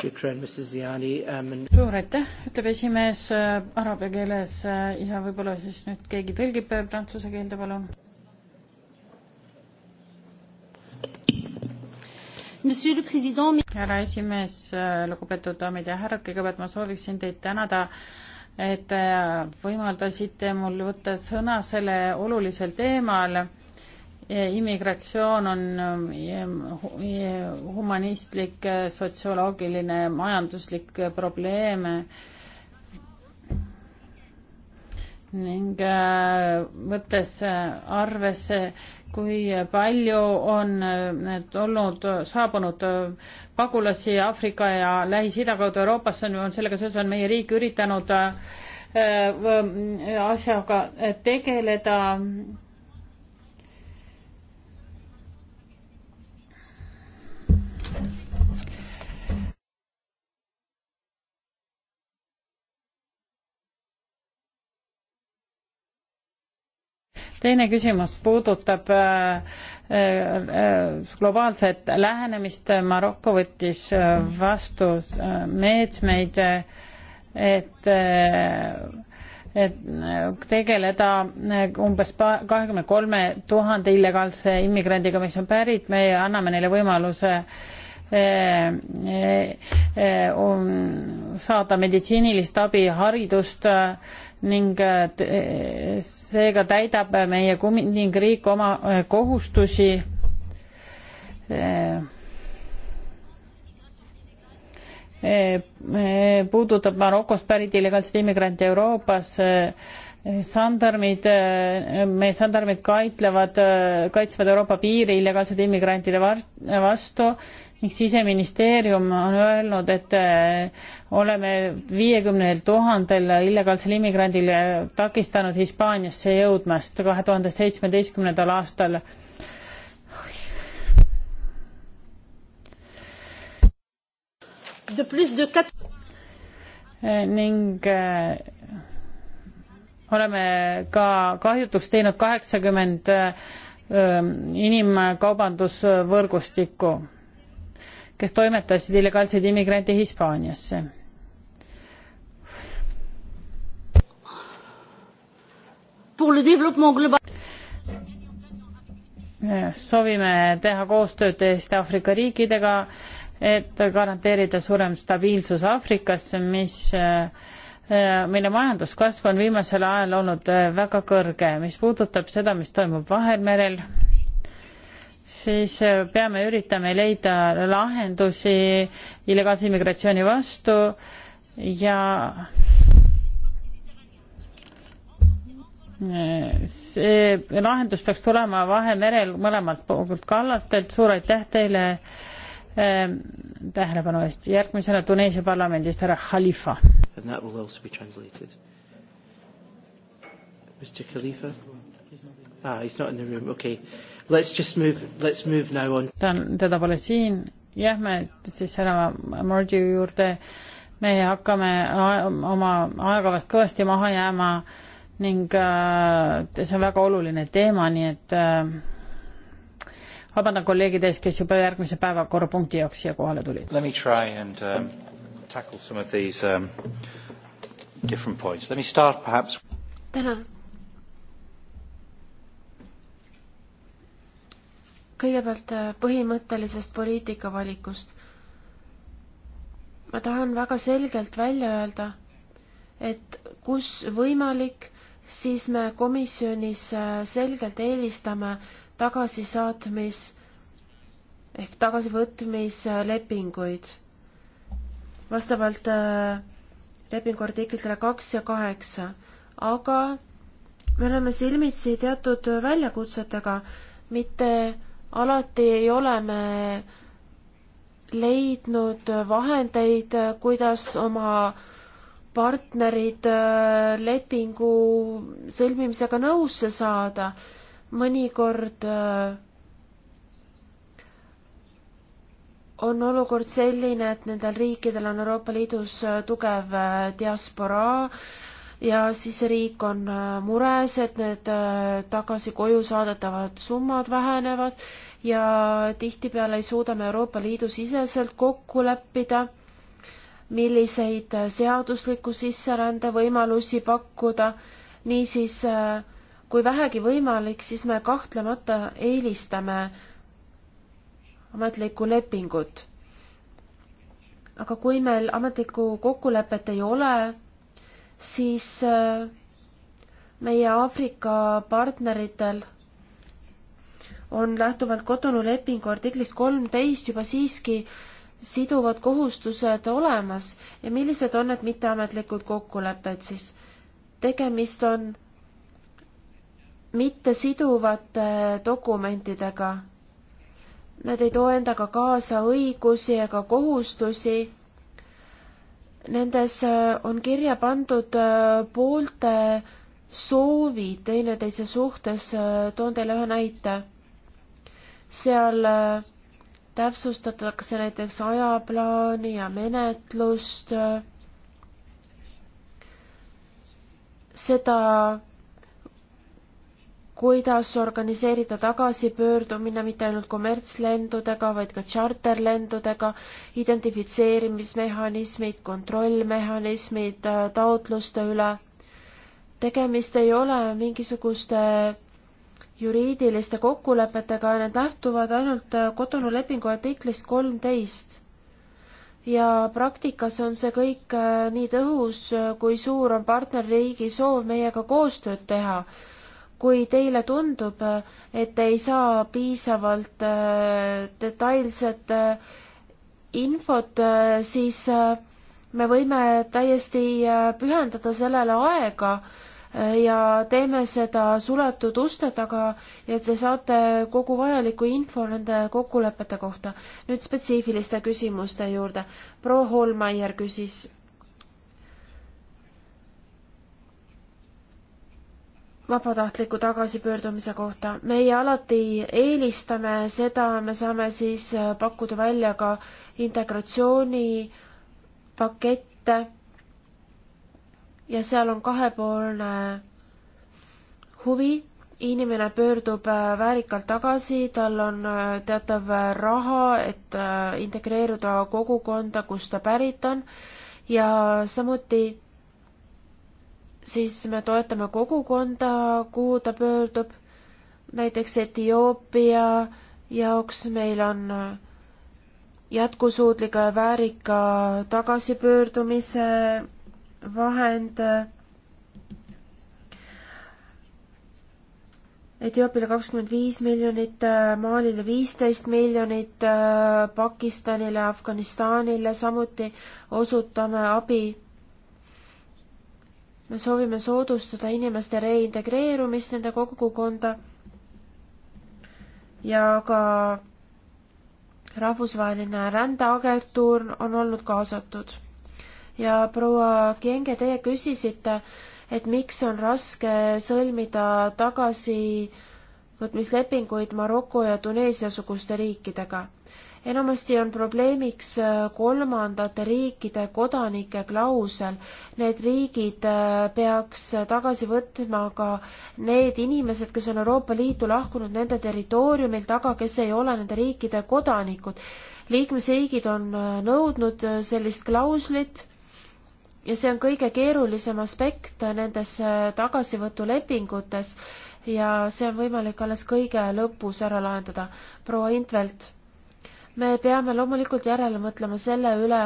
Um, suur aitäh, ütleb esimees äh, araabia keeles äh, ja võib-olla siis nüüd keegi tõlgib äh, prantsuse keelde, palun. härra esimees, lugupeetud daamid ja härrad, kõigepealt ma sooviksin teid tänada, et võimaldasite mul võtta sõna selle olulisel teemal immigratsioon on humanistlik, sotsioloogiline, majanduslik probleem ning äh, võttes arvesse, kui palju on need äh, olnud, saabunud äh, pagulasi Aafrika ja Lähis-Ida kaudu Euroopasse, on, on sellega seoses on meie riik üritanud asjaga tegeleda teine küsimus puudutab äh, äh, globaalset lähenemist. Maroko võttis äh, vastu meetmeid, et et tegeleda umbes kahekümne kolme tuhande illegaalse immigrandiga, mis on pärit, meie anname neile võimaluse äh, saada meditsiinilist abi, haridust eh, ning eh, seega täidab meie kuningriik oma eh, kohustusi puudutab Marokost pärit illegaalseid immigrante Euroopas sandarmid, eh, meie sandarmid kaitlevad, eh, kaitsevad Euroopa piiri illegaalsete immigrantide vastu ning siseministeerium on öelnud, et eh, oleme viiekümnel tuhandel illegaalsel immigrandil takistanud Hispaaniasse jõudmast kahe tuhande seitsmeteistkümnendal aastal. ning oleme ka kahjutuks teinud kaheksakümmend inimkaubandusvõrgustikku, kes toimetasid illegaalseid immigrante Hispaaniasse. soovime teha koostööd Eest-Aafrika riikidega, et garanteerida suurem stabiilsus Aafrikas, mis äh, Äh, mille majanduskasv on viimasel ajal olnud äh, väga kõrge. mis puudutab seda, mis toimub Vahemerel, siis äh, peame üritama leida lahendusi illegaalse immigratsiooni vastu ja see lahendus peaks tulema Vahemerel mõlemalt poolt kallatelt, suur aitäh teile Ehm, tähelepanu eest. järgmisena Tuneesia parlamendist härra Khalifa. Mr Khalifa? Ah, he's not in the room, okei okay.. Let's just move, let's move now on. ta on, teda pole siin, jääme siis härra Mordi juurde. me hakkame oma ajakavast kõvasti maha jääma ning äh, see on väga oluline teema, nii et äh, vabandan kolleegide ees, kes juba järgmise päevakorrapunkti jaoks siia kohale tulid. Let me try and um, tackle some of these um, different points. Let me start perhaps tänan. kõigepealt äh, põhimõttelisest poliitikavalikust. ma tahan väga selgelt välja öelda, et kus võimalik, siis me komisjonis äh, selgelt eelistame äh, tagasisaatmis- ehk tagasivõtmislepinguid vastavalt äh, lepingu artiklitele kaks ja kaheksa, aga me oleme silmitsi teatud väljakutsetega, mitte alati ei ole me leidnud vahendeid, kuidas oma partnerid äh, lepingu sõlmimisega nõusse saada mõnikord äh, on olukord selline, et nendel riikidel on Euroopa Liidus äh, tugev äh, diasporaa ja siis riik on mures, et need tagasi koju saadetavad summad vähenevad ja tihtipeale ei suuda me Euroopa Liidu siseselt kokku leppida, milliseid seadusliku sisserände võimalusi pakkuda, niisiis äh, kui vähegi võimalik, siis me kahtlemata eelistame ametlikku lepingut. aga kui meil ametlikku kokkulepet ei ole, siis äh, meie Aafrika partneritel on lähtuvalt Kotonu lepingu artiklist kolmteist juba siiski siduvad kohustused olemas ja millised on need mitteametlikud kokkulepped siis? tegemist on mittesiduvate dokumentidega. Nad ei too endaga kaasa õigusi ega kohustusi. Nendes äh, on kirja pandud äh, poolte soovid teineteise suhtes, äh, toon teile ühe näite. seal täpsustatakse näiteks ajaplaani ja menetlust, seda, kuidas organiseerida tagasipöördumine mitte ainult kommertslendudega, vaid ka tšarterlendudega, identifitseerimismehhanismid, kontrollmehhanismid äh, taotluste üle. tegemist ei ole mingisuguste juriidiliste kokkulepetega, need lähtuvad ainult Kotonu äh, lepingu artiklist kolmteist. ja praktikas on see kõik äh, nii tõhus, kui suur on partnerriigi soov meiega koostööd teha kui teile tundub, et ei saa piisavalt äh, detailset äh, infot, äh, siis me võime täiesti pühendada sellele aega ja teeme seda suletud uste taga ja te saate kogu vajaliku info nende kokkulepete kohta. nüüd spetsiifiliste küsimuste juurde. proua Holmeier küsis vabatahtliku tagasipöördumise kohta. meie alati eelistame seda, me saame siis äh, pakkuda välja ka integratsioonipakette ja seal on kahepoolne huvi, inimene pöördub äh, väärikalt tagasi, tal on äh, teatav raha, et integreeruda kogukonda, kust ta pärit on ja samuti siis me toetame kogukonda, kuhu ta pöördub. näiteks Etioopia jaoks meil on jätkusuutliku ja väärika tagasipöördumise vahend. Etioopiale kakskümmend viis miljonit, Malile viisteist miljonit, Pakistanile, Afganistanile samuti osutame abi me soovime soodustada inimeste reintegreerumist nende kogukonda ja ka rahvusvaheline rändeagentuur on olnud kaasatud. ja proua Kienge, teie küsisite, et miks on raske sõlmida tagasivõtmislepinguid Maroko ja Tuneesia suguste riikidega enamasti on probleemiks äh, kolmandate riikide kodanike klausel. Need riigid äh, peaks tagasi võtma ka need inimesed, kes on Euroopa Liitu lahkunud nende territooriumilt, aga kes ei ole nende riikide kodanikud. liikmesriigid on äh, nõudnud sellist klauslit ja see on kõige keerulisem aspekt nendes tagasivõtulepingutes ja see on võimalik alles kõige lõpus ära lahendada. proua Intvelt me peame loomulikult järele mõtlema selle üle,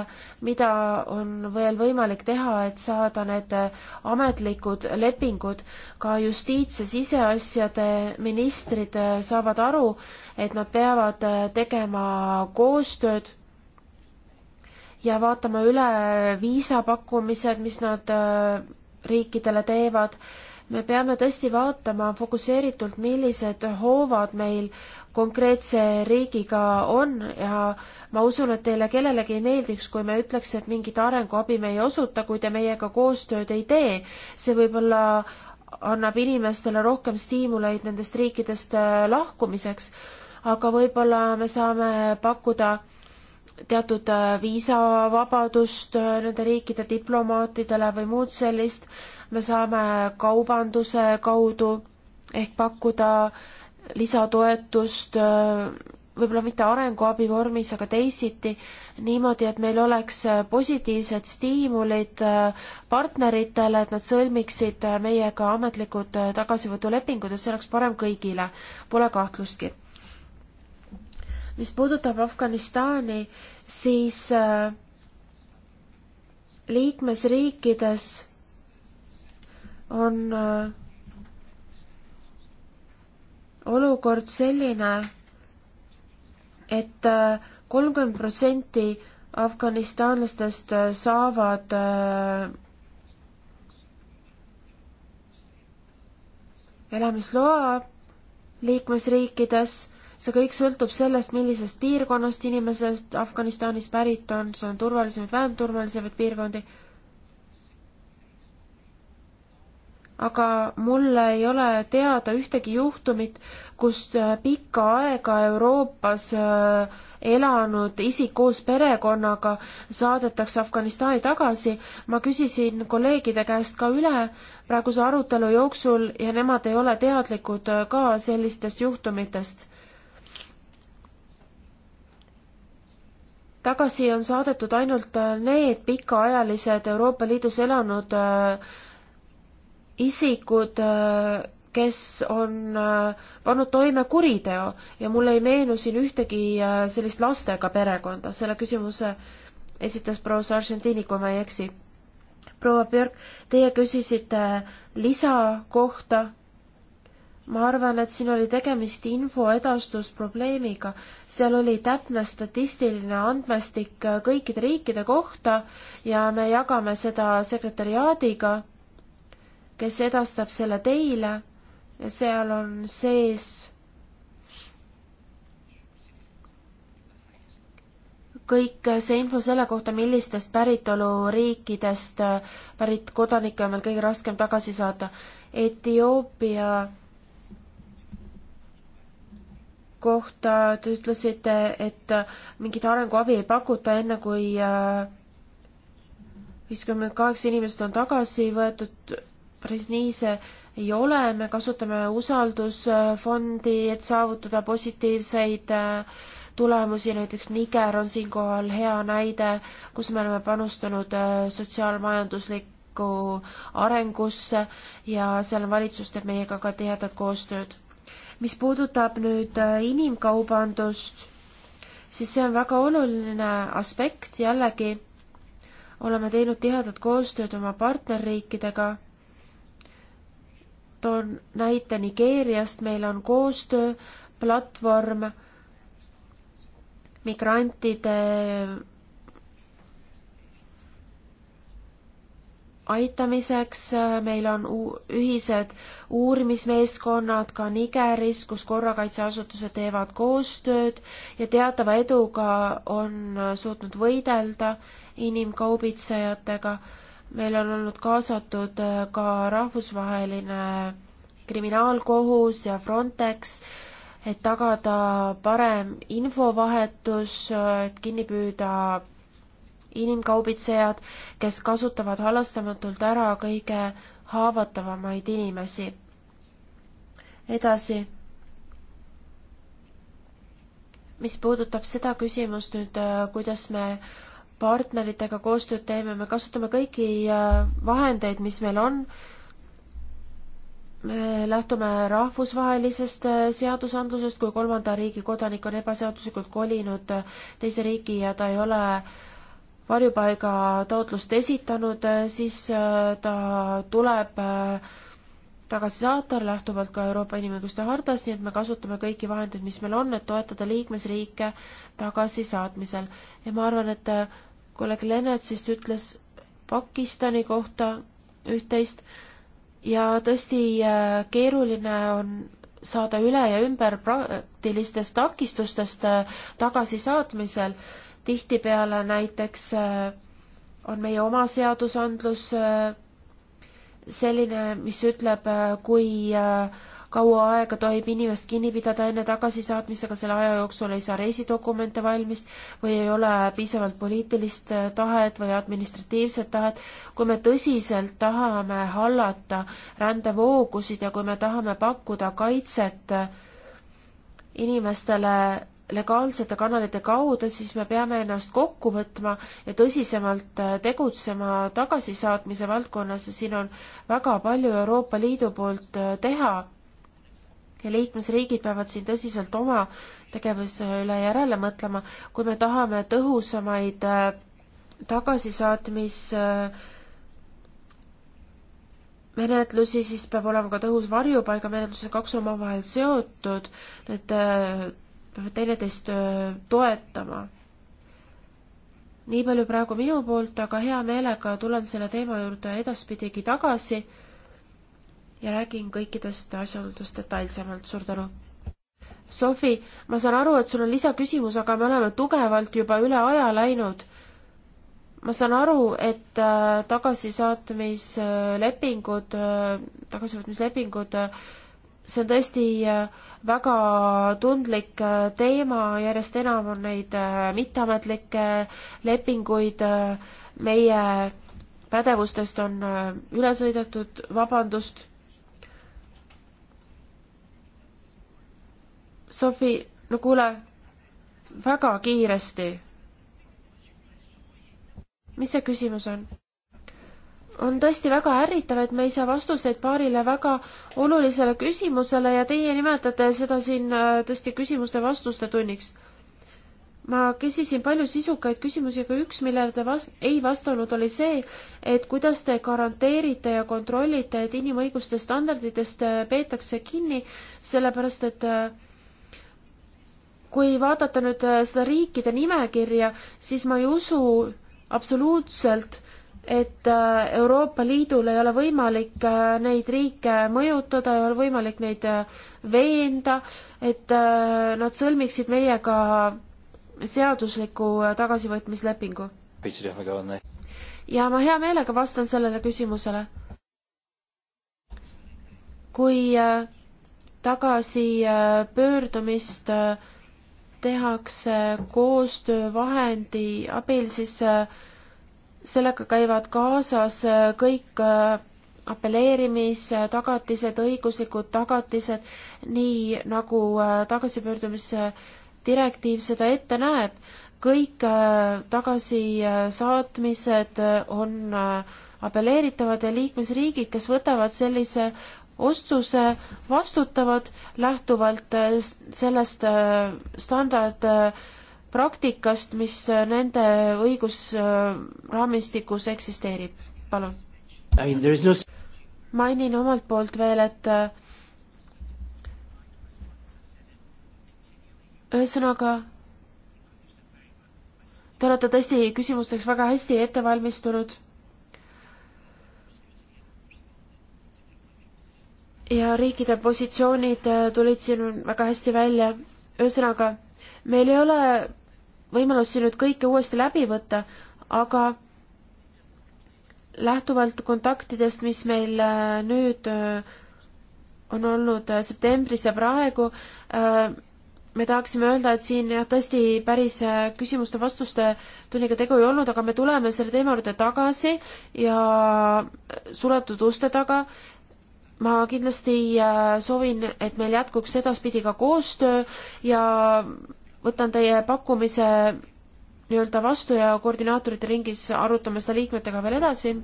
mida on veel võimalik teha, et saada need ametlikud lepingud. ka justiits- ja siseasjade ministrid saavad aru, et nad peavad tegema koostööd ja vaatama üle viisapakkumised, mis nad äh, riikidele teevad me peame tõesti vaatama fokusseeritult, millised hoovad meil konkreetse riigiga on ja ma usun, et teile kellelegi ei meeldiks, kui me ütleks, et mingit arenguabi me ei osuta, kui te meiega koostööd ei tee. see võib-olla annab inimestele rohkem stiimuleid nendest riikidest äh, lahkumiseks, aga võib-olla me saame pakkuda teatud äh, viisavabadust äh, nende riikide diplomaatidele või muud sellist, me saame kaubanduse kaudu ehk pakkuda lisatoetust, äh, võib-olla mitte arenguabi vormis, aga teisiti, niimoodi, et meil oleks äh, positiivsed stiimulid äh, partneritele, et nad sõlmiksid meiega ametlikud tagasivõtulepingud ja see oleks parem kõigile, pole kahtlustki. mis puudutab Afganistani, siis liikmesriikides on äh, olukord selline et, et äh, kolmkümmend protsenti afganistanlastest äh, saavad äh, elamisloa liikmesriikides, see kõik sõltub sellest, millisest piirkonnast inimesest Afganistanis pärit on, seal on turvalisemaid, vähem turvalisemaid piirkondi aga mulle ei ole teada ühtegi juhtumit, kus äh, pikka aega Euroopas äh, elanud isik koos perekonnaga saadetakse Afganistani tagasi. ma küsisin kolleegide käest ka üle praeguse arutelu jooksul ja nemad ei ole teadlikud äh, ka sellistest juhtumitest. tagasi on saadetud ainult need pikaajalised Euroopa Liidus elanud isikud, äh, kes on äh, pannud toime kuriteo ja mulle ei meenu siin ühtegi äh, sellist lastega perekonda, selle küsimuse esitas proua Sargentini, kui ma ei eksi. proua Björk, teie küsisite lisa kohta. ma arvan, et siin oli tegemist infoedastusprobleemiga, seal oli täpne statistiline andmestik kõikide riikide kohta ja me jagame seda sekretäriaadiga kes edastab selle teile ja seal on sees kõik see info selle kohta, millistest päritoluriikidest pärit kodanikke on meil kõige raskem tagasi saada. Etioopia kohta te ütlesite, et mingit arenguabi ei pakuta, enne kui äh, viiskümmend kaheksa inimest on tagasi võetud päris nii see ei ole, me kasutame usaldusfondi, et saavutada positiivseid äh, tulemusi, näiteks Niger on siinkohal hea näide, kus me oleme panustanud äh, sotsiaalmajanduslikku arengusse ja seal valitsus teeb meiega ka tihedat koostööd mis puudutab nüüd äh, inimkaubandust, siis see on väga oluline aspekt, jällegi oleme teinud tihedat koostööd oma partnerriikidega toon näite Nigeeriast, meil on koostööplatvorm migrantide aitamiseks, meil on ühised uurimismeeskonnad ka Nigeris, kus korrakaitseasutused teevad koostööd ja teatava eduga on suutnud võidelda inimkaubitsejatega meil on olnud kaasatud äh, ka rahvusvaheline kriminaalkohus ja Frontex, et tagada parem infovahetus, äh, et kinni püüda inimkaubitsejad, kes kasutavad halastamatult ära kõige haavatavamaid inimesi. edasi. mis puudutab seda küsimust nüüd, äh, kuidas me partneritega koostööd teeme, me kasutame kõiki äh, vahendeid, mis meil on. me lähtume rahvusvahelisest äh, seadusandlusest, kui kolmanda riigi kodanik on ebaseaduslikult kolinud äh, teise riiki ja ta ei ole varjupaiga taotlust esitanud, siis ta tuleb tagasi saata lähtuvalt ka Euroopa Inimõiguste hardast, nii et me kasutame kõiki vahendeid, mis meil on, et toetada liikmesriike tagasisaatmisel. ja ma arvan, et kolleeg Lennart vist ütles Pakistani kohta üht-teist ja tõesti äh, keeruline on saada üle ja ümber praktilistest takistustest äh, tagasisaatmisel. tihtipeale näiteks äh, on meie oma seadusandlus selline, mis ütleb, kui äh, kaua aega tohib inimest kinni pidada enne tagasisaatmist, aga selle aja jooksul ei saa reisidokumente valmis või ei ole piisavalt poliitilist äh, tahet või administratiivset tahet. kui me tõsiselt tahame hallata rändevoogusid ja kui me tahame pakkuda kaitset äh, inimestele legaalsete kanalite kaudu, siis me peame ennast kokku võtma ja tõsisemalt äh, tegutsema tagasisaatmise valdkonnas ja siin on väga palju Euroopa Liidu poolt teha ja liikmesriigid peavad siin tõsiselt oma tegevuse üle järele mõtlema, kui me tahame tõhusamaid äh, tagasisaatmismenetlusi, äh, siis peab olema ka tõhus varjupaiga menetlus, need kaks on omavahel seotud, need äh, peavad teineteist toetama. nii palju praegu minu poolt, aga hea meelega tulen selle teema juurde edaspidigi tagasi ja räägin kõikidest asjaoludest detailsemalt, suur tänu! Sofi, ma saan aru, et sul on lisaküsimus, aga me oleme tugevalt juba üle aja läinud. ma saan aru, et äh, tagasisaatmislepingud äh,, tagasivõtmislepingud äh,, see on tõesti äh, väga tundlik äh, teema, järjest enam on neid äh, mitteametlikke lepinguid äh,, meie pädevustest on äh, üle sõidetud, vabandust Sofi, no kuule, väga kiiresti. mis see küsimus on? on tõesti väga ärritav, et me ei saa vastuseid paarile väga olulisele küsimusele ja teie nimetate seda siin äh, tõesti küsimuste-vastuste tunniks. ma küsisin palju sisukaid küsimusi, aga üks, millele te vas-, ei vastanud, oli see, et kuidas te garanteerite ja kontrollite, et inimõiguste standarditest äh, peetakse kinni, sellepärast et äh, kui vaadata nüüd äh, seda riikide nimekirja, siis ma ei usu absoluutselt, et äh, Euroopa Liidul ei ole võimalik äh, neid riike mõjutada, ei ole võimalik neid veenda, et nad sõlmiksid meiega seadusliku tagasivõtmislepingu. ja ma hea meelega vastan sellele küsimusele. kui tagasipöördumist äh, tehakse koostöövahendi abil, siis äh, sellega käivad kaasas äh, kõik äh, apelleerimistagatised, õiguslikud tagatised, nii nagu tagasipöördumise direktiiv seda ette näeb. kõik tagasisaatmised on apelleeritavad ja liikmesriigid, kes võtavad sellise ostuse vastutavad lähtuvalt äh, sellest äh, standardpraktikast, äh, mis nende õigusraamistikus eksisteerib. palun. mainin omalt poolt veel, et ühesõnaga, te olete tõesti küsimusteks väga hästi ette valmistunud ja riikide positsioonid äh, tulid siin väga hästi välja. ühesõnaga, meil ei ole võimalust siin nüüd kõike uuesti läbi võtta, aga lähtuvalt kontaktidest, mis meil äh, nüüd äh, on olnud septembris ja praegu, me tahaksime öelda, et siin jah, tõesti päris küsimuste-vastuste tunniga tegu ei olnud, aga me tuleme selle teema juurde tagasi ja suletud uste taga ma kindlasti äh, soovin, et meil jätkuks edaspidi ka koostöö ja võtan teie pakkumise nii-öelda vastu ja koordinaatorite ringis arutame seda liikmetega veel edasi.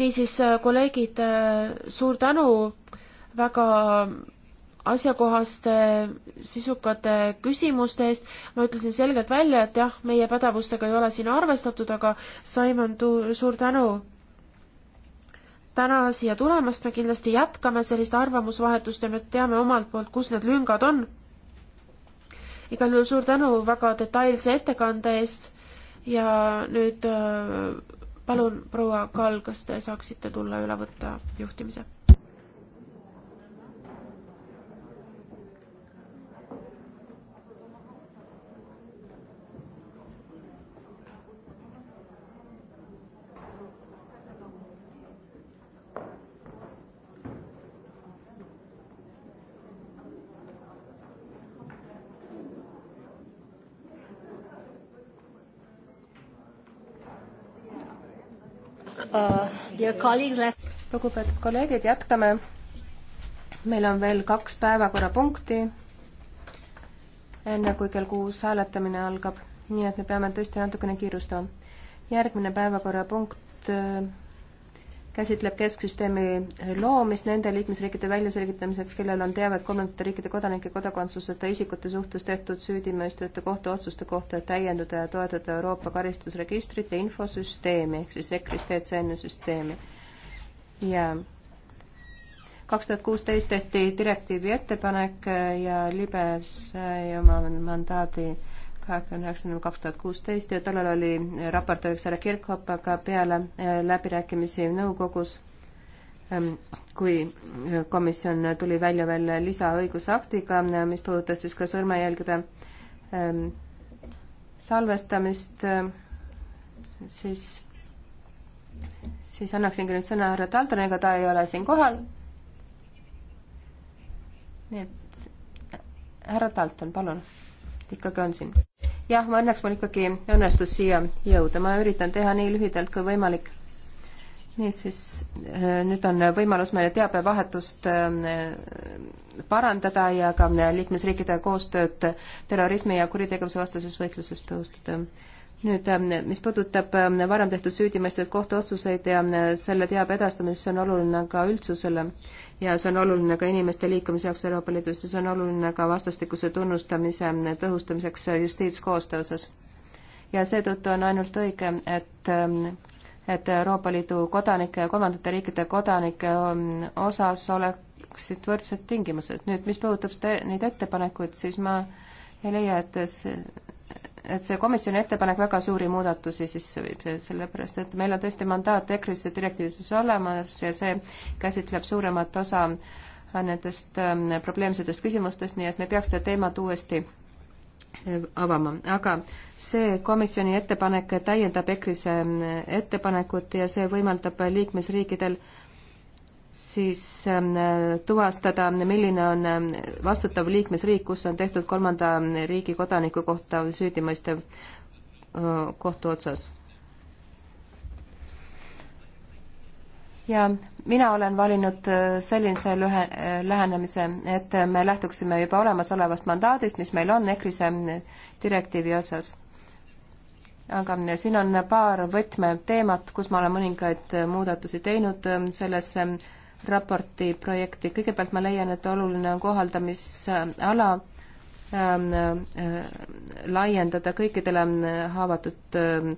niisiis, äh, kolleegid, äh, suur tänu väga asjakohaste sisukate küsimuste eest. ma ütlesin selgelt välja, et jah, meie pädevustega ei ole siin arvestatud, aga Simon, suur tänu täna siia tulemast, me kindlasti jätkame sellist arvamusvahetust ja me teame omalt poolt, kus need lüngad on. igal juhul suur tänu väga detailse ettekande eest ja nüüd äh, palun, proua Kall, kas te saaksite tulla üle võtta juhtimise? Uh, lugupeetud kolleegid, jätkame. meil on veel kaks päevakorrapunkti, enne kui kell kuus hääletamine algab, nii et me peame tõesti natukene kiirustama. järgmine päevakorrapunkt äh, käsitleb kesksüsteemi loomist nende liikmesriikide väljaselgitamiseks, kellel on teavet kolmandate riikide kodanike kodakondsuseta isikute suhtes tehtud süüdimõistjate kohtuotsuste kohta, et täiendada ja toetada Euroopa karistusregistrite infosüsteemi ehk siis EKRE-s TCN-i süsteemi. ja kaks tuhat kuusteist tehti direktiivi ettepanek ja libe sai oma mandaadi kaheksakümne üheksandal kaks tuhat kuusteist ja tollal oli raportööriks härra Kirkhopp, aga peale äh, läbirääkimisi nõukogus, ähm, kui äh, komisjon tuli välja veel lisaõigusaktiga, äh, mis puudutas siis ka sõrmejälgede ähm, salvestamist, siis, siis annaksingi nüüd sõna härra Taldoniga, ta ei ole siin kohal. nii et härra Dalton, palun ikkagi on siin. jah, ma õnneks mul ikkagi õnnestus siia jõuda, ma üritan teha nii lühidalt kui võimalik. niisiis, äh, nüüd on võimalus meil teabevahetust äh, parandada ja ka äh, liikmesriikide koostööd terrorismi ja kuritegevuse vastases võitluses tõustada nüüd, mis puudutab varem tehtud süüdimõistvaid kohtuotsuseid ja selle teabe edastamist, see on oluline ka üldsusele ja see on oluline ka inimeste liikumise jaoks Euroopa Liidus ja see on oluline ka vastastikuse tunnustamise tõhustamiseks justiitskoostöö osas. ja seetõttu on ainult õige, et ähm, et Euroopa Liidu kodanike ja kolmandate riikide kodanike ähm, osas oleksid võrdsed tingimused. nüüd, mis puudutab seda, neid ettepanekuid, siis ma ei leia, et see et see komisjoni ettepanek väga suuri muudatusi sisse viib, sellepärast et meil on tõesti mandaat EKRE-sse direktiivis olemas ja see käsitleb suuremat osa nendest ähm, probleemsetest küsimustest, nii et me peaks seda teemat uuesti äh, avama, aga see komisjoni ettepanek täiendab EKRE-sse ähm, ettepanekut ja see võimaldab liikmesriikidel äh, siis ähm, tuvastada, milline on ähm, vastutav liikmesriik, kus on tehtud kolmanda riigi kodaniku kohta süüdimõistev kohtu otsas. ja mina olen valinud äh, sellise lühe, äh, lähenemise, et me lähtuksime juba olemasolevast mandaadist, mis meil on EKRISE direktiivi osas. aga siin on paar võtmeteemat, kus ma olen mõningaid äh, muudatusi teinud ähm, sellesse raporti projekti. kõigepealt ma leian, et oluline on kohaldamisala ähm, äh, laiendada kõikidele ähm, haavatud äh,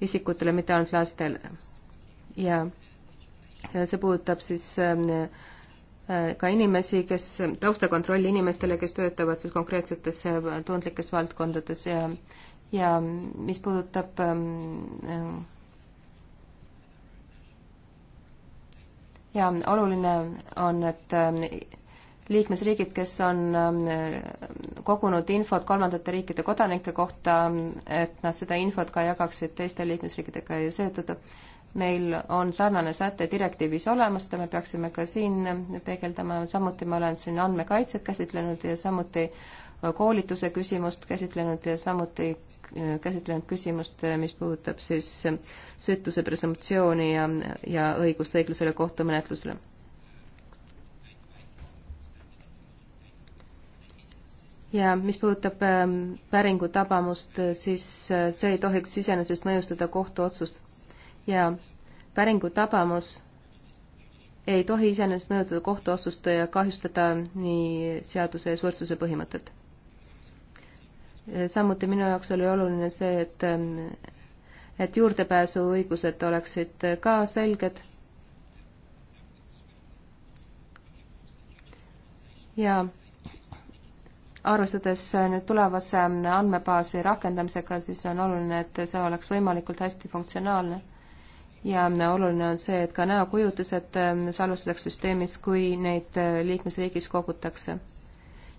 isikutele, mitte ainult lastele. ja see puudutab siis ähm, äh, ka inimesi, kes, taustakontrolli inimestele, kes töötavad siis konkreetsetes äh, tundlikes valdkondades ja ja mis puudutab ähm, äh, ja oluline on, et ähm, liikmesriigid, kes on ähm, kogunud infot kolmandate riikide kodanike kohta, ähm, et nad seda infot ka jagaksid teiste liikmesriikidega ja seetõttu meil on sarnane säte direktiivis olemas, seda me peaksime ka siin peegeldama, samuti ma olen siin andmekaitset käsitlenud ja samuti äh, koolituse küsimust käsitlenud ja samuti käsitlenud küsimust, äh, mis puudutab siis äh, süütuse presumptsiooni ja, ja õigust õiglusele kohtumenetlusele. ja mis puudutab ähm, päringu tabamust, äh, siis see ei tohiks iseenesest mõjutada kohtuotsust ja päringu tabamus ei tohi iseenesest mõjutada kohtuotsust ja kahjustada nii seaduse ees võrdsuse põhimõtet samuti minu jaoks oli oluline see, et, ähm, et juurdepääsuõigused oleksid ka selged. ja arvestades nüüd tulevase andmebaasi rakendamisega, siis on oluline, et see oleks võimalikult hästi funktsionaalne. ja oluline on see, et ka näokujutised ähm, salvestatakse süsteemis, kui neid äh, liikmesriigis kogutakse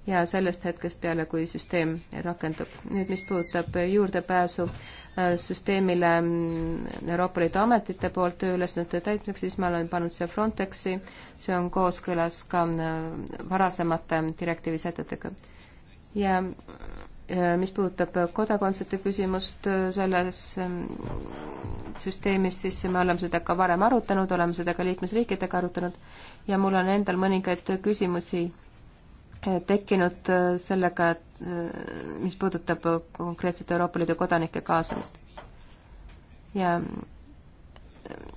ja sellest hetkest peale, kui süsteem rakendub. nüüd, mis puudutab juurdepääsu äh, süsteemile mm, Euroopa Liidu ametite poolt tööülesannete täitmiseks, siis ma olen pannud siia Frontexi, see on kooskõlas ka mm, varasemate direktiivi sätetega. ja äh, mis puudutab kodakondsete küsimust äh, selles mm, süsteemis, siis me oleme seda ka varem arutanud, oleme seda ka liikmesriikidega arutanud ja mul on endal mõningaid küsimusi Eh, tekkinud eh, sellega, et eh, mis puudutab konkreetselt Euroopa Liidu kodanike kaasamist. ja,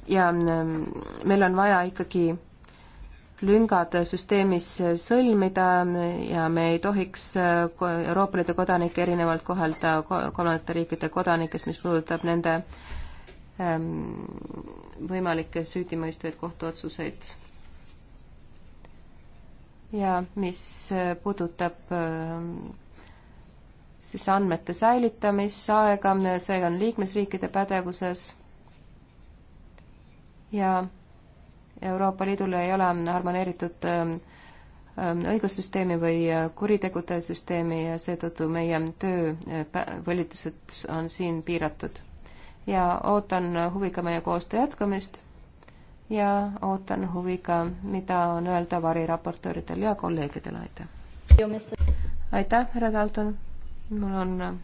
ja mm, meil on vaja ikkagi lüngad süsteemis sõlmida ja me ei tohiks Euroopa Liidu kodanikke erinevalt kohelda kolmandate riikide kodanikest, mis puudutab nende ehm, võimalikke süüdimõistvaid kohtuotsuseid ja mis äh, puudutab ähm, siis andmete säilitamisaega, see on liikmesriikide pädevuses ja Euroopa Liidul ei ole harmoneeritud ähm, ähm, õigussüsteemi või äh, kuritegude süsteemi ja seetõttu meie töövolitused äh, on siin piiratud. ja ootan huviga meie koostöö jätkamist ja ootan huviga, mida on öelda variraportööridel ja kolleegidel, aitäh! aitäh, härra Dalton! mul on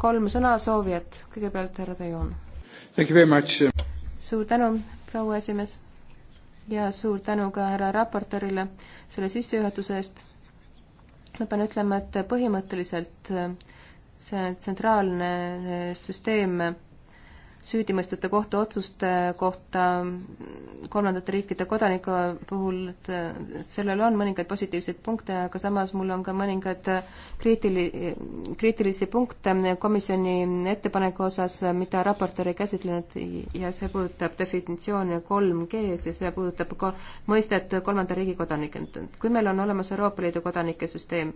kolm sõnasoovijat, kõigepealt härra Tajon. suur tänu, proua esimees! ja suur tänu ka härra raportöörile selle sissejuhatuse eest. ma pean ütlema, et põhimõtteliselt see tsentraalne süsteem süüdimõistete kohtuotsuste kohta kolmandate riikide kodanike puhul, et sellel on mõningaid positiivseid punkte, aga samas mul on ka mõningaid kriitili-, kriitilisi punkte komisjoni ettepaneku osas, mida raportöör ei käsitlenud ja see puudutab definitsiooni 3G-s ja see puudutab ka mõistet kolmanda riigi kodanikelt. kui meil on olemas Euroopa Liidu kodanike süsteem,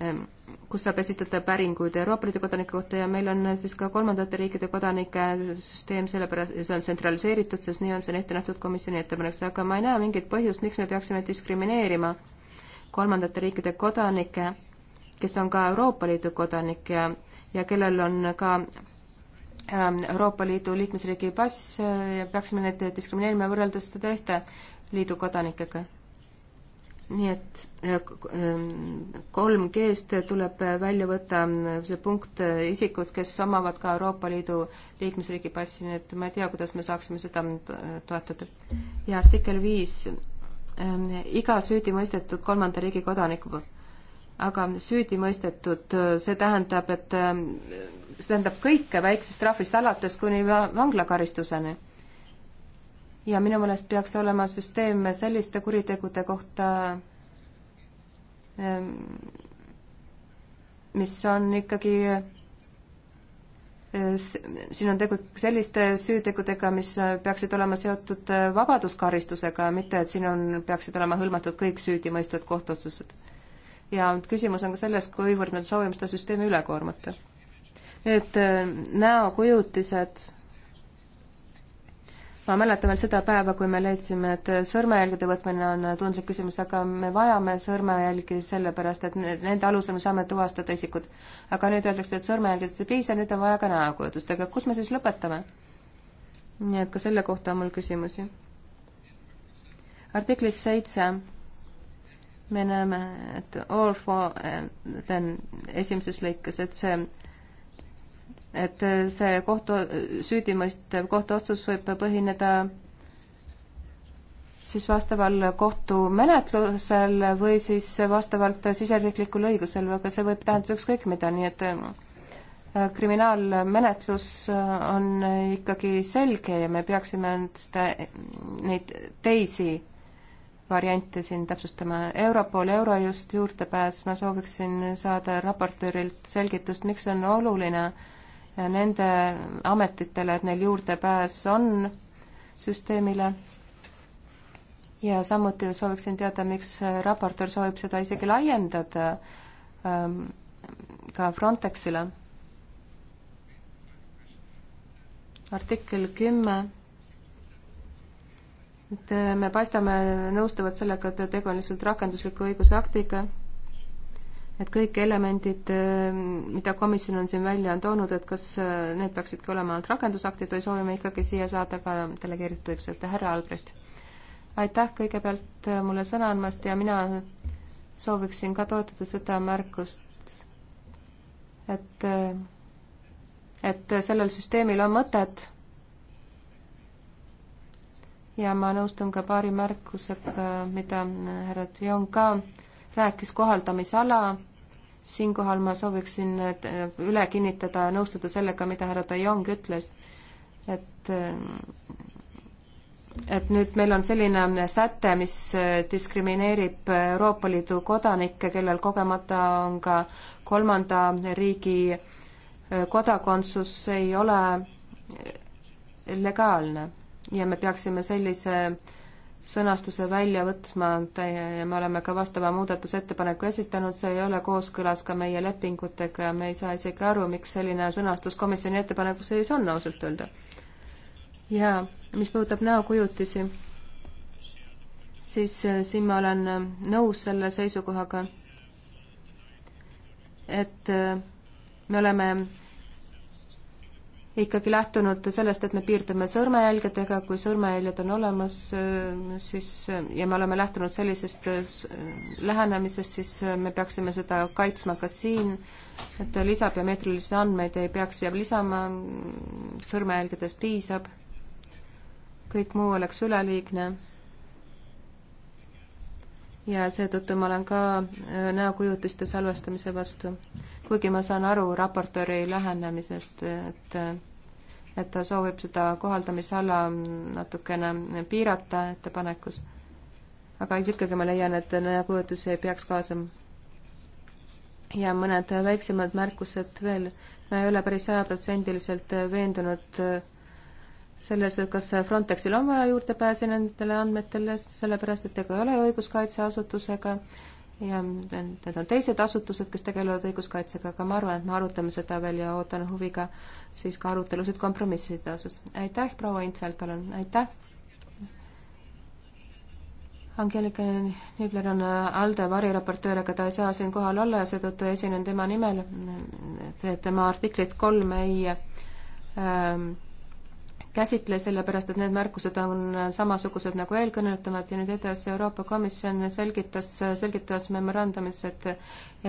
Ehm, kus saab esitada päringuid Euroopa Liidu kodanike kohta ja meil on siis ka kolmandate riikide kodanike süsteem, sellepärast see on tsentraliseeritud, sest nii on see ette nähtud komisjoni ettepanekus, aga ma ei näe mingit põhjust, miks me peaksime diskrimineerima kolmandate riikide kodanikke, kes on ka Euroopa Liidu kodanik ja, ja kellel on ka ähm, Euroopa Liidu liikmesriigi pass äh, ja peaksime neid diskrimineerima võrreldes teiste liidu kodanikega nii et 3G-st äh, äh, tuleb äh, välja võtta see punkt isikud, kes omavad ka Euroopa Liidu liikmesriigi passi, nii et ma ei tea, kuidas me saaksime seda toetada. ja artikkel viis, ähm, iga süüdimõistetud kolmanda riigi kodaniku poolt. aga süüdimõistetud, see tähendab, et ähm, see tähendab kõike väiksest trahvist alates kuni vanglakaristuseni ja minu meelest peaks olema süsteem selliste kuritegude kohta, ehm, mis on ikkagi, eh, siin on tegu selliste süütegudega, mis peaksid olema seotud eh, vabaduskaristusega, mitte et siin on, peaksid olema hõlmatud kõik süüdimõistvad kohtuotsused. ja küsimus on ka selles, kuivõrd me soovime seda süsteemi üle koormata. nüüd eh, näokujutised ma mäletan veel seda päeva, kui me leidsime, et sõrmejälgede võtmine on tundlik küsimus, aga me vajame sõrmejälgi sellepärast, et nende alusel me saame tuvastada isikud. aga nüüd öeldakse, et sõrmejälgedest ei piisa, nüüd on vaja ka näokujutust, aga kus me siis lõpetame? nii et ka selle kohta on mul küsimusi. artiklis seitse me näeme, et all for eh, then esimeses lõikes, et see et äh, see kohtu, süüdimõistev kohtuotsus võib põhineda siis vastaval kohtumenetlusel või siis vastavalt siseriiklikul õigusel, aga see võib tähendada ükskõik mida, nii et äh, kriminaalmenetlus äh, on ikkagi selge ja me peaksime seda, neid teisi variante siin täpsustama. Europol, Eurojust juurdepääs, ma sooviksin saada raportöörilt selgitust, miks on oluline äh, nende ametitele, et neil juurdepääs on süsteemile. ja samuti sooviksin teada, miks raportöör soovib seda isegi laiendada ähm, ka Frontexile. artikkel kümme et me paistame nõustuvat sellega, et tegu on lihtsalt rakendusliku õigusaktiga et kõik elemendid, äh, mida komisjon on siin välja on toonud, et kas äh, need peaksidki olema ainult rakendusaktid või soovime ikkagi siia saada ka delegeeritud õigused, härra Albrecht. aitäh kõigepealt äh, mulle sõna andmast ja mina sooviksin ka toetada seda märkust, et, et sellel süsteemil on mõtet ja ma nõustun ka paari märkusega, mida härra Dion ka rääkis kohaldamisala, siinkohal ma sooviksin äh, üle kinnitada ja nõustuda sellega, mida härra De Jong ütles, et äh, et nüüd meil on selline säte, mis äh, diskrimineerib Euroopa Liidu kodanikke, kellel kogemata on ka kolmanda riigi kodakondsus, ei ole legaalne ja me peaksime sellise äh, sõnastuse välja võtma ja me oleme ka vastava muudatusettepaneku esitanud, see ei ole kooskõlas ka meie lepingutega ja me ei saa isegi aru, miks selline sõnastus komisjoni ettepanekus sees on, ausalt öelda. ja mis puudutab näokujutisi, siis äh, siin ma olen äh, nõus selle seisukohaga, et äh, me oleme ikkagi lähtunud sellest, et me piirdume sõrmejälgedega, kui sõrmejäljed on olemas, äh, siis äh, ja me oleme lähtunud sellisest äh, lähenemisest, siis me peaksime seda kaitsma ka siin, et lisabiomeetrilisi andmeid ei peaks siia lisama, mm, sõrmejälgedest piisab, kõik muu oleks üleliigne. ja seetõttu ma olen ka näokujutiste salvestamise vastu kuigi ma saan aru raportööri lähenemisest, et et ta soovib seda kohaldamisala natukene piirata ettepanekus. aga ikkagi ma leian, et nõjakujutusi ei peaks kaasama. ja mõned väiksemad märkused veel. ma ei ole päris sajaprotsendiliselt veendunud selles, et kas Frontexil on vaja juurdepääsu nendele andmetele, sellepärast et ega ei ole õiguskaitseasutusega ja need on teised asutused, kes tegelevad õiguskaitsega, aga ma arvan, et me arutame seda veel ja ootan huviga siis ka arutelusid kompromisside osas. aitäh, proua Intfeld, palun, aitäh! Angelika Niibler on äh, ALDE variraportöör, aga ta ei saa siin kohal olla ja seetõttu esinen tema nimel. tema artiklit kolm ei ähm, käsitle, sellepärast et need märkused on samasugused nagu eelkõneletamad ja nüüd edasi Euroopa Komisjon selgitas, selgitas memorandumis, et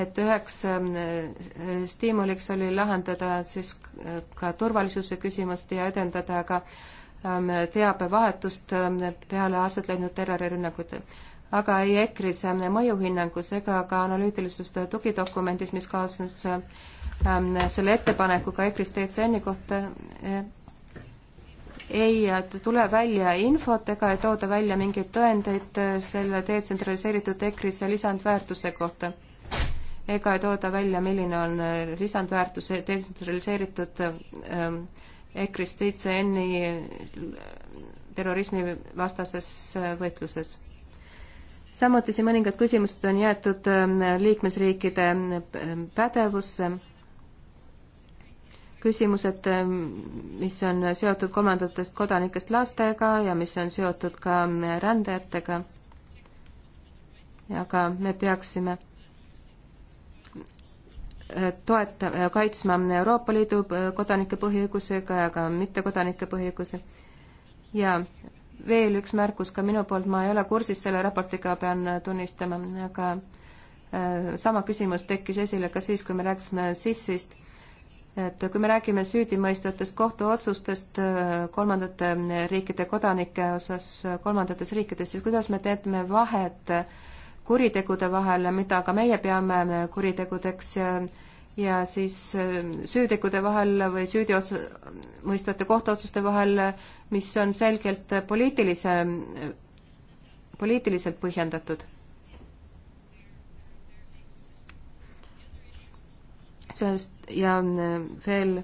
et üheks äh, stiimuliks oli lahendada siis ka turvalisuse küsimust ja edendada ka ähm, teabevahetust ähm, peale aset leidnud terrorirünnakuid. aga ei EKRE-s ähm, mõjuhinnangus ega ka analüütilises tugidokumendis, mis kaasnes selle ettepanekuga EKRE-s DCN-i kohta, äh, ei tule välja infot ega ei tooda välja mingeid tõendeid selle detsentraliseeritud EKRIS-e lisandväärtuse kohta. ega ei tooda välja, milline on lisandväärtus detsentraliseeritud ähm, EKRIS-t seitse-N-i terrorismivastases äh, võitluses. samuti siin mõningad küsimused on jäetud ähm, liikmesriikide ähm, pädevusse küsimused, ehm, mis on seotud kolmandatest kodanikest lastega ja mis on seotud ka mm, rändajatega. aga me peaksime eh, toeta-, kaitsma Euroopa Liidu eh, kodanike põhiõigusega ja ka mittekodanike põhiõiguse. ja veel üks märkus ka minu poolt, ma ei ole kursis selle raportiga, pean eh, tunnistama, aga sama küsimus tekkis esile ka siis, kui me rääkisime SIS-ist et kui me räägime süüdimõistvatest kohtuotsustest äh, kolmandate äh, riikide kodanike osas äh, kolmandates riikides, siis kuidas me teeme vahet kuritegude vahel, mida ka meie peame kuritegudeks ja, ja siis süütegude vahel või süüdiots-, mõistvate kohtuotsuste vahel, mis on selgelt poliitilise, poliitiliselt põhjendatud sest ja äh, veel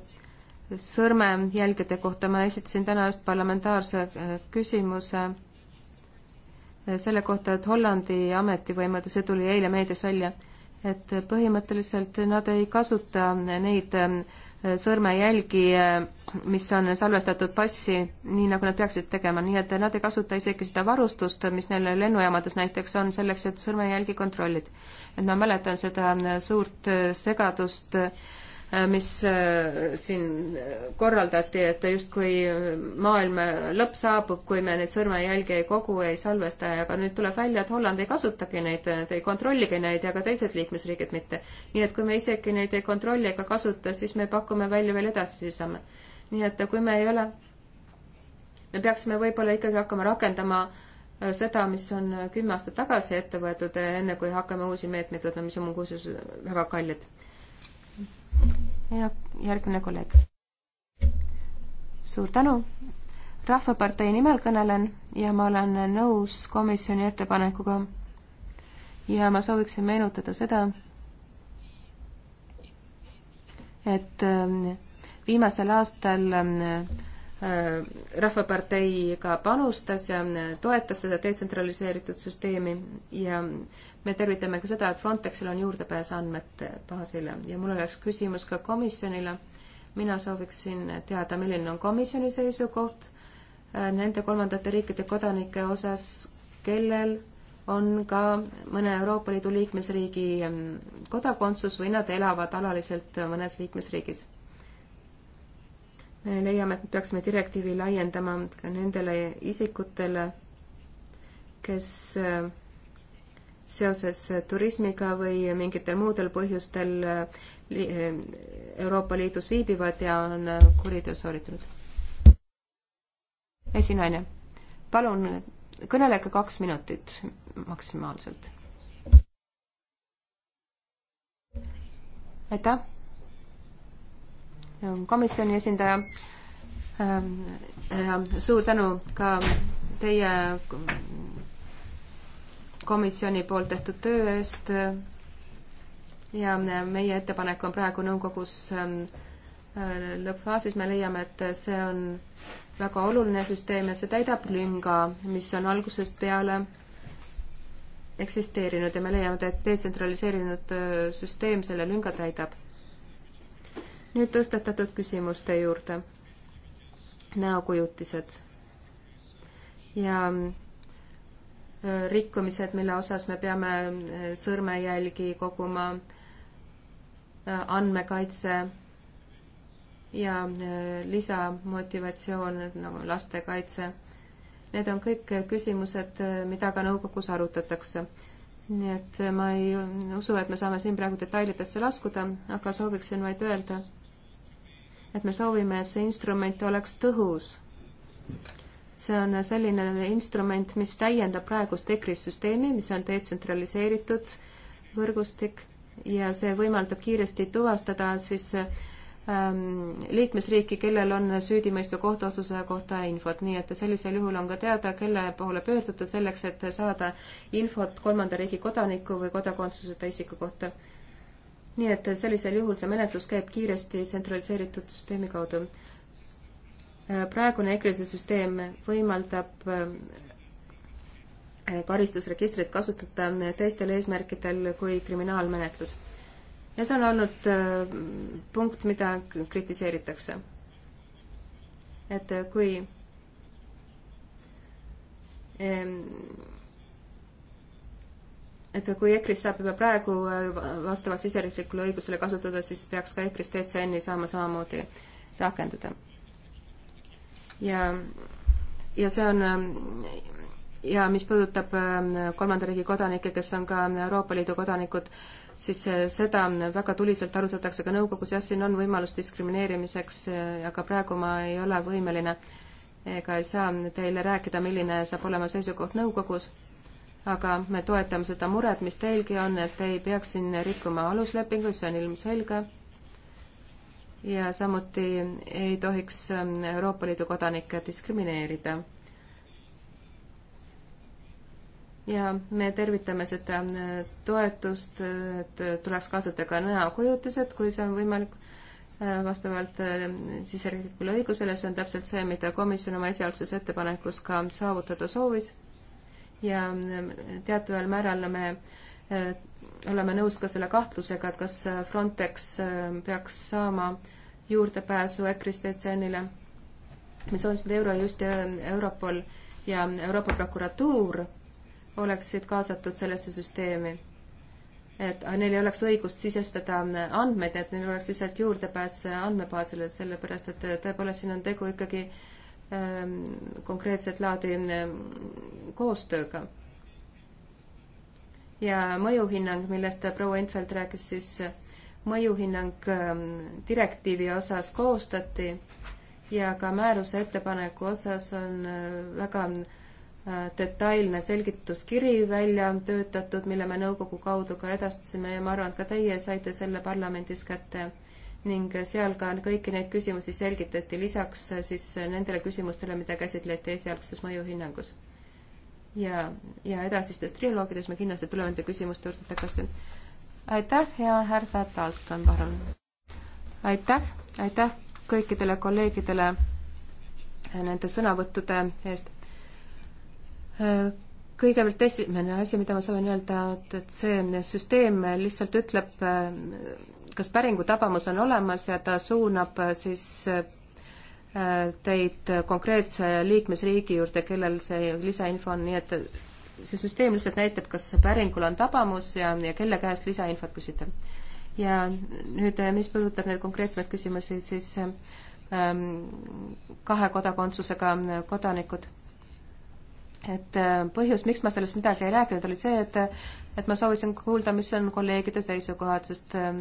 sõrmejälgede kohta ma esitasin täna just parlamentaarse äh, küsimuse äh, selle kohta, et Hollandi ametivõimud, see tuli eile meedias välja, et põhimõtteliselt nad ei kasuta neid äh, sõrmejälgi, eh, mis on salvestatud passi, nii nagu nad peaksid tegema, nii et nad ei kasuta isegi seda varustust, mis neil lennujaamades näiteks on, selleks, et sõrmejälgi kontrollida. et ma mäletan seda eh, suurt eh, segadust äh, Äh, mis äh, siin korraldati, et justkui maailma lõpp saabub, kui me neid sõrmejälgi ei kogu, ei salvesta, aga nüüd tuleb välja, et Holland ei kasutagi neid, nad ei kontrolligi neid ja ka teised liikmesriigid mitte. nii et kui me isegi neid ei kontrolli ega kasuta, siis me pakume välja veel edasisi samme. nii et kui me ei ole, me peaksime võib-olla ikkagi hakkama rakendama äh, seda, mis on kümme aastat tagasi ette võetud, enne kui hakkame uusi meetmeid võtma, mis on muuseas väga kallid ja järgmine kolleeg. suur tänu. rahvapartei nimel kõnelen ja ma olen nõus komisjoni ettepanekuga. ja ma sooviksin meenutada seda, et ähm, viimasel aastal ähm, äh, Rahvapartei ka panustas ja äh, toetas seda detsentraliseeritud süsteemi ja me tervitame ka seda, et Frontexil on juurdepääs andmete baasile ja mul oleks küsimus ka komisjonile. mina sooviksin teada, milline on komisjoni seisukoht äh, nende kolmandate riikide kodanike osas, kellel on ka mõne Euroopa Liidu liikmesriigi mm, kodakondsus või nad elavad alaliselt mõnes liikmesriigis. me leiame, et me peaksime direktiivi laiendama ka nendele isikutele, kes äh, seoses turismiga või mingitel muudel põhjustel eh, Euroopa Liidus viibivad ja on eh, kuriteo sooritanud. esinaine, palun kõnelege kaks minutit maksimaalselt. aitäh. komisjoni esindaja, ähm, suur tänu ka teie komisjoni poolt tehtud töö eest ja meie ettepanek on praegu nõukogus ähm, äh, lõppfaasis, me leiame, et see on väga oluline süsteem ja see täidab lünga, mis on algusest peale eksisteerinud ja me leiame, et detsentraliseerinud äh, süsteem selle lünga täidab. nüüd tõstatatud küsimuste juurde. näokujutised ja ähm, rikkumised, mille osas me peame eh, sõrmejälgi koguma, eh, andmekaitse ja eh, lisamotivatsioon nagu lastekaitse. Need on kõik küsimused, mida ka nõukogus arutatakse. nii et ma ei usu, et me saame siin praegu detailidesse laskuda, aga sooviksin vaid öelda, et me soovime, et see instrument oleks tõhus see on selline instrument, mis täiendab praegust EKRIS süsteemi, mis on detsentraliseeritud võrgustik ja see võimaldab kiiresti tuvastada siis ähm, liikmesriiki, kellel on süüdimõistva kohtuotsuse kohta infot, nii et sellisel juhul on ka teada, kelle poole pöördutud selleks, et saada infot kolmanda riigi kodaniku või kodakondsuseta isiku kohta. nii et sellisel juhul see menetlus käib kiiresti tsentraliseeritud süsteemi kaudu. Äh, praegune EKRE-se süsteem võimaldab äh, karistusregistrit kasutada äh, teistel eesmärkidel kui kriminaalmenetlus. ja see on olnud punkt, mida kritiseeritakse. et kui et kui EKRE-s saab juba praegu vastavalt siseriiklikule õigusele kasutada, siis peaks ka EKRE-s DCN-i saama samamoodi rakendada ja, ja see on ja mis puudutab ähm, kolmanda riigi kodanikke, kes on ka Euroopa Liidu kodanikud, siis äh, seda väga tuliselt arutatakse ka nõukogus, jah, siin on võimalus diskrimineerimiseks, äh, aga praegu ma ei ole võimeline ega ei saa teile rääkida, milline saab olema seisukoht nõukogus, aga me toetame seda muret, mis teilgi on, et ei peaks siin rikkuma aluslepinguid, see on ilmselge ja samuti ei tohiks ähm, Euroopa Liidu kodanikke diskrimineerida. ja me tervitame seda äh, toetust, et tuleks kaasata ka näokujutised, kui see on võimalik äh, vastavalt äh, siseriiklikule õigusele, see on täpselt see, mida komisjon oma esialgses ettepanekus ka saavutada soovis. ja teataval määral me oleme nõus ka selle kahtlusega, et kas Frontex äh, peaks saama juurdepääsu ECRIS-detsenile, mis on Eurojust ja äh, Europol ja Euroopa prokuratuur oleksid kaasatud sellesse süsteemi. et ah, neil ei oleks õigust sisestada äh, andmeid, et neil oleks lihtsalt juurdepääs andmebaasile, sellepärast et tõepoolest siin on tegu ikkagi ähm, konkreetset laadi koostööga ja mõjuhinnang, millest proua Infeld rääkis, siis mõjuhinnang ähm, direktiivi osas koostati ja ka määruse ettepaneku osas on äh, väga äh, detailne selgituskiri välja töötatud, mille me nõukogu kaudu ka edastasime ja ma arvan, et ka teie saite selle parlamendis kätte ning seal ka kõiki neid küsimusi selgitati lisaks äh, siis nendele küsimustele, mida käsitleti esialgses mõjuhinnangus ja, ja edasistes triloogides me kindlasti tuleme nende küsimuste juurde tagasi. aitäh ja härra Dalton, palun. aitäh, aitäh kõikidele kolleegidele nende sõnavõttude eest. kõigepealt esimene asi, mida ma soovin öelda, et, et see süsteem lihtsalt ütleb, kas päringu tabamus on olemas ja ta suunab siis teid konkreetse liikmesriigi juurde, kellel see lisainfo on, nii et see süsteem lihtsalt näitab, kas päringul on tabamus ja, ja kelle käest lisainfot küsida. ja nüüd, mis puudutab neid konkreetsemaid küsimusi, siis ähm, kahe kodakondsusega kodanikud. et äh, põhjus, miks ma sellest midagi ei rääkinud, oli see, et et ma soovisin kuulda, mis on kolleegide seisukohad, sest äh,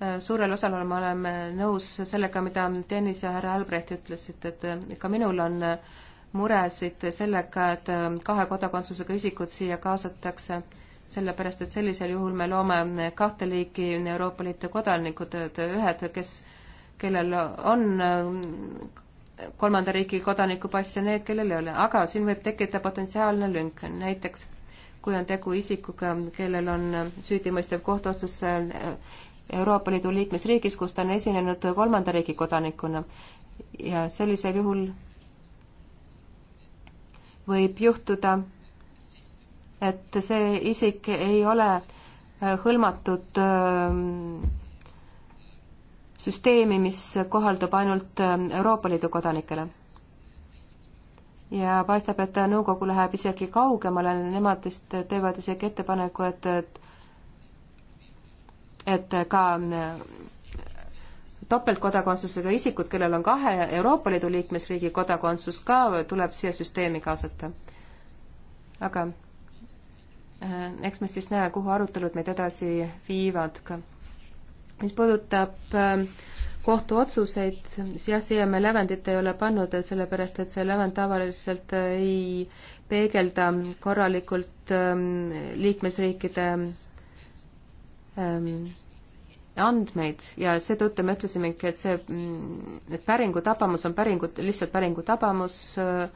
Äh, suurel osal me oleme nõus sellega, mida Tõnis ja härra Albrecht ütlesid, et ka minul on äh, muresid sellega, et äh, kahe kodakondsusega isikud siia kaasatakse, sellepärast et sellisel juhul me loome kahte liiki Euroopa Liidu kodanikud, et ühed, kes, kellel on kolmanda riigi kodanikupass ja need, kellel ei ole, aga siin võib tekkida potentsiaalne lünk, näiteks kui on tegu isikuga, kellel on süüdimõistev kohtuotsus Euroopa Liidu liikmesriigis, kus ta on esinenud kolmanda riigi kodanikuna. ja sellisel juhul võib juhtuda, et see isik ei ole äh, hõlmatud ähm, süsteemi, mis kohaldub ainult äh, Euroopa Liidu kodanikele. ja paistab, et nõukogu läheb isegi kaugemale, nemad vist teevad isegi ettepaneku, et, et et ka äh, topeltkodakondsusega isikud, kellel on kahe Euroopa Liidu liikmesriigi kodakondsus ka, tuleb siia süsteemi kaasata. aga äh, eks me siis näe, kuhu arutelud meid edasi viivad ka. mis puudutab äh, kohtuotsuseid, siis jah, siia me lävendit ei ole pannud, sellepärast et see lävend tavaliselt ei peegelda korralikult ähm, liikmesriikide ähm, andmeid ja seetõttu me ütlesimegi, et see, mm, et päringu tabamus on päringu, lihtsalt päringu tabamus äh,,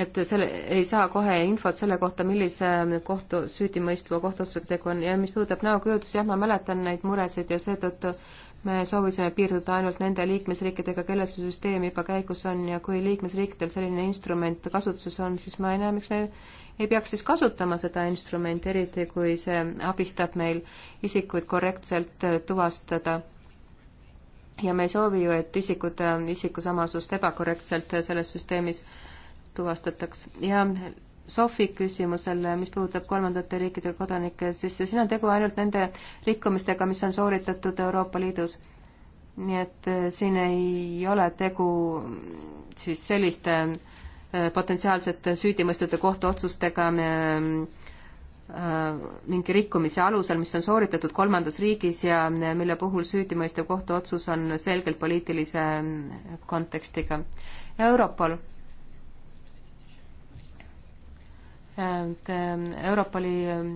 et selle, ei saa kohe infot selle kohta, millise kohtu, süüdimõistva kohtuotsusega tegu on ja mis puudutab näokujutlusi, jah, ma mäletan neid muresid ja seetõttu me soovisime piirduda ainult nende liikmesriikidega, kellel see süsteem juba käigus on ja kui liikmesriikidel selline instrument kasutuses on, siis ma ei näe, miks me ei peaks siis kasutama seda instrumenti, eriti kui see abistab meil isikuid korrektselt äh, tuvastada. ja me ei soovi ju, et isikute äh, isikusamasust ebakorrektselt äh, selles süsteemis tuvastataks ja Sofi küsimusele, mis puudutab kolmandate riikide kodanikke, siis siin on tegu ainult nende rikkumistega, mis on sooritatud Euroopa Liidus. nii et siin ei ole tegu siis selliste äh, Äh, potentsiaalsete süüdimõistete kohtuotsustega äh, mingi rikkumise alusel, mis on sooritatud kolmandas riigis ja mille puhul süüdimõistev kohtuotsus on selgelt poliitilise äh, kontekstiga. Europol. Ähm, Europoli ähm,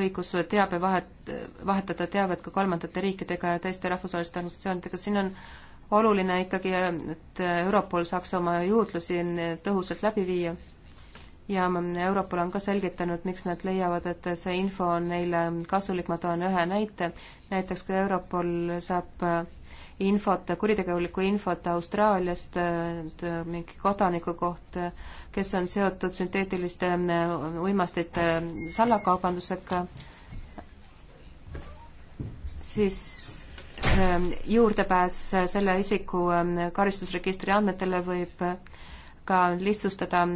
õigus teabe vahet, vahetada teavet ka kolmandate riikidega ja teiste rahvusvaheliste organisatsioonidega, siin on äh, oluline ikkagi, et Europol saaks oma juurdlusi tõhusalt läbi viia ja Europol on ka selgitanud, miks nad leiavad, et see info on neile kasulik, ma toon ühe näite, näiteks kui Europol saab infot, kuritegelikku infot Austraaliast, mingi kodaniku kohta, kes on seotud sünteetiliste uimastite salakaubandusega, siis Ähm, juurdepääs selle isiku ähm, karistusregistri andmetele võib äh, ka lihtsustada ähm,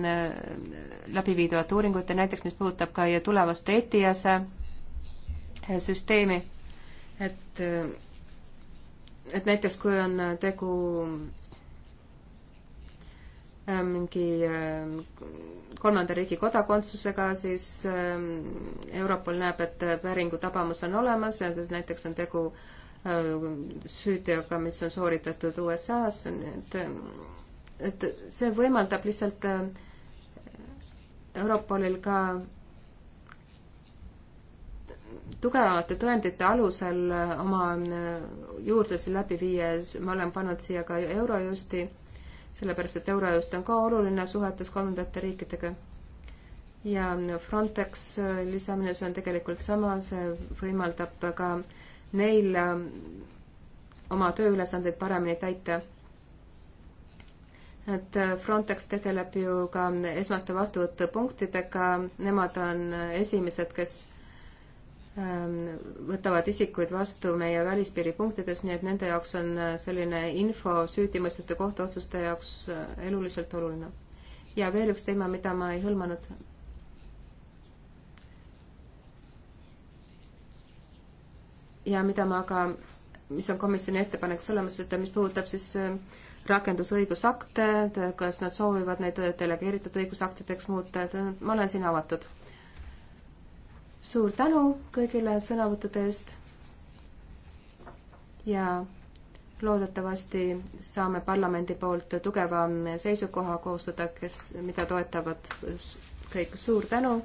läbi viidavat uuringut ja näiteks mis puudutab ka tulevast ETIAS-e äh, süsteemi, et, äh, et näiteks kui on tegu mingi kolmanda riigi kodakondsusega, siis Europol näeb, et päringu tabamus on olemas ja siis näiteks on tegu äh, süüteoga, mis on sooritatud USA-s, et, et see võimaldab lihtsalt äh, Europolil ka tugevate tõendite alusel äh, oma äh, juurdlusi läbi viia, ma olen pannud siia ka Eurojusti, sellepärast et Eurojust on ka oluline suhetes kolmandate riikidega ja Frontex lisamine, see on tegelikult sama, see võimaldab ka äh, neil ähm, oma tööülesandeid paremini täita. et äh, Frontex tegeleb ju ka esmaste vastuvõtupunktidega, nemad on esimesed, kes ähm, võtavad isikuid vastu meie välispiiripunktides, nii et nende jaoks on äh, selline info süüdimõistete kohtuotsuste jaoks äh, eluliselt oluline. ja veel üks teema, mida ma ei hõlmanud, ja mida ma ka, mis on komisjoni ettepanekus olemas, et mis puudutab siis äh, rakendusõigusakte, kas nad soovivad neid delegeeritud õigusaktideks muuta, et äh, ma olen siin avatud. suur tänu kõigile sõnavõttude eest ja loodetavasti saame parlamendi poolt tugeva seisukoha koostada, kes, mida toetavad kõik, suur tänu!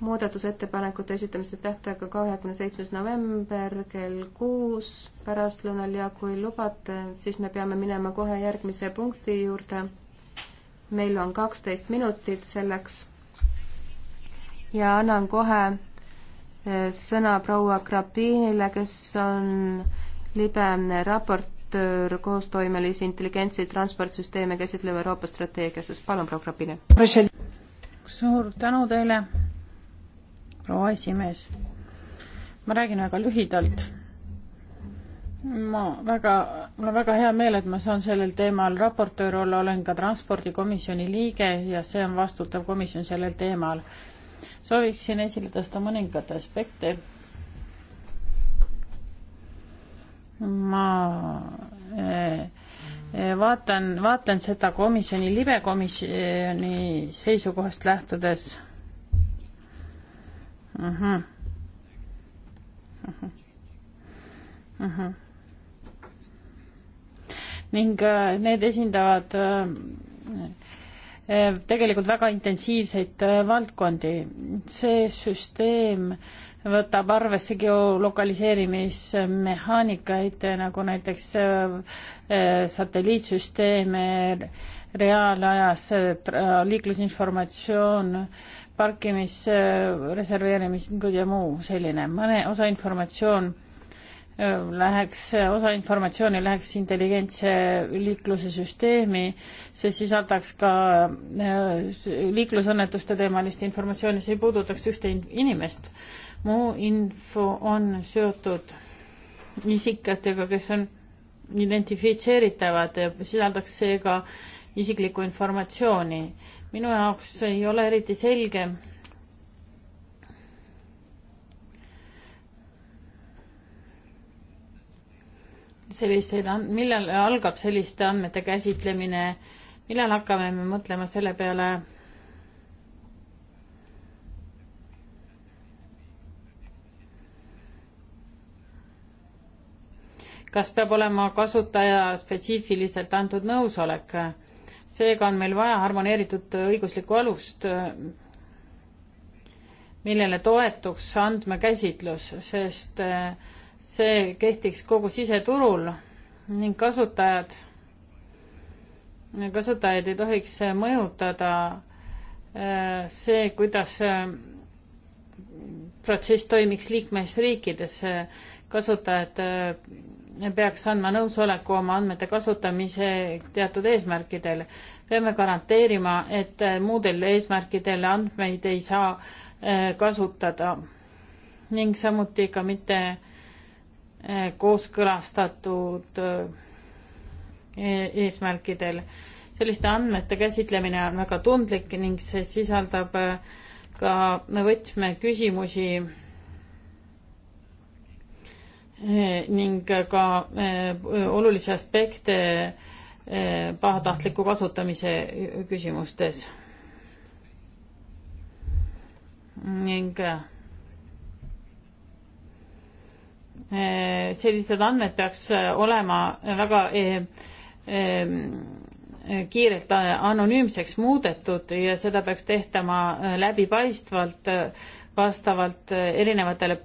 muudatusettepanekute esitamise tähtaeg on kahekümne seitsmes november kell kuus pärastlõunal ja kui lubate, siis me peame minema kohe järgmise punkti juurde. meil on kaksteist minutit selleks. ja annan kohe eh, sõna proua Krapinile, kes on libe raportöör koostoimelisi intelligentsi transpordisüsteeme käsitleva Euroopa strateegias. palun, proua Krapine. suur tänu teile proua esimees. ma räägin väga lühidalt. ma väga, mul on väga hea meel, et ma saan sellel teemal raportöör olla, olen ka transpordikomisjoni liige ja see on vastutav komisjon sellel teemal. sooviksin esile tõsta mõningaid aspekte. ma eh, eh, vaatan, vaatan seda komisjoni, libekomisjoni seisukohast lähtudes ahah, ahah, ahah. ning äh, need esindavad äh, äh, tegelikult väga intensiivseid valdkondi. see süsteem võtab arvesse geolokaliseerimismehaanikaid, nagu näiteks satelliitsüsteeme, reaalajas liiklusinformatsioon äh,, parkimis, reserveerimised ja muu selline, mõne osa informatsioon äh, läheks, osa informatsiooni läheks intelligentse liikluse süsteemi, see sisaldaks ka äh, liiklusõnnetuste teemalist informatsiooni, see ei puudutaks ühte inimest. muu info on seotud isikatega, kes on identifitseeritavad, sisaldaks seega isiklikku informatsiooni minu jaoks ei ole eriti selge, selliseid and-, millal algab selliste andmete käsitlemine, millal hakkame me mõtlema selle peale, kas peab olema kasutaja spetsiifiliselt antud nõusolek seega on meil vaja harmoneeritud õiguslikku alust, millele toetuks andmekäsitlus, sest eh, see kehtiks kogu siseturul ning kasutajad, kasutajaid ei tohiks mõjutada eh, see, kuidas eh, protsess toimiks liikmesriikides, kasutajad peaks andma nõusoleku oma andmete kasutamise teatud eesmärkidel. peame garanteerima, et eh, muudel eesmärkidel andmeid ei saa eh, kasutada ning samuti ka mitte eh, kooskõlastatud e-, eesmärkidel. selliste andmete käsitlemine on väga tundlik ning see sisaldab ka võtmeküsimusi Eh, ning ka eh, olulisi aspekte eh, pahatahtliku kasutamise küsimustes. ning sellised andmed peaks olema väga kiirelt anonüümseks muudetud ja seda peaks tehtama läbipaistvalt vastavalt erinevatele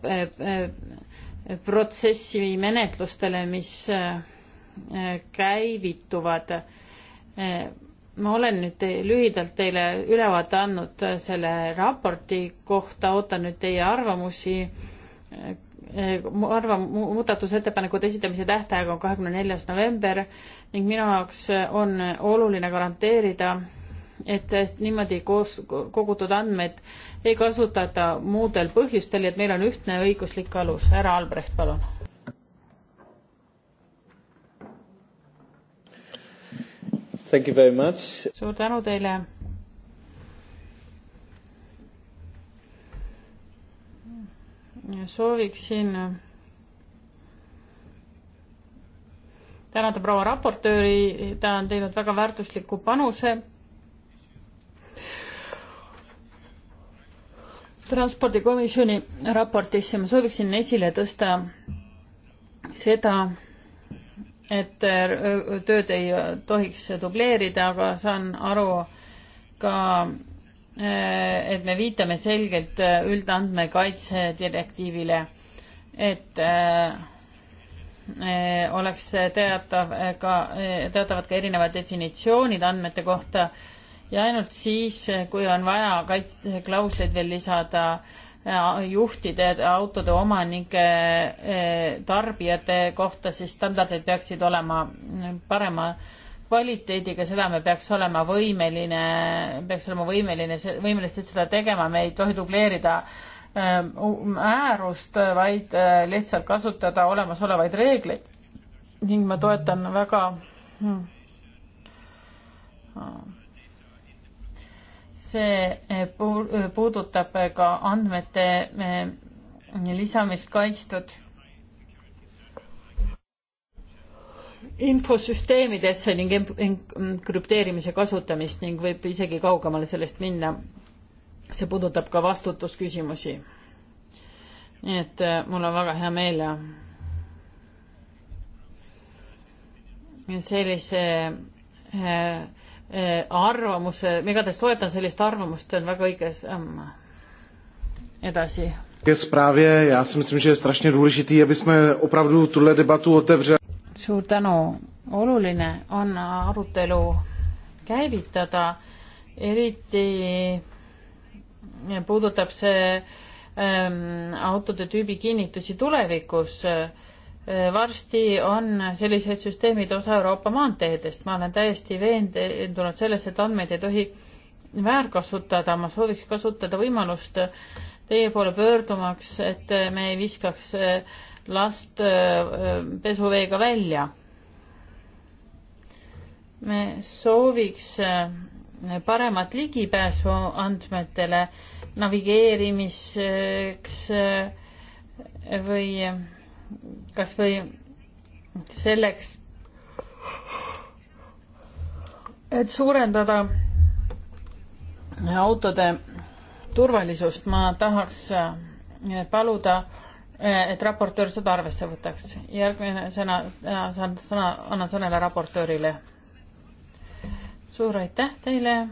protsessi menetlustele, mis äh, käivituvad. Äh, ma olen nüüd te, lühidalt teile ülevaate andnud äh, selle raporti kohta, ootan nüüd teie arvamusi. mu arvam-, muudatusettepanekute esitamise tähtaeg on kahekümne neljas november ning minu jaoks on oluline garanteerida, et niimoodi koos kogutud andmed ei kasutata muudel põhjustel ja et meil on ühtne õiguslik alus. härra Albrecht, palun. suur tänu teile. sooviksin tänada proua raportööri, ta on teinud väga väärtusliku panuse transpordikomisjoni raportisse ma sooviksin esile tõsta seda, et äh, tööd ei äh, tohiks dubleerida, aga saan aru ka, äh, et me viitame selgelt üldandmekaitse direktiivile, et oleks teatav ka, teatavad ka erinevad definitsioonid andmete kohta ja ainult siis, kui on vaja kaitseklausleid veel lisada äh, juhtide, autode omanike, äh, tarbijate kohta, siis standardid peaksid olema parema kvaliteediga, seda me peaks olema võimeline, peaks olema võimeline, võimelised seda tegema, me ei tohi dubleerida äh, määrust, vaid lihtsalt kasutada olemasolevaid reegleid. ning ma toetan väga hmm see eh, eh, puudutab eh, ka andmete lisamist kaitstud infosüsteemidesse ning krüpteerimise kasutamist ning võib isegi kaugemale sellest minna. see puudutab ka vastutusküsimusi. nii et mul on väga hea meel ja sellise äh, Eh, arvamuse, ma igatahes toetan sellist arvamust, see on väga õige samm edasi. Ke zprávě, já si myslím, že je strašně důležitý, aby jsme opravdu tuhle debatu otevřeli. Suur tänu. Oluline on arutelu käivitada. Eriti puudutab see ähm, autode tüübi kinnitusi tulevikus. Äh, Äh, varsti on sellised süsteemid osa Euroopa maanteedest, ma olen täiesti veendunud selles, et andmeid ei tohi väärkasutada, ma sooviks kasutada võimalust teie poole pöördumaks, et me ei viskaks äh, last äh, pesuveega välja. me sooviks paremat ligipääsu andmetele navigeerimiseks või kas või selleks, et suurendada autode turvalisust, ma tahaks eh, paluda, eh, et raportöör seda arvesse võtaks. järgmine sõna, eh, saan sõna, annan sõnale raportöörile. suur aitäh teile.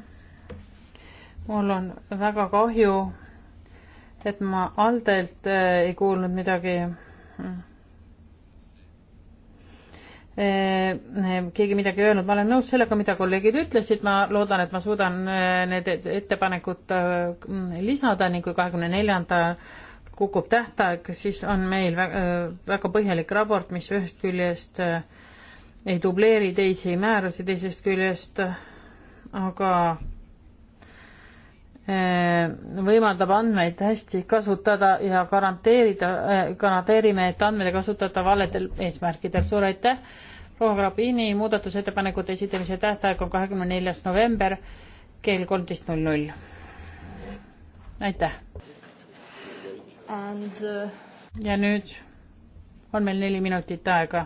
mul on väga kahju, et ma Aldelt ei kuulnud midagi Äh, äh, keegi midagi öelnud, ma olen nõus sellega, mida kolleegid ütlesid, ma loodan, et ma suudan äh, need ettepanekud lisada, nii kui kahekümne neljanda kukub tähtaeg, siis on meil väga põhjalik raport, mis ühest küljest ei dubleeri teisi määrusi, teisest küljest aga Äh, võimaldab andmeid hästi kasutada ja garanteerida, äh, garanteerime, et andmeid ei kasutata valedel eesmärkidel. suur aitäh, proua Grabini, muudatusettepanekute esitamise tähtaeg on kahekümne neljas november kell kolmteist null null. aitäh And...! Uh, ja nüüd on meil neli minutit aega.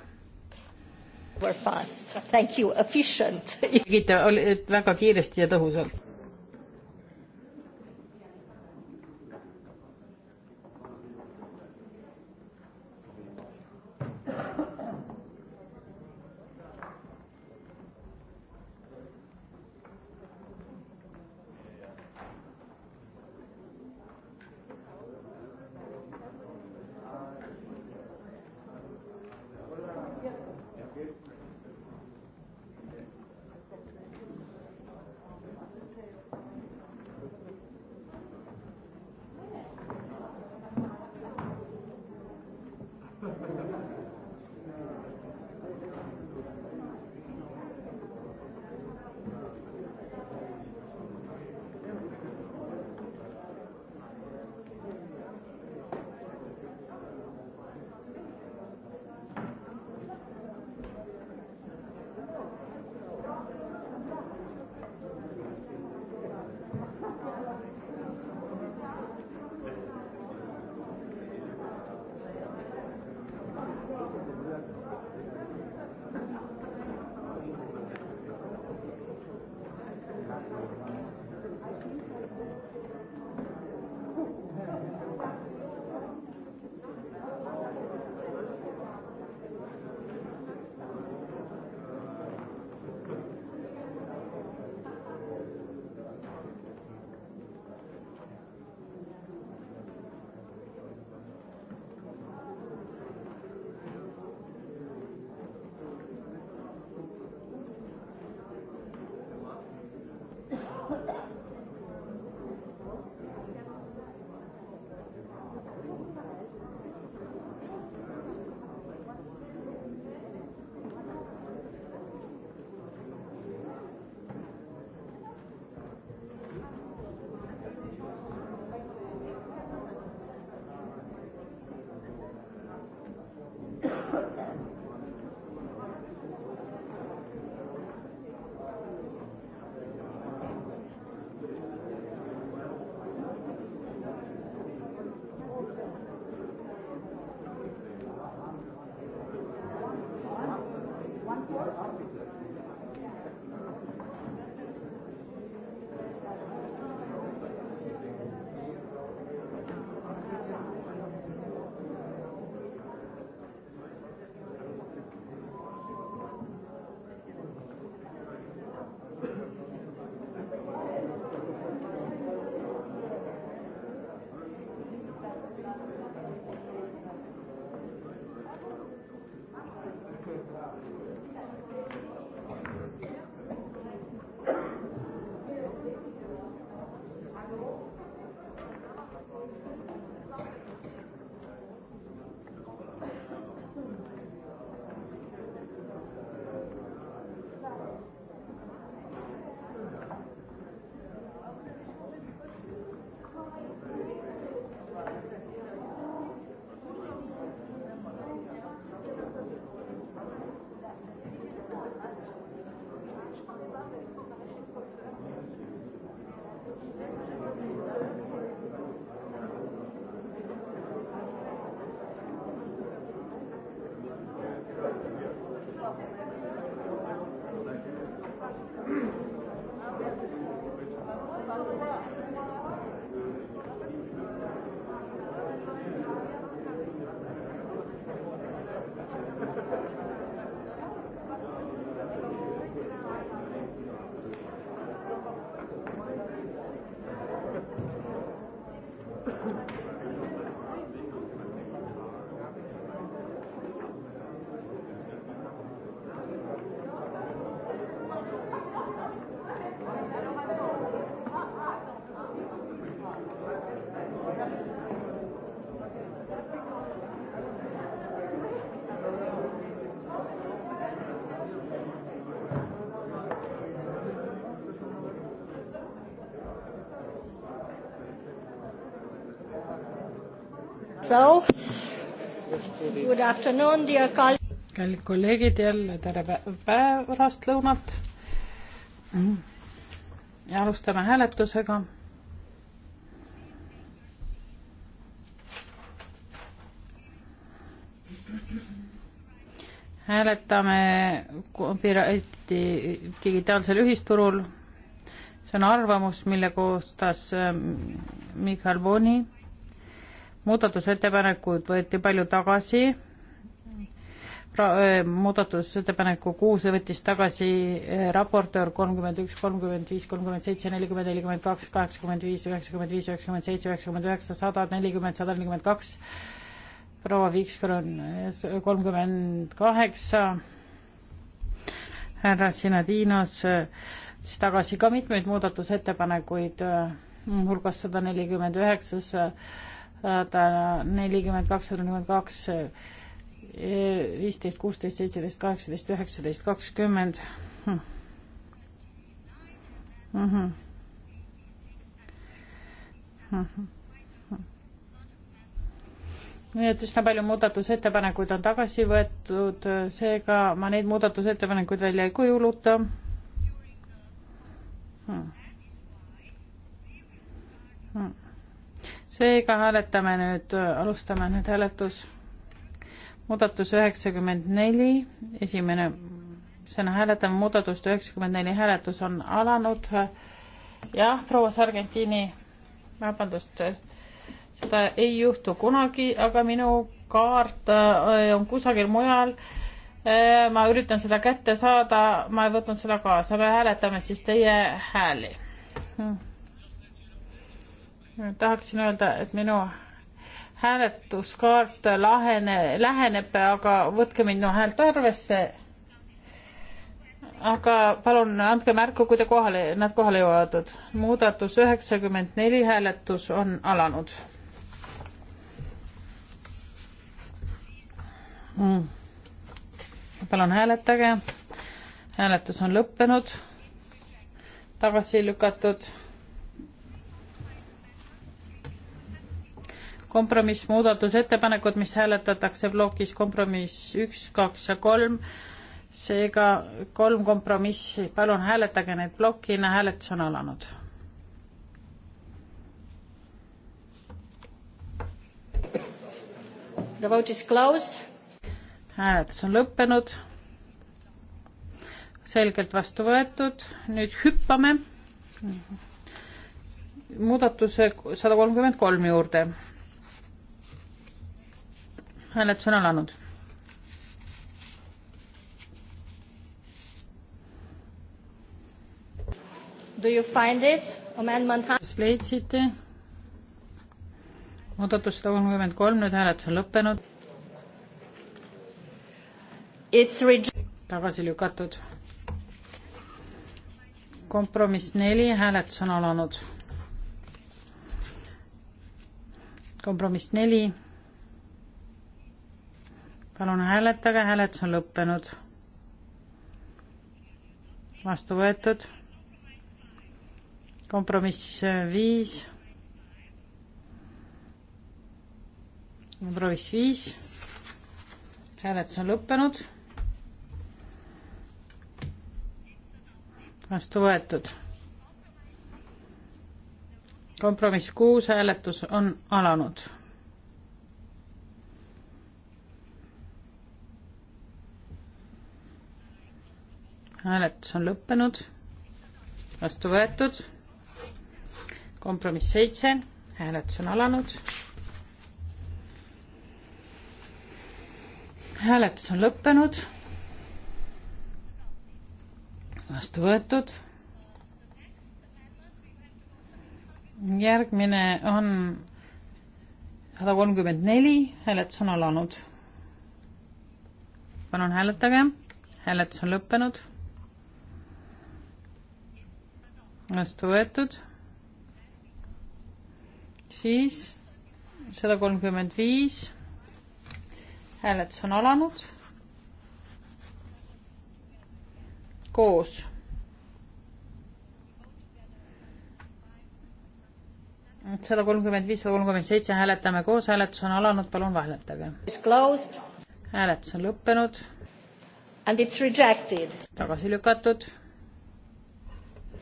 Were fast, thank you, efficient. tegite, olite väga kiiresti ja tõhusalt So, good afternoon, dear colleagues. kallid kolleegid, jälle tere pärastlõunat. ja alustame hääletusega. hääletame copyrighti digitaalsel ühisturul. see on arvamus, mille koostas ähm, Michal Boni muudatusettepanekud võeti palju tagasi, eh, muudatusettepaneku kuus võttis tagasi eh, raportöör kolmkümmend üks, kolmkümmend viis, kolmkümmend seitse, nelikümmend, nelikümmend kaks, kaheksakümmend viis, üheksakümmend viis, üheksakümmend seitse, üheksakümmend üheksa, sada, nelikümmend, sada nelikümmend kaks, proua Viikskõr on eh, kolmkümmend kaheksa, härra Sinadinos siis tagasi ka mitmeid muudatusettepanekuid, hulgas sada nelikümmend üheksas, sada äh, nelikümmend kaks, sada nelikümmend kaks, viisteist, kuusteist, seitseteist, kaheksateist, üheksateist, kakskümmend. Hm. Mhm. Mhm. Hm. nii et üsna palju muudatusettepanekuid on tagasi võetud, seega ma neid muudatusettepanekuid välja ei kuuluta hmm seega hääletame nüüd, alustame nüüd hääletus. muudatus üheksakümmend neli, esimene, sõna hääletame muudatust üheksakümmend neli, hääletus on alanud. jah, proua Sargentini, vabandust, seda ei juhtu kunagi, aga minu kaart äh, on kusagil mujal. Äh, ma üritan seda kätte saada, ma ei võtnud seda kaasa, me hääletame siis teie hääli hmm tahaksin öelda, et minu hääletuskaart lahene, läheneb, aga võtke minu häält arvesse. aga palun andke märku, kui te kohale, nad kohale jõuavad. muudatus üheksakümmend neli hääletus on alanud mm.. palun hääletage. hääletus on lõppenud, tagasi lükatud kompromissmuudatusettepanekud, mis hääletatakse plokis kompromiss üks, kaks ja kolm, seega kolm kompromissi, palun hääletage neid plokina, hääletus on alanud. The vote is closed. hääletus on lõppenud. selgelt vastu võetud, nüüd hüppame muudatuse sada kolmkümmend kolm juurde hääletus on alanud. Do you find it? Amendment kas leidsite? muudatus sada kolmkümmend kolm, nüüd hääletus on lõppenud. tagasi lükatud. kompromiss neli, hääletus on alanud. kompromiss neli palun hääletage, hääletus on lõppenud. vastu võetud. kompromiss viis. kompromiss viis. hääletus on lõppenud. vastu võetud. kompromiss kuus, hääletus on alanud hääletus on lõppenud, vastu võetud, kompromiss seitse, hääletus on alanud. hääletus on lõppenud, vastu võetud. järgmine on sada kolmkümmend neli, hääletus on alanud. palun hääletage, hääletus on lõppenud vastu võetud. siis sada kolmkümmend viis. hääletus on alanud. koos. sada kolmkümmend viis, sada kolmkümmend seitse, hääletame koos, hääletus on alanud, palun vahetage. hääletus on lõppenud. tagasi lükatud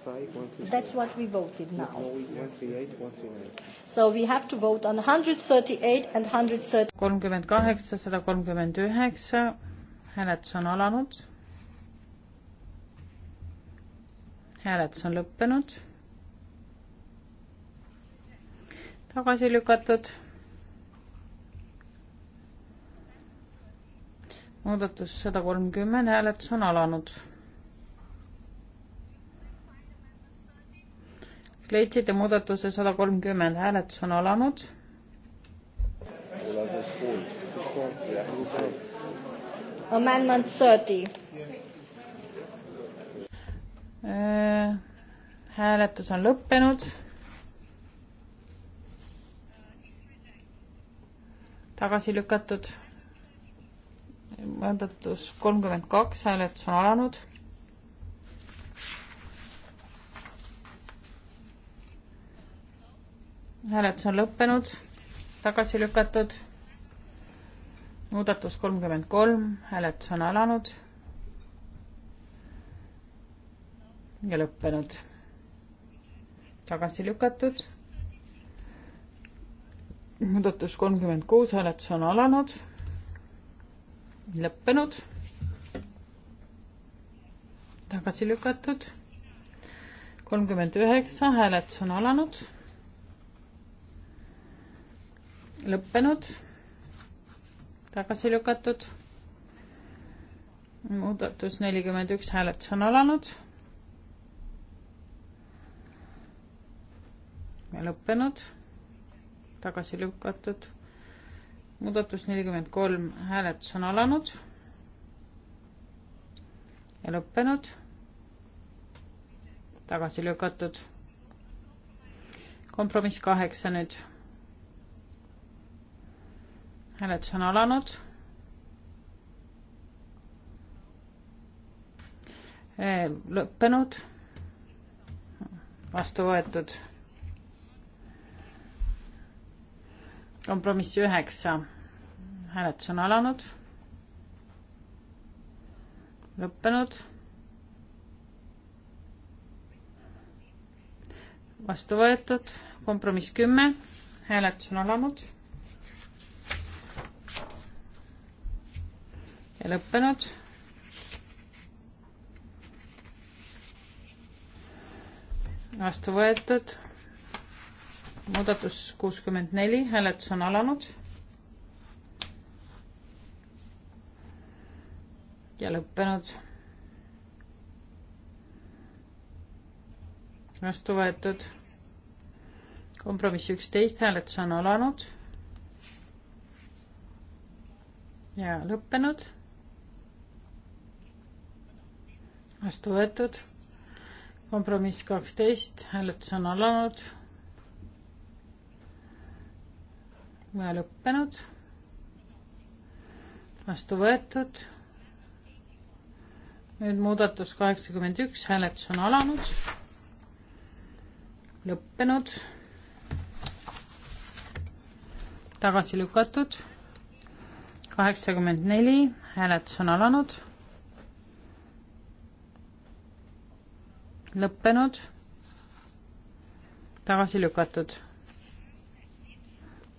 135, That's what we voted now. No, 138, 139. So we have to vote on 138 and 130. 38, 139. Hääletus on alanud. Hääletus on lõppenud. Tagasi lükatud. Muudatus 130. Hääletus on alanud. kas leidsite muudatuse sada kolmkümmend, hääletus on alanud? Amendment thirty. Äh, hääletus on lõppenud. tagasi lükatud. muudatus kolmkümmend kaks, hääletus on alanud hääletus on lõppenud, tagasi lükatud. muudatus kolmkümmend kolm, hääletus on alanud ja lõppenud. tagasi lükatud. muudatus kolmkümmend kuus, hääletus on alanud, lõppenud, tagasi lükatud. kolmkümmend üheksa, hääletus on alanud lõppenud, tagasi lükatud. muudatus nelikümmend üks hääletus on alanud. lõppenud, tagasi lükatud. muudatus nelikümmend kolm hääletus on alanud. ja lõppenud, tagasi lükatud. kompromiss kaheksa nüüd hääletus on alanud. Äh, lõppenud, vastu võetud. kompromiss üheksa, hääletus on alanud lõppenud. vastu võetud, kompromiss kümme, hääletus on alanud. lõppenud. vastu võetud. muudatus kuuskümmend neli, hääletus on alanud. ja lõppenud. vastu võetud. kompromiss üksteist, hääletus on alanud. ja lõppenud vastu võetud. kompromiss kaksteist, hääletus on alanud. ja lõppenud. vastu võetud. nüüd muudatus kaheksakümmend üks, hääletus on alanud. lõppenud. tagasi lükatud. kaheksakümmend neli, hääletus on alanud lõppenud, tagasi lükatud.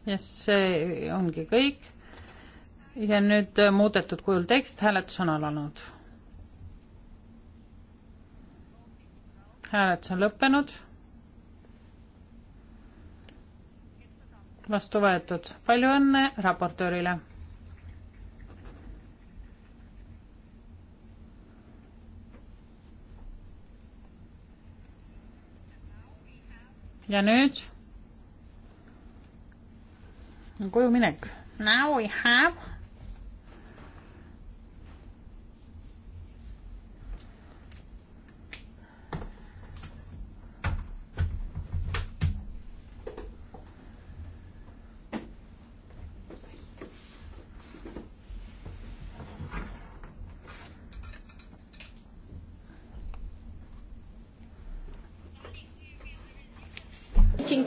ja see ongi kõik. ja nüüd muudetud kujul tekst, hääletus on alanud. hääletus on lõppenud. vastu võetud, palju õnne raportöörile ja nüüd koju minek. Now we have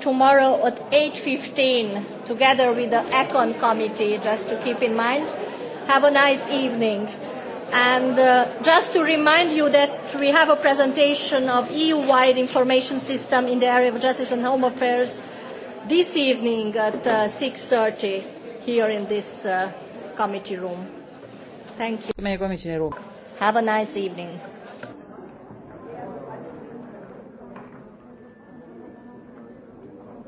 tomorrow at 8.15 together with the Econ Committee, just to keep in mind. Have a nice evening. And uh, just to remind you that we have a presentation of EU-wide information system in the area of justice and home affairs this evening at uh, 6.30 here in this uh, committee room. Thank you. Meie komisjoni ruum. Have a nice evening.